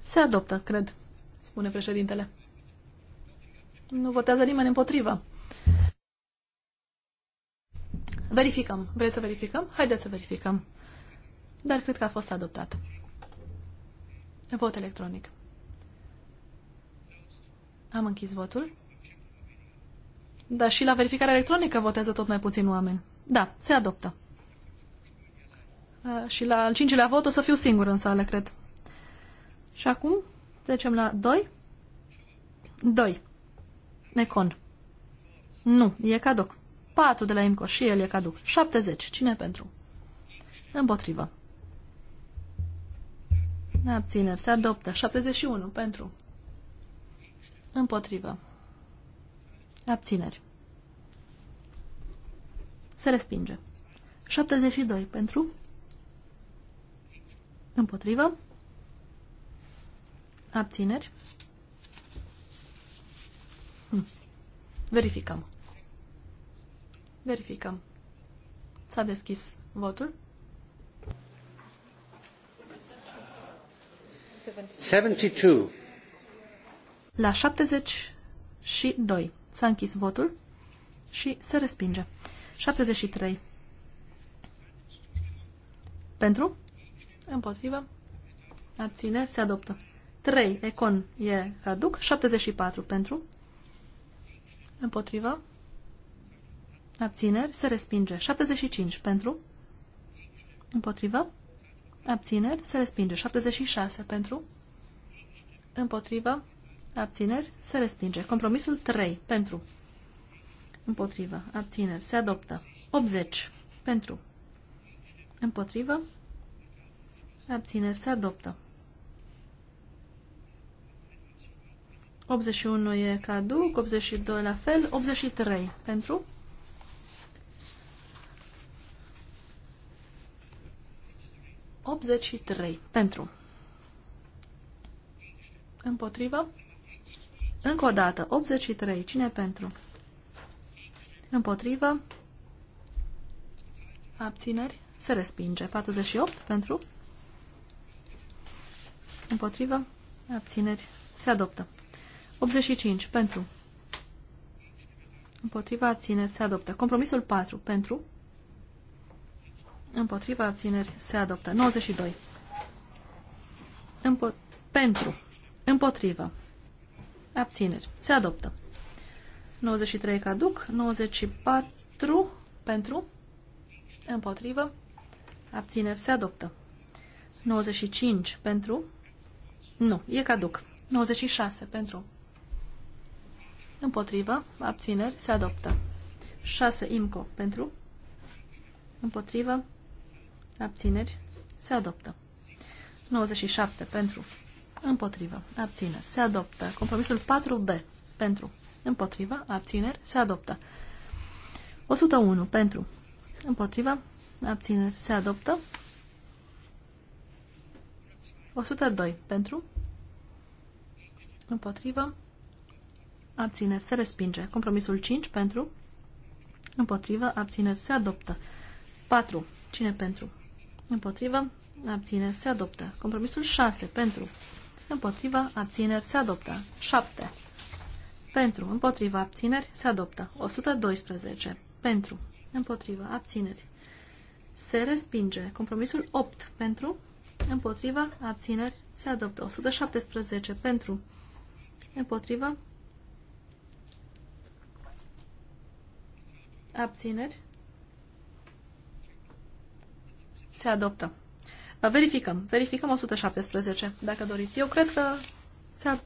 Se adoptă, cred, spune președintele. Nu votează nimeni împotrivă. Verificăm. Vreți să verificăm? Haideți să verificăm. Dar cred că a fost adoptat. Vot electronic. Am închis votul. Dar și la verificarea electronică votează tot mai puțin oameni. Da, se adoptă. Uh, și la al cincilea vot o să fiu singur în sală, cred. Și acum trecem la 2. 2. Necon. Nu, e caduc. 4 de la Imco și el e caduc. 70. Cine pentru? Împotrivă. Abțineri. Se adoptă. 71. Pentru. Împotrivă. Abțineri. Se respinge. 72. Pentru. Împotrivă. Abțineri. Hmm. Verificăm. Verificăm. S-a deschis votul. 72. La 72 s-a închis votul și se respinge. 73. Pentru? Împotrivă? Abțineri? Se adoptă. 3. Econ e caduc. 74. Pentru? Împotrivă? Abțineri? Se respinge. 75. Pentru? Împotrivă? Abțineri se respinge. 76 pentru. Împotrivă. Abțineri se respinge. Compromisul 3 pentru. Împotrivă. Abțineri se adoptă. 80 pentru. Împotrivă. Abțineri se adoptă. 81 e caduc, 82 la fel, 83 pentru. 83. Pentru. Împotrivă. Încă o dată. 83. Cine pentru? Împotrivă. Abțineri. Se respinge. 48. Pentru. Împotrivă. Abțineri. Se adoptă. 85. Pentru. Împotriva abțineri se adoptă. Compromisul 4. Pentru. Împotriva abțineri se adoptă. 92. Împo pentru. Împotriva. Abțineri. Se adoptă. 93 caduc. 94 pentru. Împotrivă. Abțineri. Se adoptă. 95 pentru. Nu. E caduc. 96 pentru. Împotrivă. Abțineri. Se adoptă. 6 IMCO pentru. Împotrivă abțineri, se adoptă. 97 pentru, împotrivă, abțineri, se adoptă. Compromisul 4B pentru, împotrivă, abțineri, se adoptă. 101 pentru, împotrivă, abțineri, se adoptă. 102 pentru, împotrivă, abțineri, se respinge. Compromisul 5 pentru, împotrivă, abțineri, se adoptă. 4. Cine pentru? împotrivă, abțineri, se adoptă. Compromisul 6, pentru, împotrivă, abțineri, se adoptă. 7, pentru, împotrivă, abțineri, se adoptă. 112, pentru, împotrivă, abțineri, se respinge. Compromisul 8, pentru, împotrivă, abțineri, se adoptă. 117, pentru, împotrivă, abțineri, se adoptă. Verificăm. Verificăm 117, dacă doriți. Eu cred că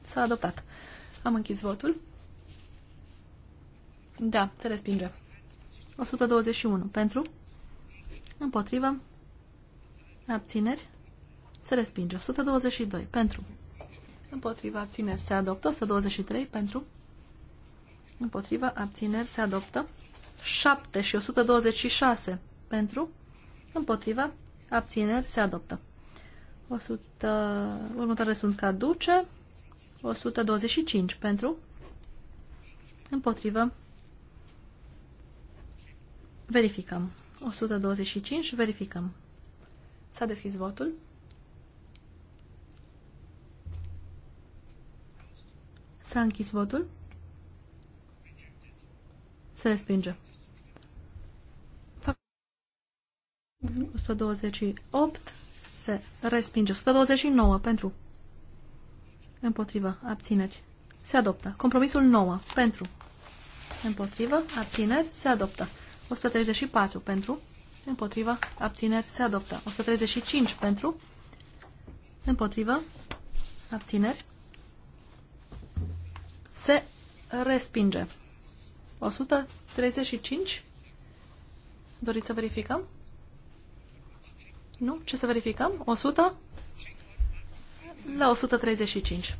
s-a adoptat. Am închis votul. Da, se respinge. 121. Pentru? Împotrivă? Abțineri? Se respinge. 122. Pentru? Împotrivă? abțineri se adoptă. 123. Pentru? Împotrivă? abțineri se adoptă. 7 și 126. Pentru? împotrivă, abțineri, se adoptă. 100, următoarele sunt caduce, 125 pentru, împotrivă, verificăm. 125, verificăm. S-a deschis votul. S-a închis votul. Se respinge. 128 se respinge. 129 pentru. Împotrivă. Abțineri. Se adoptă. Compromisul 9 pentru. Împotrivă. Abțineri. Se adoptă. 134 pentru. Împotrivă. Abțineri. Se adoptă. 135 pentru. Împotrivă. Abțineri. Se respinge. 135. Doriți să verificăm? Nu? Ce să verificăm? 100? La 135.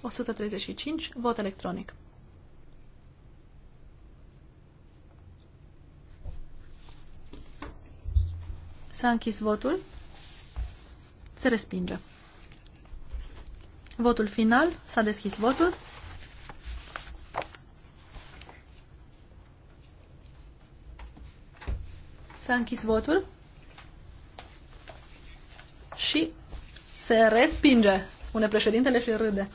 135, vot electronic. S-a închis votul. Se respinge. Votul final. S-a deschis votul. S-a închis votul și se respinge, spune președintele și râde.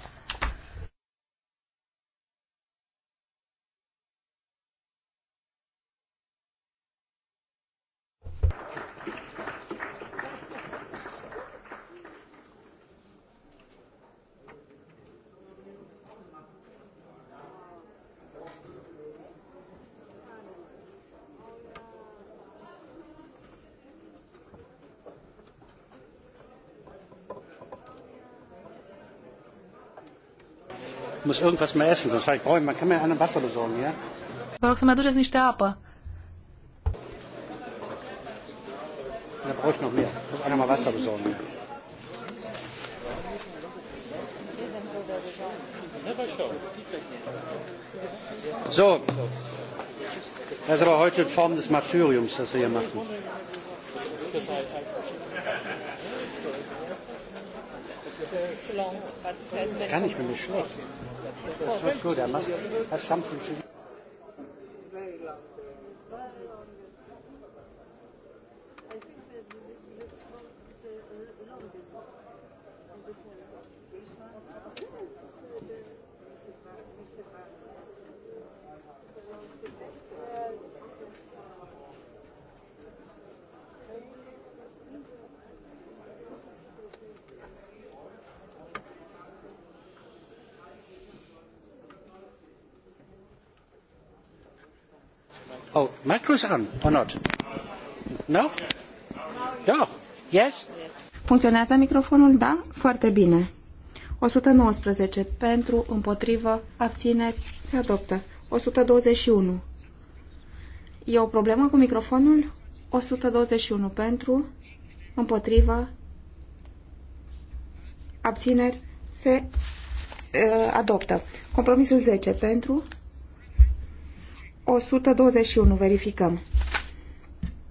uns irgendwas mehr essen. man kann mir Wasser besorgen, ja? Vă rog să-mi aduceți niște apă. Da brauche ich noch mehr. Ich muss einer mal Wasser besorgen. Ja. So, das ist aber heute in Form des Martyriums, das wir hier machen. Kann ich mir nicht schlecht. That's not good. I must have something to Funcționează microfonul? Da? Foarte bine. 119 pentru, împotrivă, abțineri, se adoptă. 121. E o problemă cu microfonul? 121 pentru, împotrivă, abțineri, se uh, adoptă. Compromisul 10 pentru, 121. Verificăm.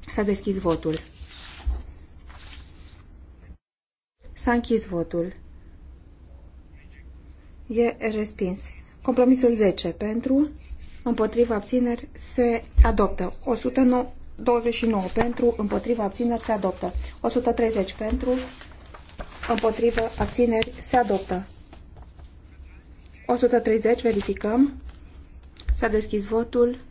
S-a deschis votul. S-a închis votul. E respins. Compromisul 10 pentru, împotriva abțineri se adoptă. 129 pentru, împotriva abțineri se adoptă. 130 pentru, împotriva abțineri se adoptă. 130, verificăm. S-a deschis votul.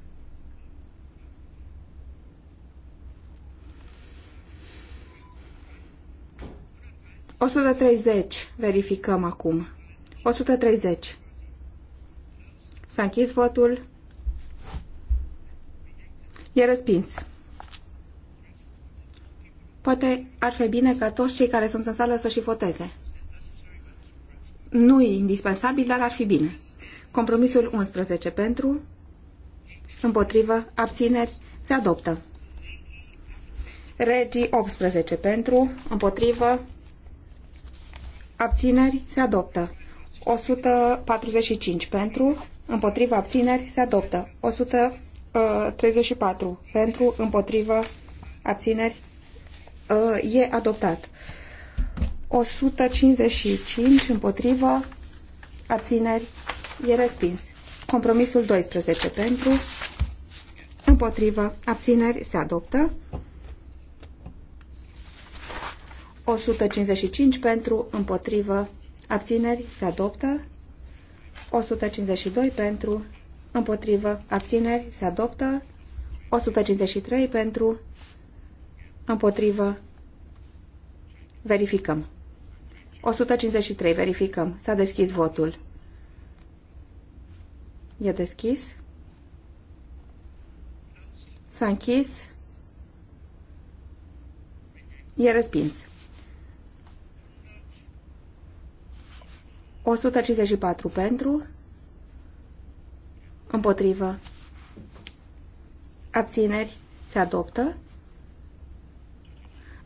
130. Verificăm acum. 130. S-a închis votul. E respins. Poate ar fi bine ca toți cei care sunt în sală să și voteze. Nu e indispensabil, dar ar fi bine. Compromisul 11 pentru, împotrivă, abțineri, se adoptă. Regii 18 pentru, împotrivă, abțineri, se adoptă. 145 pentru, împotriva abțineri, se adoptă. 134 pentru, împotriva abțineri, uh, e adoptat. 155 împotriva abțineri, e respins. Compromisul 12 pentru, împotriva abțineri, se adoptă. 155 pentru, împotrivă, abțineri, se adoptă. 152 pentru, împotrivă, abțineri, se adoptă. 153 pentru, împotrivă, verificăm. 153, verificăm. S-a deschis votul. E deschis. S-a închis. E respins. 154 pentru, împotrivă, abțineri, se adoptă,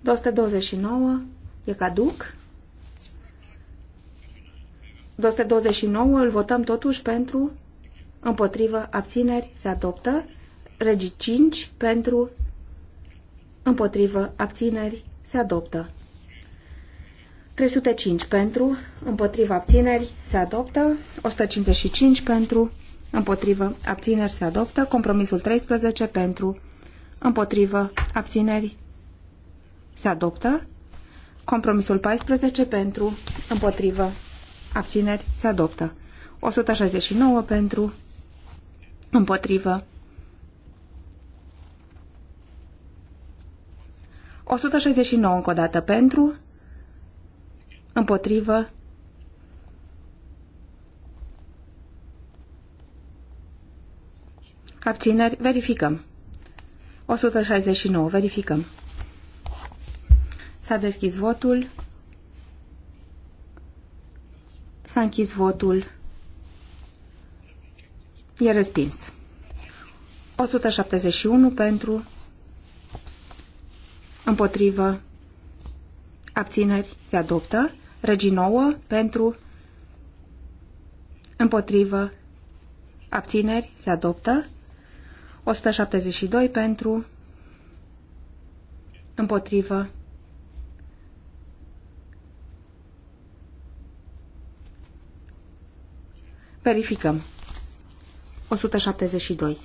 229 e caduc, 229 îl votăm totuși pentru, împotrivă, abțineri, se adoptă, regi 5 pentru, împotrivă, abțineri, se adoptă. 305 pentru, împotriva abțineri se adoptă, 155 pentru, împotrivă abțineri se adoptă, compromisul 13 pentru, împotrivă abțineri se adoptă, compromisul 14 pentru, împotrivă abțineri se adoptă, 169 pentru, împotrivă 169 încă o dată pentru, Împotrivă. Abțineri. Verificăm. 169. Verificăm. S-a deschis votul. S-a închis votul. E respins. 171 pentru, împotrivă, abțineri, se adoptă. Regii pentru, împotrivă, abțineri, se adoptă. 172 pentru, împotrivă, Verificăm. 172.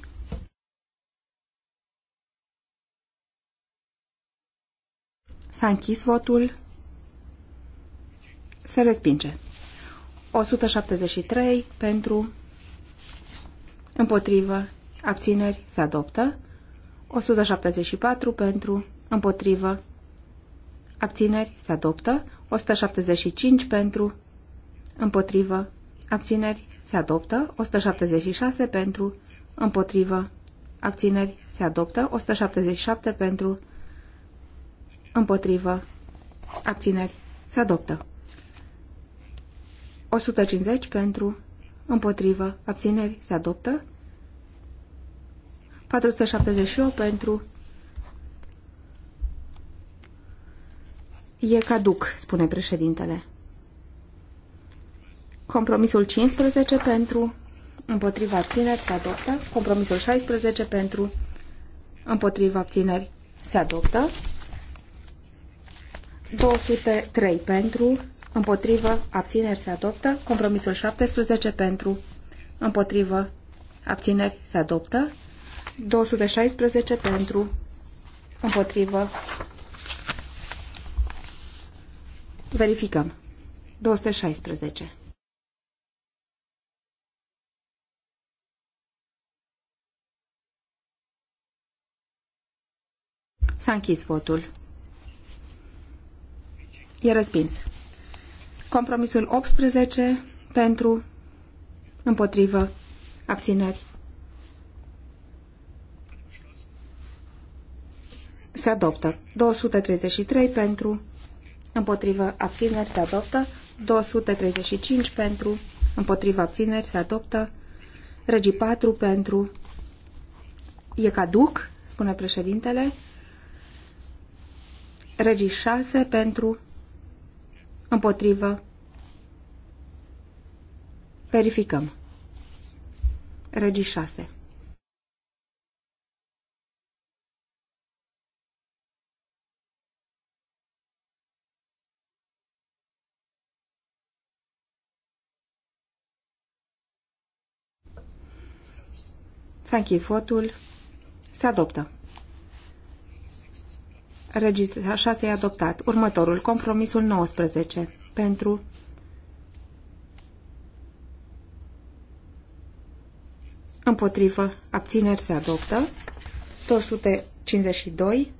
S-a închis votul. Se respinge. 173 pentru, împotrivă, abțineri, se adoptă. 174 pentru, împotrivă, abțineri, se adoptă. 175 pentru, împotrivă, abțineri, se adoptă. 176 pentru, împotrivă, abțineri, se adoptă. 177 pentru, împotrivă, abțineri, se adoptă. 150 pentru, împotrivă, abțineri, se adoptă. 478 pentru, E caduc, spune președintele. Compromisul 15 pentru, împotriva abțineri se adoptă. Compromisul 16 pentru, împotriva abțineri se adoptă. 203 pentru, împotrivă, abțineri se adoptă. Compromisul 17 pentru, împotrivă, abțineri se adoptă. 216 pentru, împotrivă. Verificăm. 216. S-a închis votul. E respins. Compromisul 18 pentru împotrivă abțineri. Se adoptă. 233 pentru împotrivă abțineri se adoptă. 235 pentru împotrivă abțineri se adoptă. Regii 4 pentru e caduc, spune președintele. Regii 6 pentru Împotrivă. Verificăm. Regii 6. S-a închis votul. Se adoptă. Registrat 6 e adoptat. Următorul, compromisul 19. Pentru Împotrivă. Abțineri se adoptă. 252.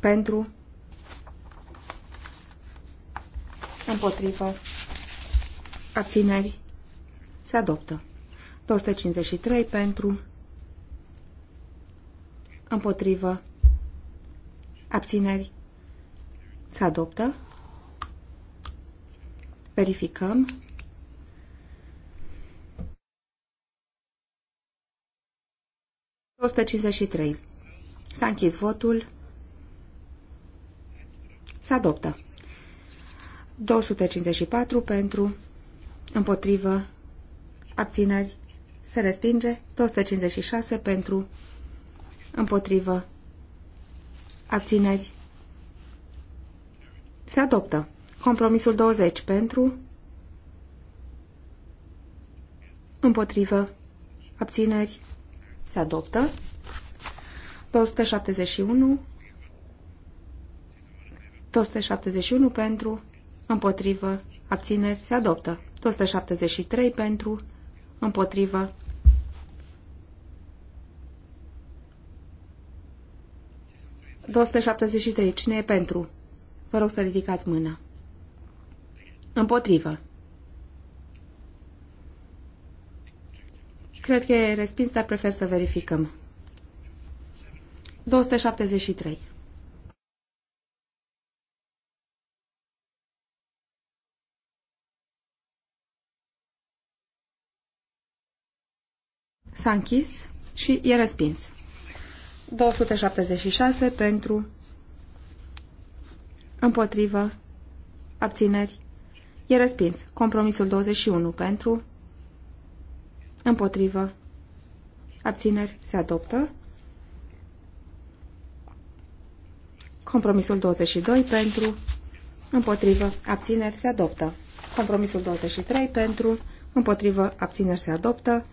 Pentru. Împotrivă. Abțineri se adoptă. 253 pentru. Împotrivă. Abțineri. Se adoptă. Verificăm. S-a închis votul. Se adoptă. 254 pentru, împotrivă, abțineri, se respinge, 256 pentru, Împotrivă. Abțineri. Se adoptă. Compromisul 20 pentru. Împotrivă. Abțineri. Se adoptă. 271. 271 pentru. Împotrivă. Abțineri. Se adoptă. 273 pentru. Împotrivă. 273. Cine e pentru? Vă rog să ridicați mâna. Împotrivă. Cred că e respins, dar prefer să verificăm. 273. S-a închis și e respins. 276 pentru, împotrivă, abțineri, e respins. Compromisul 21 pentru, împotrivă, abțineri, se adoptă. Compromisul 22 pentru, împotrivă, abțineri, se adoptă. Compromisul 23 pentru, împotrivă, abțineri, se adoptă.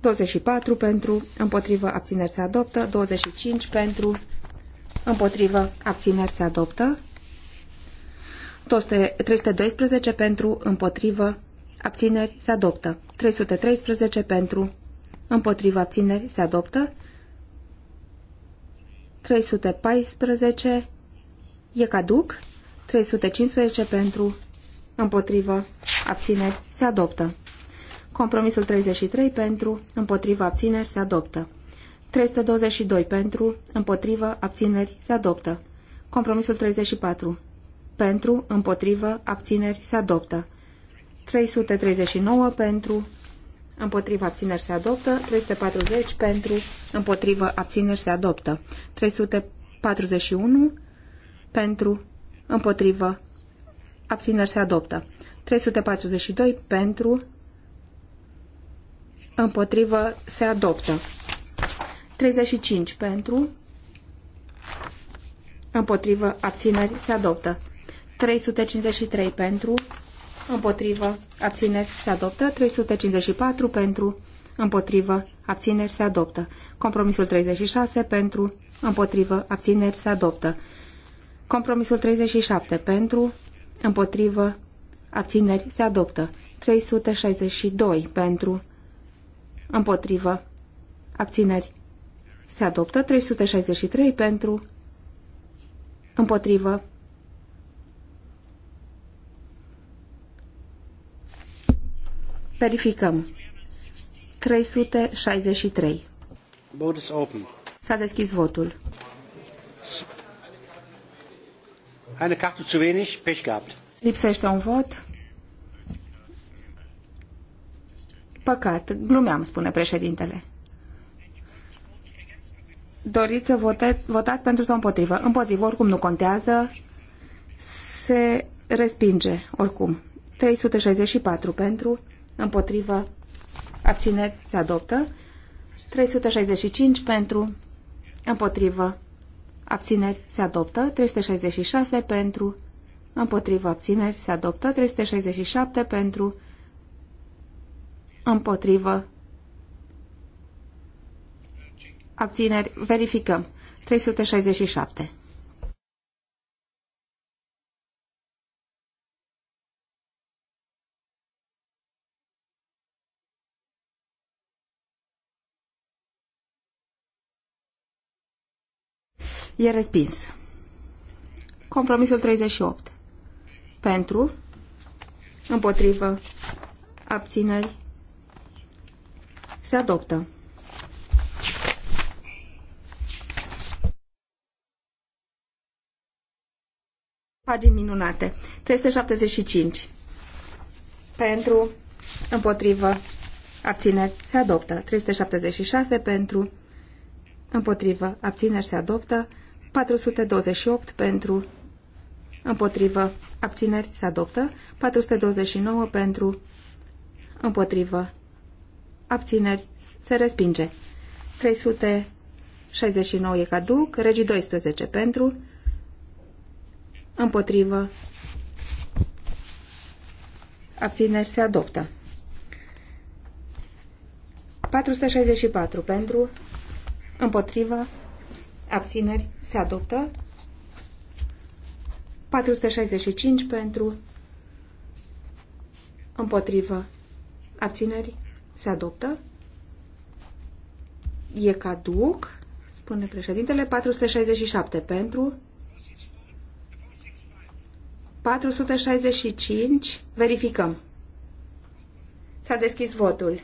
24 pentru, împotrivă, abțineri se adoptă, 25 pentru, împotrivă, abțineri se adoptă, 312 pentru, împotrivă, abțineri se adoptă, 313 pentru, împotrivă, abțineri se adoptă, 314 e caduc, 315 pentru, împotrivă, abțineri se adoptă. Compromisul 33 pentru, împotriva abțineri se adoptă. 322 pentru, împotriva abțineri se adoptă. Compromisul 34 pentru, împotriva abțineri se adoptă. 339 pentru, împotriva abțineri se adoptă, 340 pentru, împotriva abțineri se adoptă, 341 pentru, împotriva abțineri se adoptă, 342 pentru, împotrivă, se adoptă. 35 pentru, împotrivă, abțineri, se adoptă. 353 pentru, împotrivă, abțineri, se adoptă. 354 pentru, împotrivă, abțineri, se adoptă. Compromisul 36 pentru, împotrivă, abțineri, se adoptă. Compromisul 37 pentru, împotrivă, abțineri, se adoptă. 362 pentru, Împotrivă. Abțineri. Se adoptă 363 pentru. Împotrivă. Verificăm. 363. S-a deschis votul. Eine Karte zu wenig, Pech gehabt. Lipsește un vot. Păcat, glumeam, spune președintele. Doriți să voteți, votați pentru sau împotrivă? Împotrivă, oricum nu contează. Se respinge, oricum. 364 pentru, împotrivă, abțineri, se adoptă. 365 pentru, împotrivă, abțineri, se adoptă. 366 pentru, împotrivă, abțineri, se adoptă. 367 pentru, Împotrivă. Abțineri. Verificăm. 367. E respins. Compromisul 38. Pentru. Împotrivă. Abțineri. Se adoptă. Pagini minunate. 375. Pentru, împotrivă, abțineri, se adoptă. 376 pentru, împotrivă, abțineri, se adoptă. 428 pentru, împotrivă, abțineri, se adoptă. 429 pentru, împotrivă, abțineri, se respinge. 369 e caduc, regii 12 pentru, împotrivă, abțineri, se adoptă. 464 pentru, împotrivă, abțineri, se adoptă. 465 pentru, împotrivă, abțineri, se adoptă. E caduc, spune președintele, 467 pentru, 465, verificăm. S-a deschis votul.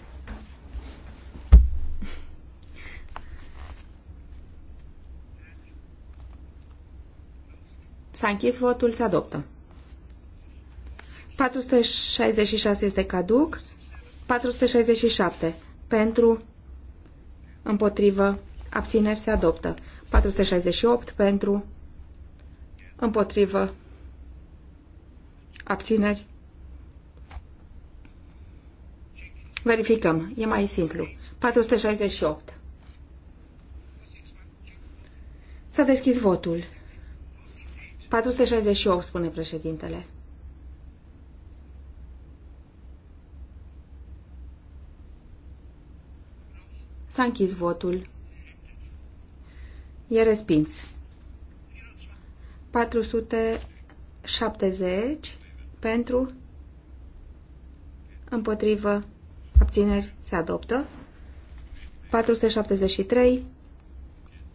S-a închis votul, se adoptă. 466 este caduc, 467 pentru, împotrivă, abțineri se adoptă. 468 pentru, împotrivă, abțineri. Verificăm, e mai simplu. 468. S-a deschis votul. 468, spune președintele. S-a închis votul. E respins. 470 pentru, împotrivă, abțineri, se adoptă. 473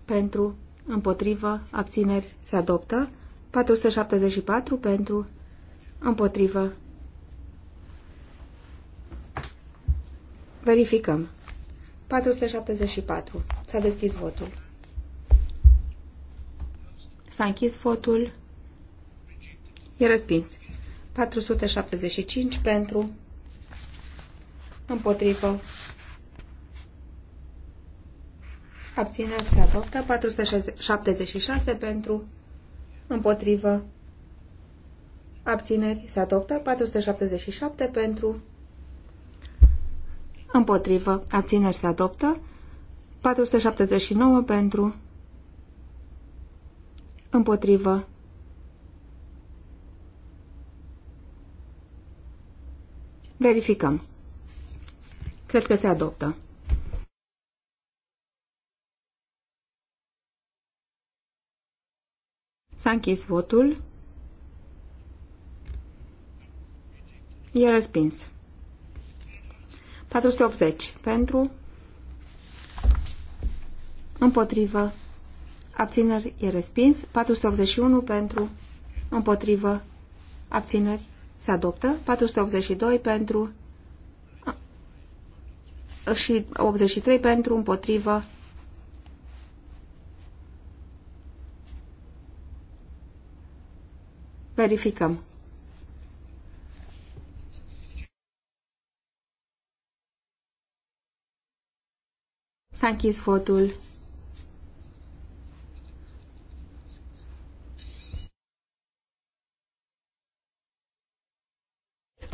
pentru, împotrivă, abțineri, se adoptă. 474 pentru, împotrivă. Verificăm. 474. S-a deschis votul. S-a închis votul. E respins. 475 pentru. Împotrivă. Abțineri se adoptă. 476 pentru. Împotrivă. Abțineri se adoptă. 477 pentru împotrivă, abțineri se adoptă, 479 pentru, împotrivă, verificăm. Cred că se adoptă. S-a închis votul. E respins. 480 pentru, împotrivă, abțineri e respins, 481 pentru, împotrivă, abțineri se adoptă, 482 pentru și 83 pentru, împotrivă, verificăm. S-a închis votul.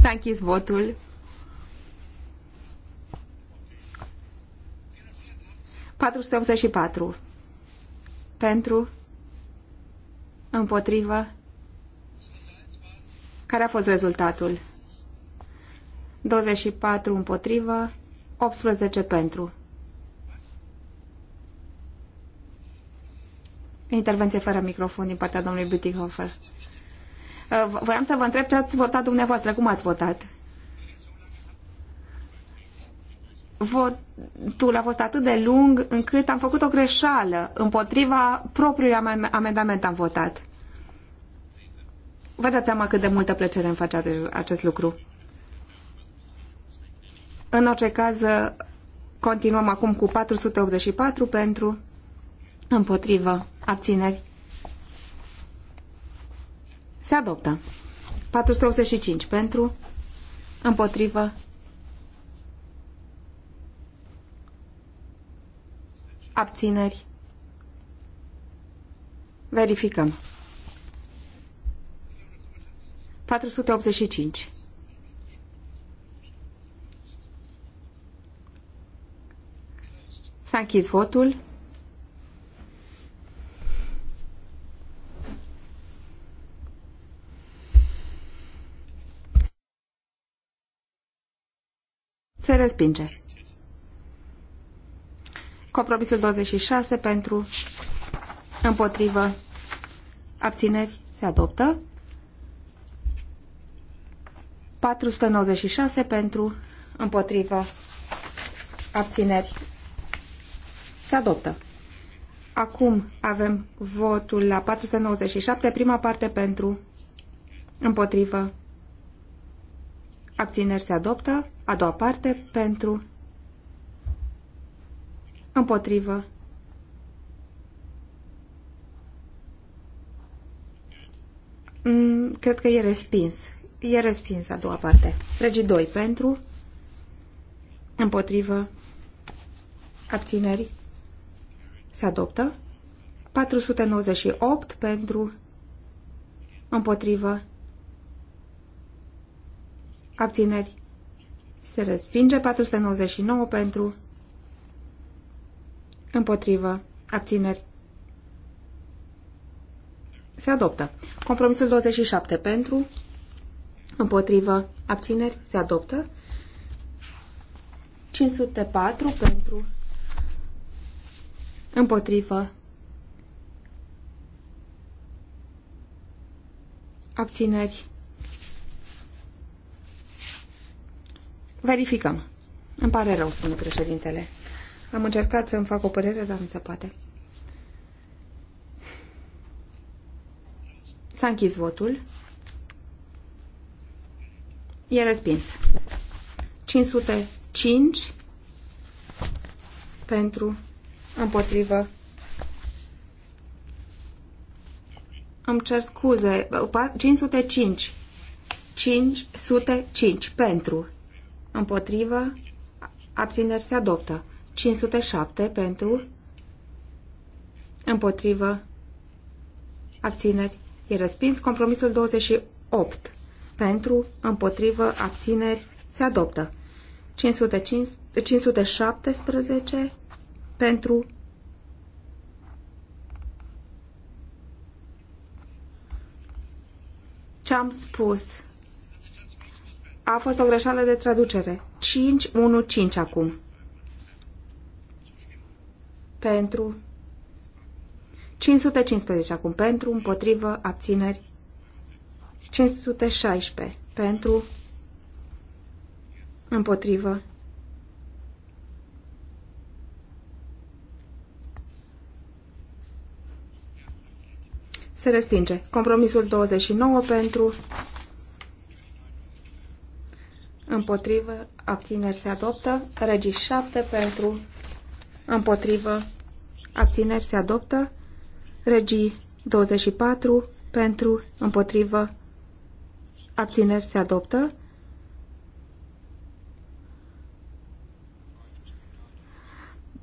S-a închis votul. patru Pentru. Împotrivă. Care a fost rezultatul? 24 împotrivă, 18 pentru. Intervenție fără microfon din partea domnului Bütighofer. Uh, voiam să vă întreb ce ați votat dumneavoastră. Cum ați votat? Votul a fost atât de lung încât am făcut o greșeală. Împotriva propriului amendament am votat. Vă dați seama cât de multă plăcere îmi face acest lucru. În orice caz, continuăm acum cu 484 pentru Împotrivă. Abțineri. Se adoptă. 485 pentru. Împotrivă. Abțineri. Verificăm. 485. S-a închis votul. Se respinge. Compromisul 26 pentru împotrivă abțineri se adoptă. 496 pentru împotrivă abțineri se adoptă. Acum avem votul la 497, prima parte pentru împotrivă abțineri se adoptă, a doua parte pentru, împotrivă, mm, cred că e respins, e respins a doua parte, regii 2 pentru, împotrivă, abțineri se adoptă, 498 pentru, împotrivă, Abțineri. Se respinge 499 pentru. Împotrivă. Abțineri. Se adoptă. Compromisul 27 pentru. Împotrivă. Abțineri. Se adoptă. 504 pentru. Împotrivă. Abțineri. Verificăm. Îmi pare rău, spune președintele. Am încercat să-mi fac o părere, dar nu se poate. S-a închis votul. E respins. 505 pentru împotrivă. Îmi cer scuze. 505. 505 pentru împotrivă, abțineri se adoptă. 507 pentru, împotrivă, abțineri e respins. Compromisul 28 pentru, împotrivă, abțineri se adoptă. 505, 517 pentru, ce am spus a fost o greșeală de traducere. 5-1-5 acum. Pentru. 515 acum. Pentru, împotrivă, abțineri. 516. Pentru, împotrivă. Se respinge. Compromisul 29 pentru împotrivă, abțineri se adoptă, regii 7 pentru, împotrivă, abțineri se adoptă, regii 24 pentru, împotrivă, abțineri se adoptă,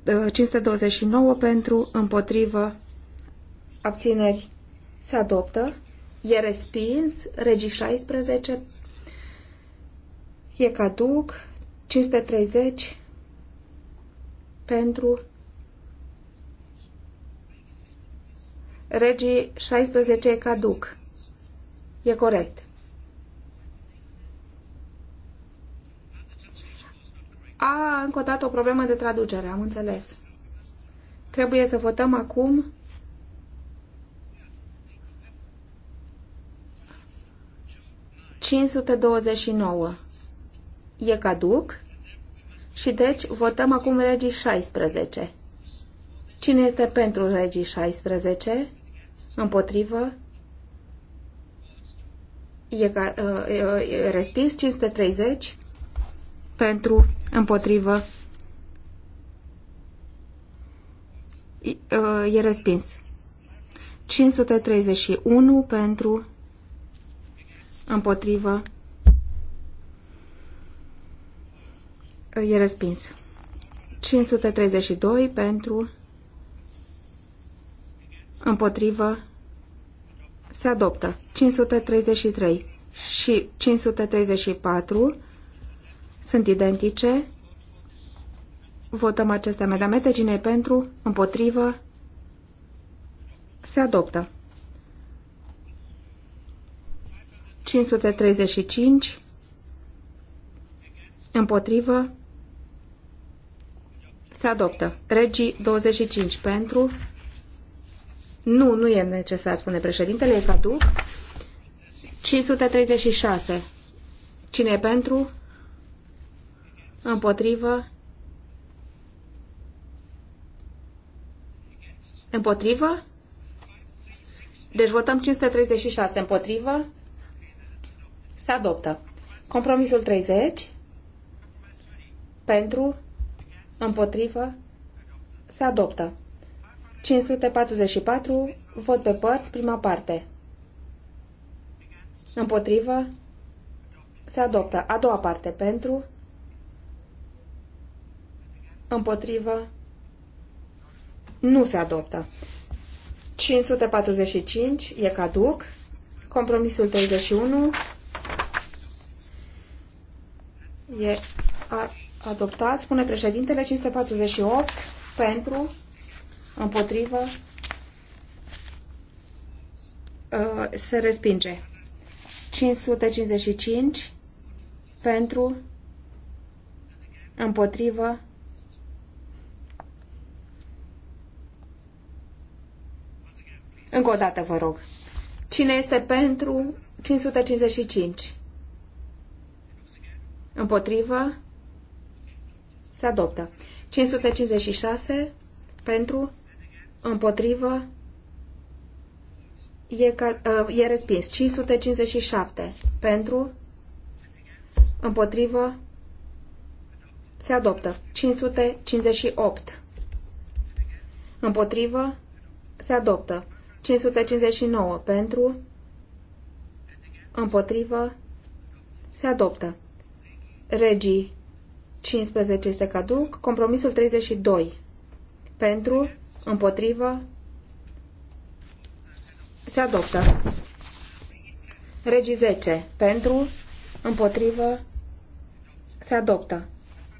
De 529 pentru, împotrivă, abțineri se adoptă, e respins, regii 16 e caduc, 530 pentru regii 16 e caduc. E corect. A, încă o dată o problemă de traducere, am înțeles. Trebuie să votăm acum cinci sute douăzeci și nouă e caduc și deci votăm acum regii 16. Cine este pentru regii 16? Împotrivă? E, ca, uh, uh, respins 530 pentru împotrivă e, ă, e respins 531 pentru împotrivă E respins. 532 pentru împotrivă se adoptă. 533 și 534 sunt identice. Votăm aceste amendamente. Cine pentru? Împotrivă? Se adoptă. 535 împotrivă se adoptă. Regii 25 pentru. Nu, nu e necesar, spune președintele, e caduc. 536. Cine e pentru? Împotrivă? Împotrivă? Deci votăm 536. Împotrivă? Se adoptă. Compromisul 30. Pentru? Împotrivă. Se adoptă. 544. Vot pe părți, prima parte. Împotrivă. Se adoptă. A doua parte. Pentru. Împotrivă. Nu se adoptă. 545 e caduc. Compromisul 31 e a adoptat, spune președintele, 548 pentru, împotrivă, uh, se respinge. 555 pentru, împotrivă, Încă o dată, vă rog. Cine este pentru 555? Împotrivă? se adoptă. 556 pentru, împotrivă, e, ca, uh, e respins. 557 pentru, împotrivă, se adoptă. 558 împotrivă, se adoptă. 559 pentru, împotrivă, se adoptă. Regii 15 este caduc. Compromisul 32. Pentru, împotrivă, se adoptă. Regii 10. Pentru, împotrivă, se adoptă.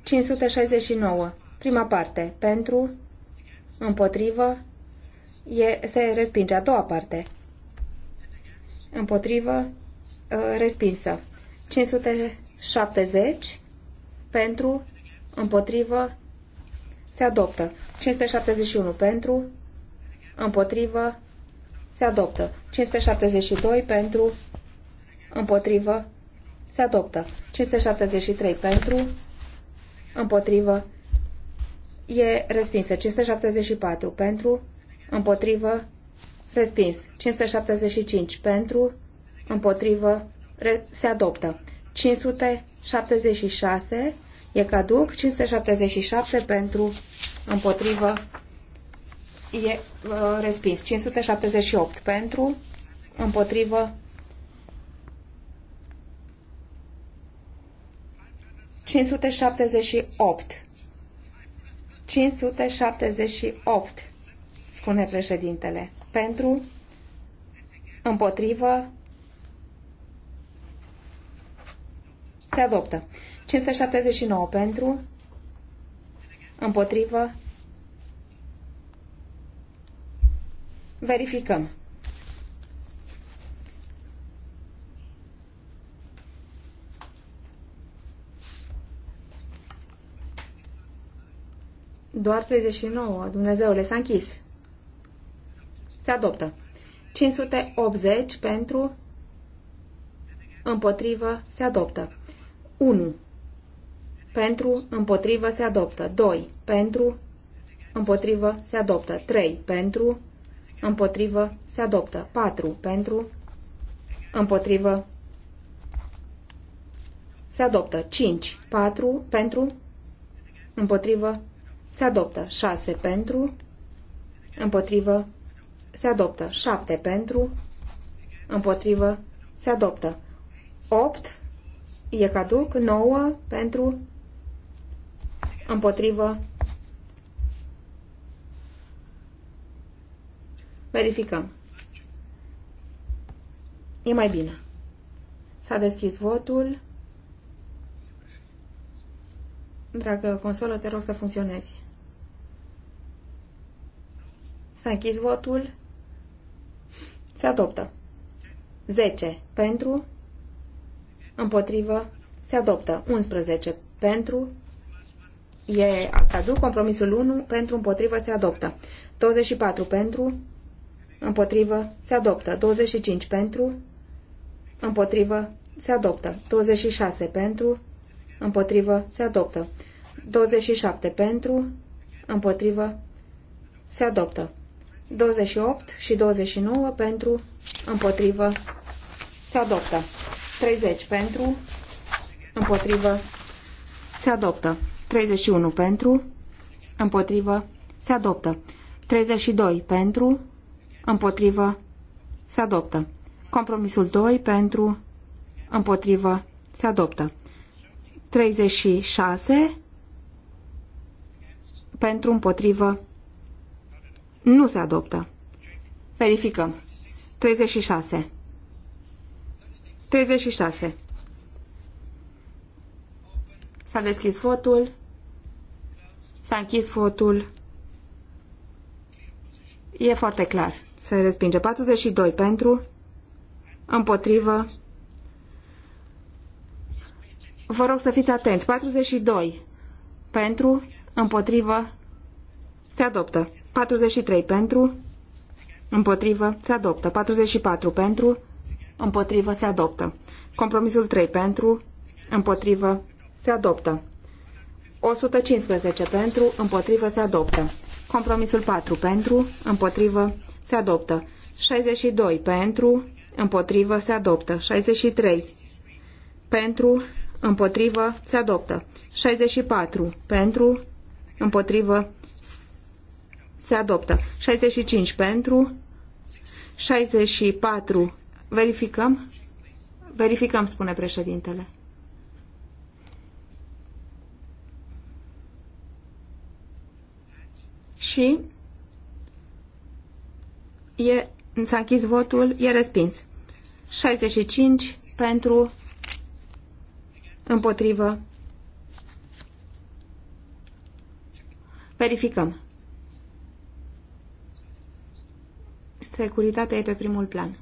569. Prima parte. Pentru, împotrivă, e, se respinge. A doua parte. Împotrivă, uh, respinsă. 570 pentru, împotrivă, se adoptă. 571 pentru, împotrivă, se adoptă. 572 pentru, împotrivă, se adoptă. 573 pentru, împotrivă, e respinsă. 574 pentru, împotrivă, respins. 575 pentru, împotrivă, se adoptă. 576 e caduc, 577 pentru împotrivă e uh, respins, 578 pentru împotrivă 578 578 spune președintele pentru împotrivă se adoptă 579 pentru, împotrivă, verificăm. Doar 39. Dumnezeule, s-a închis. Se adoptă. 580 pentru, împotrivă, se adoptă. 1 pentru, împotrivă, se adoptă. 2. Pentru, împotrivă, se adoptă. 3. Pentru, împotrivă, se adoptă. 4. Pentru, împotrivă, se adoptă. 5. 4. Pentru, împotrivă, se adoptă. 6. Pentru, împotrivă, se adoptă. 7. Pentru, împotrivă, se adoptă. 8. E caduc. 9. Pentru, împotrivă. Verificăm. E mai bine. S-a deschis votul. Dragă consolă, te rog să funcționezi. S-a închis votul. Se adoptă. 10 pentru. Împotrivă. Se adoptă. 11 pentru e caduc, compromisul 1 pentru împotrivă se adoptă. 24 pentru împotrivă se adoptă. 25 pentru împotrivă se adoptă. 26 pentru împotrivă se adoptă. 27 pentru împotrivă se adoptă. 28 și 29 pentru împotrivă se adoptă. 30 pentru împotrivă se adoptă. 31 pentru, împotrivă, se adoptă. 32 pentru, împotrivă, se adoptă. Compromisul 2 pentru, împotrivă, se adoptă. 36 pentru, împotrivă, nu se adoptă. Verificăm. 36. 36. S-a deschis votul. S-a închis votul. E foarte clar. Se respinge 42 pentru, împotrivă. Vă rog să fiți atenți. 42 pentru, împotrivă, se adoptă. 43 pentru, împotrivă, se adoptă. 44 pentru, împotrivă, se adoptă. Compromisul 3 pentru, împotrivă, se adoptă. 115 pentru, împotrivă se adoptă. Compromisul 4 pentru, împotrivă se adoptă. 62 pentru, împotrivă se adoptă. 63 pentru, împotrivă se adoptă. 64 pentru, împotrivă se adoptă. 65 pentru, 64 verificăm. Verificăm, spune președintele. și e, s-a închis votul, e respins. 65 pentru, împotrivă. Verificăm. Securitatea e pe primul plan.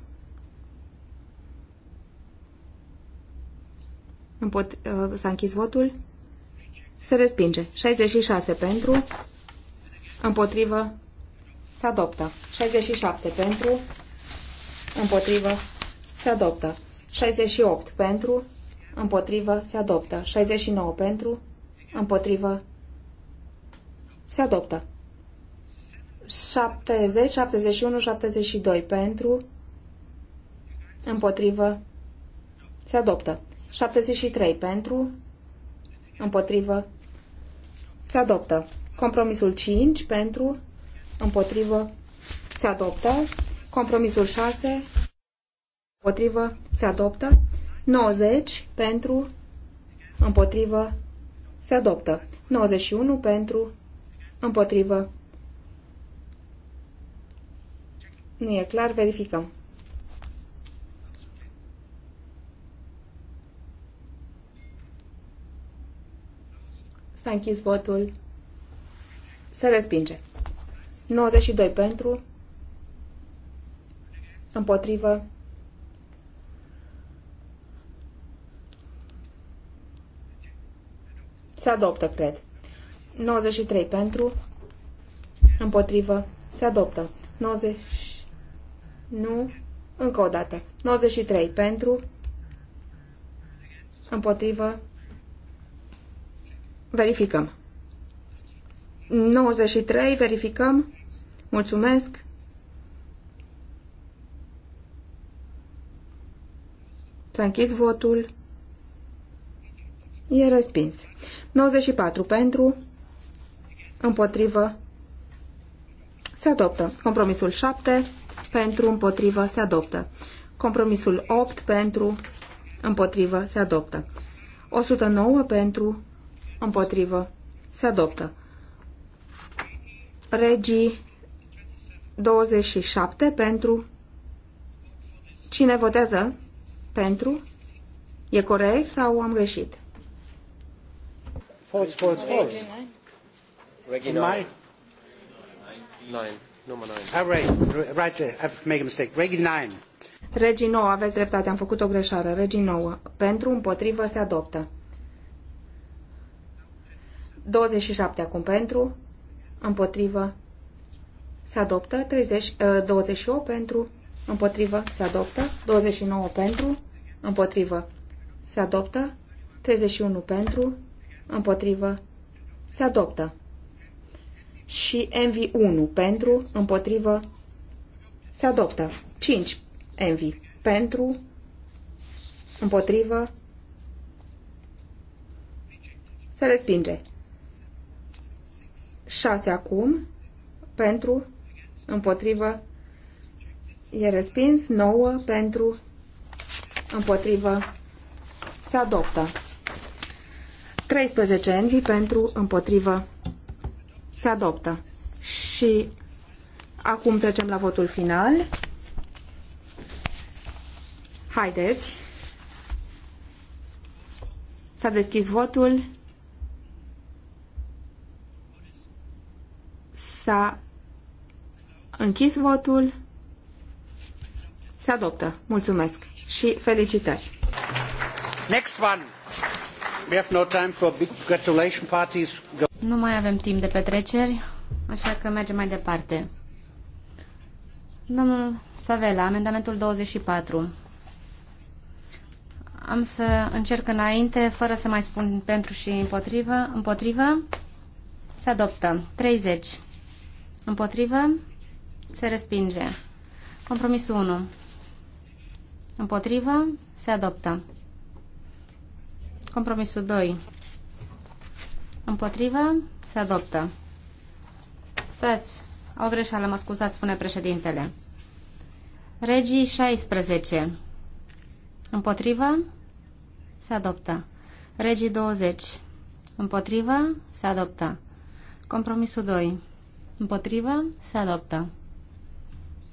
Uh, s-a închis votul. Se respinge. 66 pentru, Împotrivă. Se adoptă. 67 pentru. Împotrivă. Se adoptă. 68 pentru. Împotrivă. Se adoptă. 69 pentru. Împotrivă. Se adoptă. 70, 71, 72 pentru. Împotrivă. Se adoptă. 73 pentru. Împotrivă. Se adoptă. Compromisul 5 pentru, împotrivă, se adoptă. Compromisul 6 împotrivă, se adoptă. 90 pentru, împotrivă, se adoptă. 91 pentru, împotrivă. Nu e clar, verificăm. S-a închis votul. Se respinge. 92 pentru. Împotrivă. Se adoptă, cred. 93 pentru. Împotrivă. Se adoptă. 90. Nu. Încă o dată. 93 pentru. Împotrivă. Verificăm. 93, verificăm. Mulțumesc. S-a închis votul. E respins. 94 pentru, împotrivă, se adoptă. Compromisul 7 pentru, împotrivă, se adoptă. Compromisul 8 pentru, împotrivă, se adoptă. 109 pentru, împotrivă, se adoptă. Regii 27 pentru. Cine votează? Pentru. E corect sau am greșit? False, false, false. Reggie 9. 9. Number 9. Right, right, I've uh, made a mistake. Reggie 9. Regii 9, aveți dreptate, am făcut o greșeală. Regii 9. Pentru, împotrivă, se adoptă. 27 acum pentru, împotrivă, se adoptă. 30, 28 ă, pentru, împotrivă, se adoptă. 29 pentru, împotrivă, se adoptă. 31 pentru, împotrivă, se adoptă. Și MV1 pentru, împotrivă, se adoptă. 5 MV pentru, împotrivă, se respinge. 6 acum, pentru, împotrivă, e respins, 9 pentru, împotrivă, se adoptă. 13 envi pentru, împotrivă, se adoptă. Și acum trecem la votul final. Haideți! S-a deschis votul. S-a închis votul. Se adoptă. Mulțumesc și felicitări. Next one. We have no time for big congratulation parties. Nu mai avem timp de petreceri, așa că mergem mai departe. Domnul Savela, amendamentul 24. Am să încerc înainte, fără să mai spun pentru și împotrivă. Împotrivă, se adoptă. 30. Împotrivă. Se respinge. Compromisul 1. Împotrivă. Se adoptă. Compromisul 2. Împotrivă. Se adoptă. Stați. O greșeală, mă scuzați, spune președintele. Regii 16. Împotrivă. Se adoptă. Regii 20. Împotrivă. Se adoptă. Compromisul 2. Împotrivă. Se adoptă.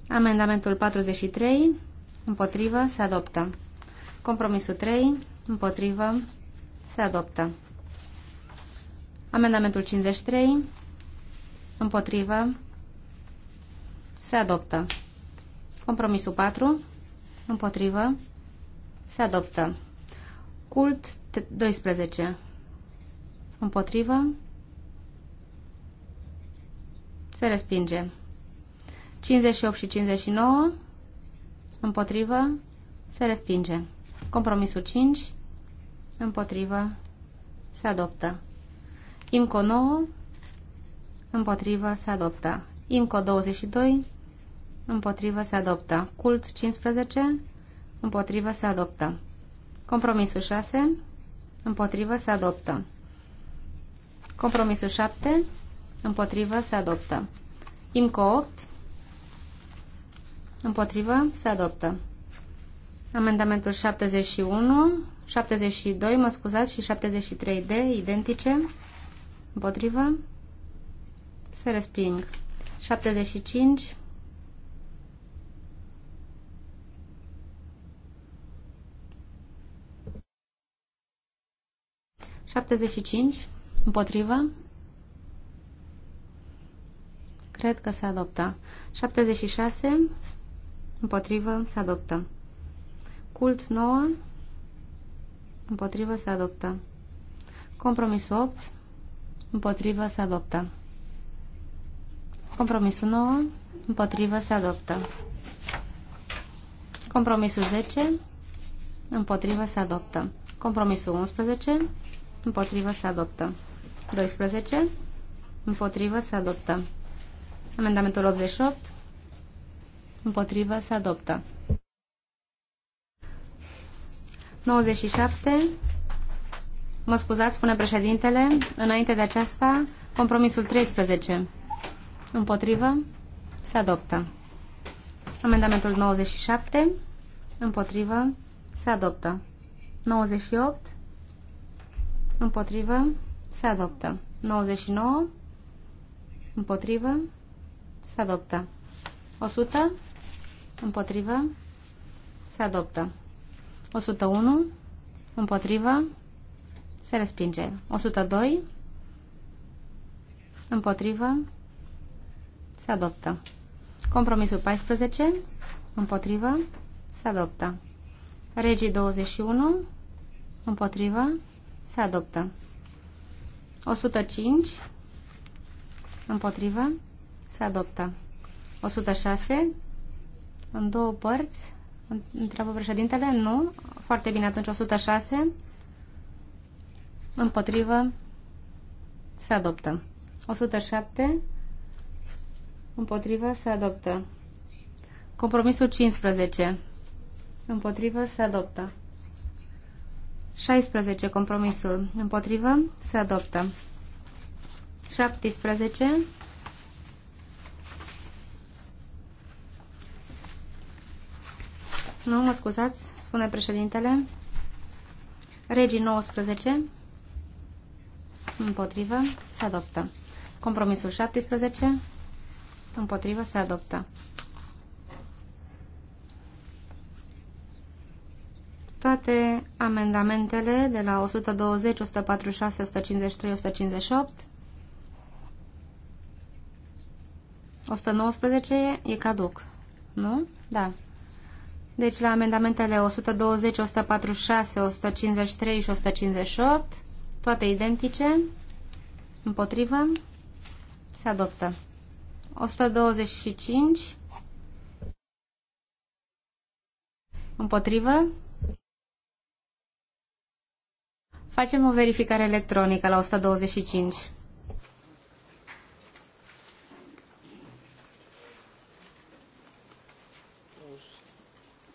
Amendamentul 43. Împotrivă. Se adoptă. Compromisul 3. Împotrivă. Se adoptă. Amendamentul 53. Împotrivă. Se adoptă. Compromisul 4. Împotrivă. Se adoptă. Cult 12. Împotrivă. Se respinge. 58 și 59. Împotrivă. Se respinge. Compromisul 5. Împotrivă. Se adoptă. IMCO 9. Împotrivă. Se adoptă. IMCO 22. Împotrivă. Se adoptă. CULT 15. Împotrivă. Se adoptă. Compromisul 6. Împotrivă. Se adoptă. Compromisul 7. Împotrivă se adoptă. IMCO 8. Împotrivă se adoptă. Amendamentul 71, 72, mă scuzați, și 73D, identice. Împotrivă se resping. 75. Șaptezeci și cinci, împotrivă, Cred că se adoptă. 76. Împotrivă. Se adoptă. Cult 9. Împotrivă. Se adoptă. Compromis 8. Împotrivă. Se adoptă. Compromisul 9. Împotrivă. Se adoptă. Compromisul 10. Împotrivă. Se adoptă. Compromisul 11. Împotrivă. Se adoptă. 12. Împotrivă. Se adoptă. Amendamentul 88. Împotrivă se adoptă. 97. Mă scuzați, spune președintele. Înainte de aceasta, compromisul 13. Împotrivă se adoptă. Amendamentul 97. Împotrivă se adoptă. 98. Împotrivă se adoptă. 99. Împotrivă se adoptă. 100. Împotrivă. Se adoptă. 101. Împotrivă. Se respinge. 102. Împotrivă. Se adoptă. Compromisul 14. Împotrivă. Se adoptă. Regii 21. Împotrivă. Se adoptă. 105. Împotrivă. Se adoptă. 106. În două părți. Întreabă președintele. Nu. Foarte bine. Atunci 106. Împotrivă. Se adoptă. 107. Împotrivă. Se adoptă. Compromisul 15. Împotrivă. Se adoptă. 16. Compromisul. Împotrivă. Se adoptă. 17. Nu, mă scuzați, spune președintele. Regii 19. Împotrivă. Se adoptă. Compromisul 17. Împotrivă. Se adoptă. Toate amendamentele de la 120, 146, 153, 158 119 e caduc, nu? Da. Deci la amendamentele 120, 146, 153 și 158, toate identice, împotrivă, se adoptă. 125, împotrivă, facem o verificare electronică la 125.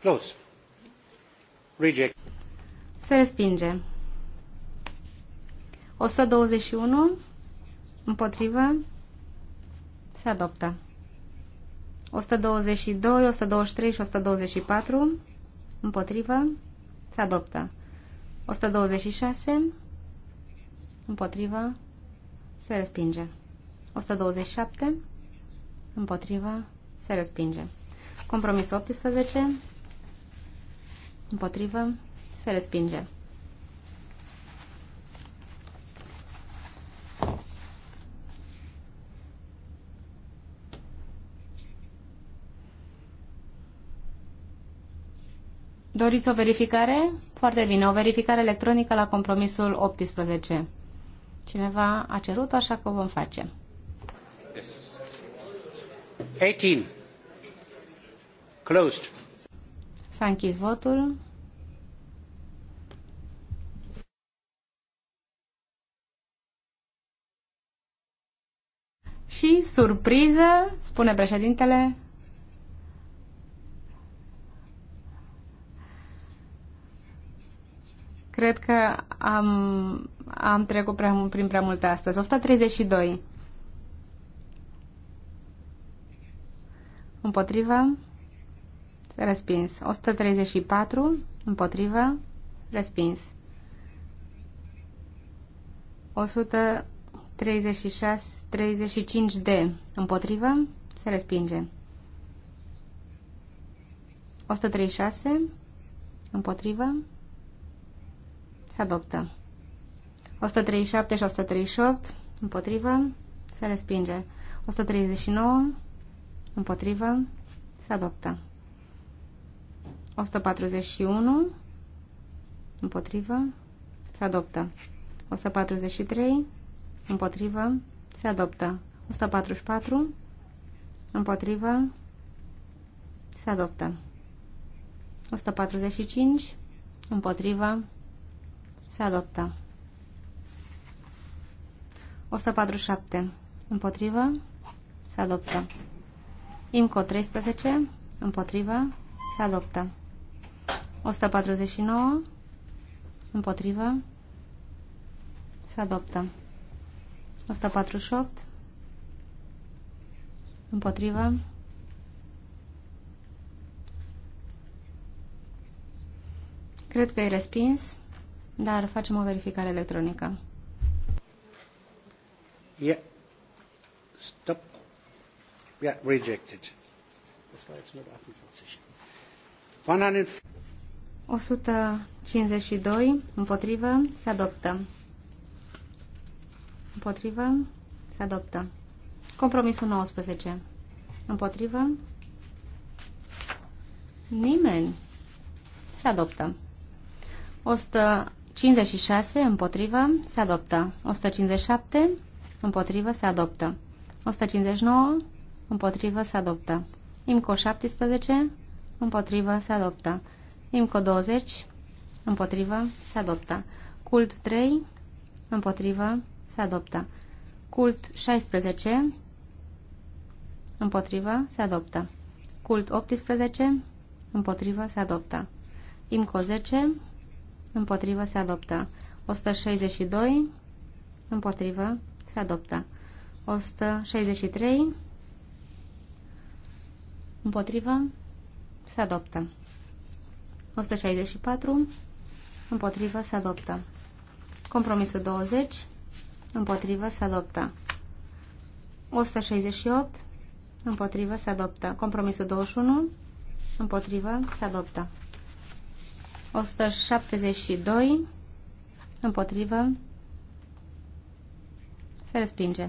Close. Reject. Se respinge. 121 împotrivă se adoptă. 122, 123 și 124 împotrivă se adoptă. 126 împotrivă se respinge. 127 împotrivă se respinge. Compromisul 18 Împotrivă. Se respinge. Doriți o verificare? Foarte bine, o verificare electronică la compromisul 18. Cineva a cerut așa că o vom face. 18. Closed. S-a închis votul. Și, surpriză, spune președintele, cred că am, am trecut prea, prin prea multe astăzi. 132. Împotriva respins. 134 împotrivă, respins. 136, 35 de împotrivă, se respinge. 136 împotrivă, se adoptă. 137 și 138 împotrivă, se respinge. 139 împotrivă, se adoptă. 141 împotrivă se adoptă. 143 împotrivă se adoptă. 144 împotrivă se adoptă. 145 împotrivă se adoptă. 147 împotrivă se adoptă. IMCO 13 împotrivă se adoptă. 149 împotrivă se adoptă. 148 împotrivă Cred că e respins, dar facem o verificare electronică. Yeah. Stop. Yeah, rejected. 100... 152 împotrivă se adoptă. Împotrivă se adoptă. Compromisul 19. Împotrivă nimeni se adoptă. 156 împotrivă se adoptă. 157 împotrivă se adoptă. 159 împotrivă se adoptă. IMCO 17 împotrivă se adoptă. IMCO 20, împotrivă, se adoptă. Cult 3, împotrivă, se adoptă. Cult 16, împotrivă, se adoptă. Cult 18, împotrivă, se adoptă. IMCO 10, împotrivă, se adoptă. 162, împotrivă, se adoptă. 163, împotrivă, se adoptă. 164. Împotrivă se adoptă. Compromisul 20. Împotrivă se adoptă. 168. Împotrivă se adoptă. Compromisul 21. Împotrivă se adoptă. 172. Împotrivă se respinge.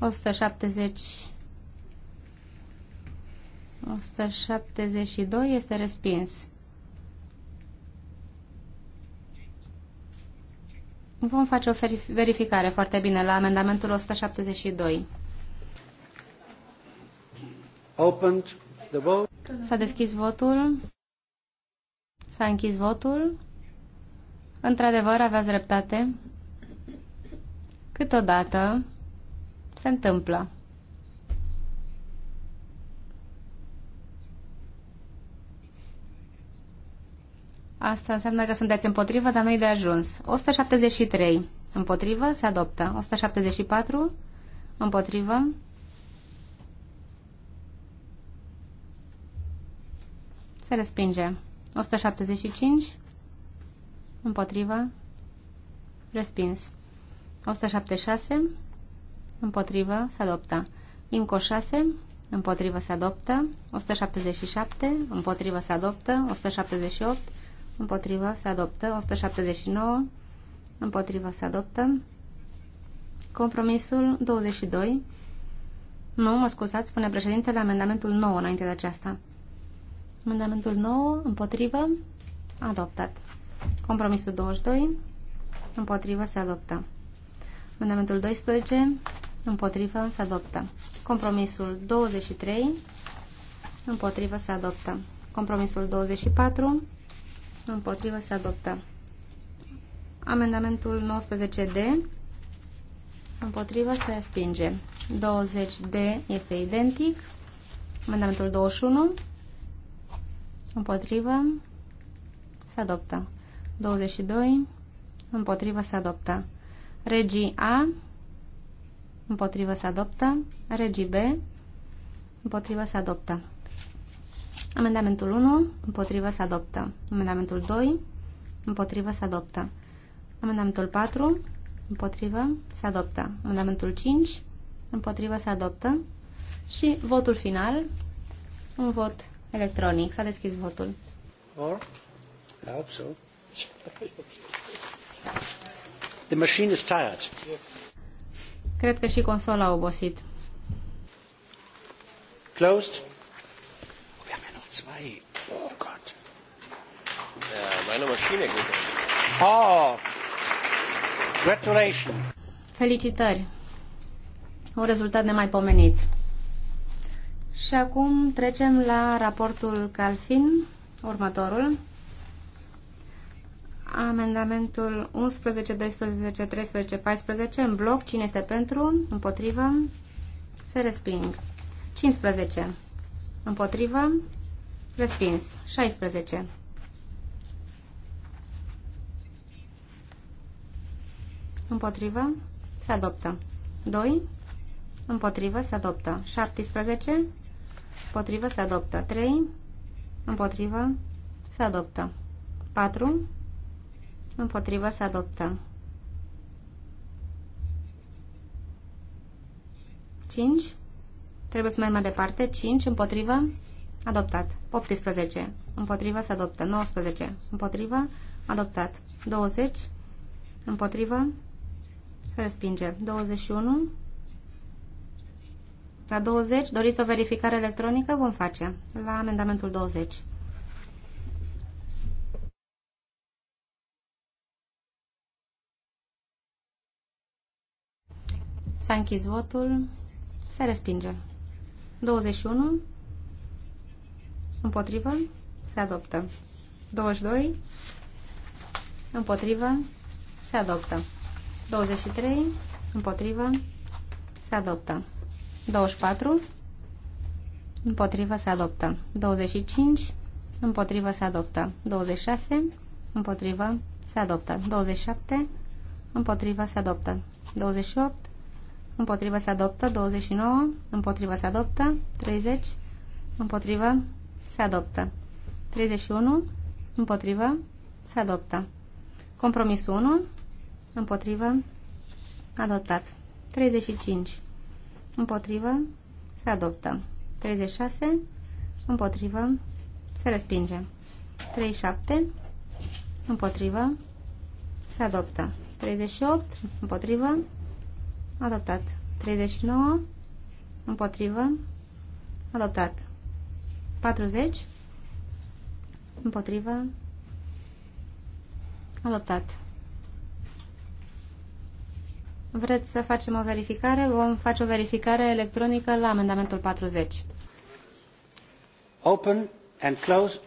170 172 este respins. Vom face o verificare foarte bine la amendamentul 172. Opened the vote. S-a deschis votul. S-a închis votul. Într-adevăr, aveați dreptate. Câteodată se întâmplă. Asta înseamnă că sunteți împotrivă, dar nu-i de ajuns. 173. Împotrivă, se adoptă. 174. Împotrivă. Se respinge. 175. Împotrivă. Respins. 176. Împotrivă. Se adoptă. IMCO 6. Împotrivă se adoptă. 177. Împotrivă se adoptă. 178 împotrivă, se adoptă. 179, împotrivă, se adoptă. Compromisul 22, nu, mă scuzați, spune președintele, amendamentul 9 înainte de aceasta. Amendamentul 9, împotrivă, adoptat. Compromisul 22, împotrivă, se adoptă. Amendamentul 12, împotrivă, se adoptă. Compromisul 23, împotrivă, se adoptă. Compromisul 24, împotrivă, se adoptă. Amendamentul 19D, împotrivă, se respinge. 20D este identic. Amendamentul 21, împotrivă, se adoptă. 22, împotrivă, se adoptă. Regii A, împotrivă, se adoptă. Regii B, împotrivă, se adoptă. Amendamentul 1, împotrivă, se adoptă. Amendamentul 2, împotrivă, se adoptă. Amendamentul 4, împotrivă, se adoptă. Amendamentul 5, împotrivă, se adoptă. Și votul final, un vot electronic. S-a deschis votul. Or, I hope so. The machine is tired. Cred că și consola a obosit. Closed zwei. Oh Gott. Ja, meine Maschine geht. Oh. Congratulations. Felicitări. Un rezultat nemaipomenit. Și acum trecem la raportul Calfin, următorul. Amendamentul 11, 12, 13, 14 în bloc. Cine este pentru? Împotrivă? Se resping. 15. Împotrivă? Respins. 16. Împotrivă. Se adoptă. 2. Împotrivă. Se adoptă. 17. Împotrivă. Se adoptă. 3. Împotrivă. Se adoptă. 4. Împotrivă. Se adoptă. 5. Trebuie să mergem mai departe. 5. Împotrivă adoptat. 18, împotrivă, se adoptă. 19, împotrivă, adoptat. 20, împotrivă, se respinge. 21, la 20, doriți o verificare electronică? Vom face. La amendamentul 20. S-a închis votul. Se respinge. 21. Împotrivă? Se adoptă. 22. Împotrivă? Se adoptă. 23. Împotrivă? Se adoptă. 24. Împotrivă se adoptă. 25. Împotrivă se adoptă. 26. Împotrivă se adoptă. 27. Împotrivă se adoptă. 28. Împotrivă se adoptă. 29. Împotrivă se adoptă. 30. Împotrivă se adoptă. 31. Împotrivă. Se adoptă. Compromis 1. Împotrivă. Adoptat. 35. Împotrivă. Se adoptă. 36. Împotrivă. Se respinge. 37. Împotrivă. Se adoptă. 38. Împotrivă. Adoptat. 39. Împotrivă. Adoptat. 40. Împotrivă. Adoptat. Vreți să facem o verificare? Vom face o verificare electronică la amendamentul 40. Open and close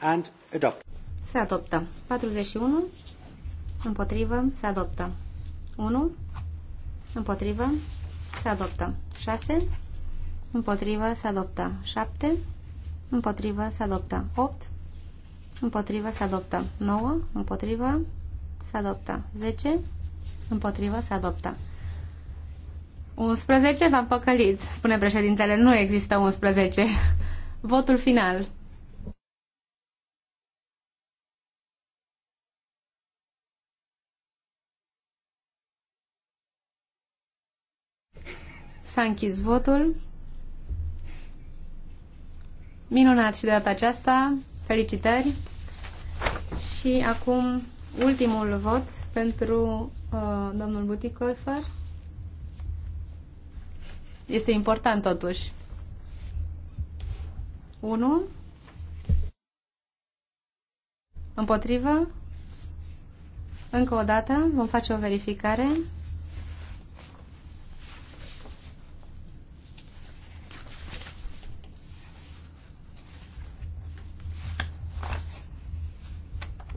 and adopt. Se adoptă. 41. Împotrivă. Se adoptă. 1. Împotrivă. Se adoptă. 6. Împotrivă se adoptă 7. Împotrivă se adoptă 8. Împotrivă se adoptă 9. Împotrivă se adoptă 10. Împotrivă se adoptă 11. V-am păcălit, spune președintele. Nu există 11. Votul final. S-a închis votul. Minunat și de data aceasta. Felicitări. Și acum ultimul vot pentru uh, domnul Buticoifer. Este important totuși. 1. Împotrivă. Încă o dată vom face o verificare.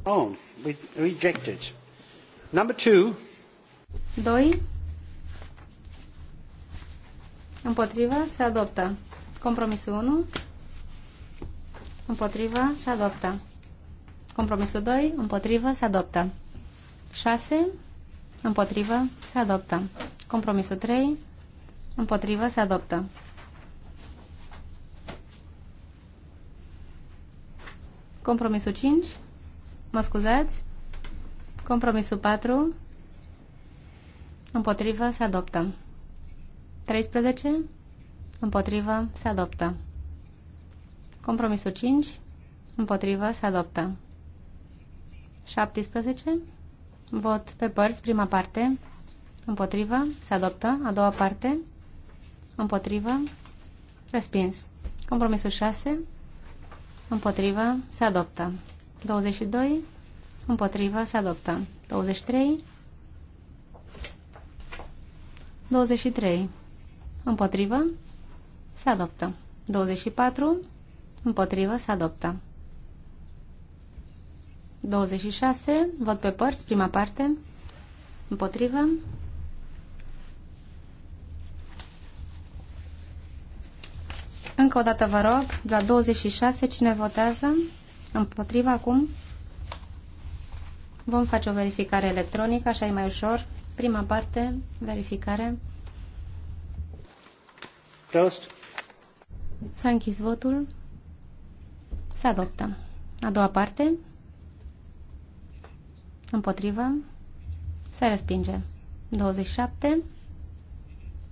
Oh, rejected. Number two. 2. Împotriva se adoptă. Compromisul 1. Împotriva se adoptă. Compromisul 2. Împotriva se adoptă. 6. Împotriva se adoptă. Compromisul 3. Împotriva se adoptă. Compromisul 5. Mă scuzați? Compromisul 4. Împotrivă se adoptă. 13. Împotrivă se adoptă. Compromisul 5. Împotrivă se adoptă. 17. Vot pe părți, prima parte. Împotrivă se adoptă. A doua parte. Împotrivă. Respins. Compromisul 6. Împotrivă se adoptă. 22. Împotrivă. Se adoptă. 23. 23. Împotrivă. Se adoptă. 24. Împotrivă. Se adoptă. 26. Vot pe părți. Prima parte. Împotrivă. Încă o dată vă rog, la 26 cine votează? Împotriva acum? Vom face o verificare electronică, așa e mai ușor. Prima parte, verificare. Prost. S-a închis votul. Se adoptă. A doua parte. Împotriva. Se respinge. 27.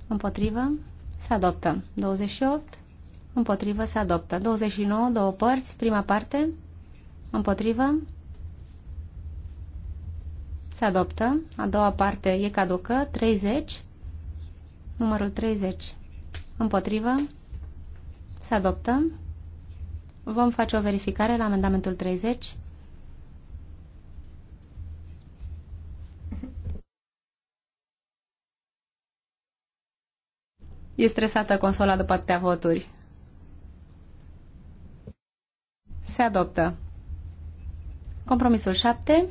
Împotriva. Se adoptă. 28. Împotrivă. Se adoptă. 29. Două părți. Prima parte. Împotrivă? Se adoptă. A doua parte e caducă. 30. Numărul 30. Împotrivă? Se adoptă. Vom face o verificare la amendamentul 30. E stresată consola după atâtea voturi. Se adoptă. Compromisul 7.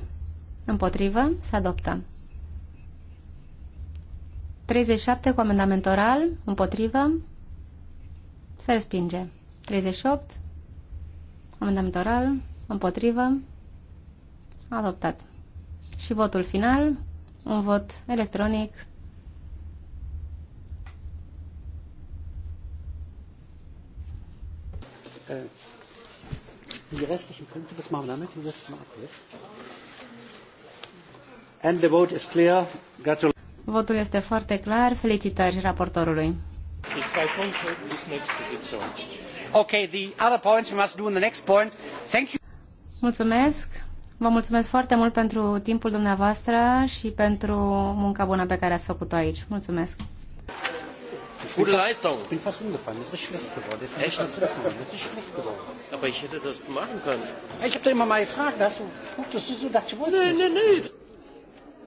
Împotrivă. Se adoptă. 37 cu amendament oral. Împotrivă. Se respinge. 38. Amendament oral. Împotrivă. Adoptat. Și votul final. Un vot electronic. Uh die restlichen Punkte, was machen wir damit? Die setzen wir ab jetzt. And the vote is clear. Votul este foarte clar. Felicitări raportorului. Okay, the other points we must do in the next point. Thank you. Mulțumesc. Vă mulțumesc foarte mult pentru timpul dumneavoastră și pentru munca bună pe care ați făcut-o aici. Mulțumesc. Gute ich Leistung. Ich bin fast umgefallen, das ist richtig schlecht geworden. Deswegen Echt? das ist richtig schlecht geworden. Aber ich hätte das machen können. Ich habe da immer mal gefragt, hast du, guck, das ist so, dachte ich, wolltest Nee, nicht. nee, nee.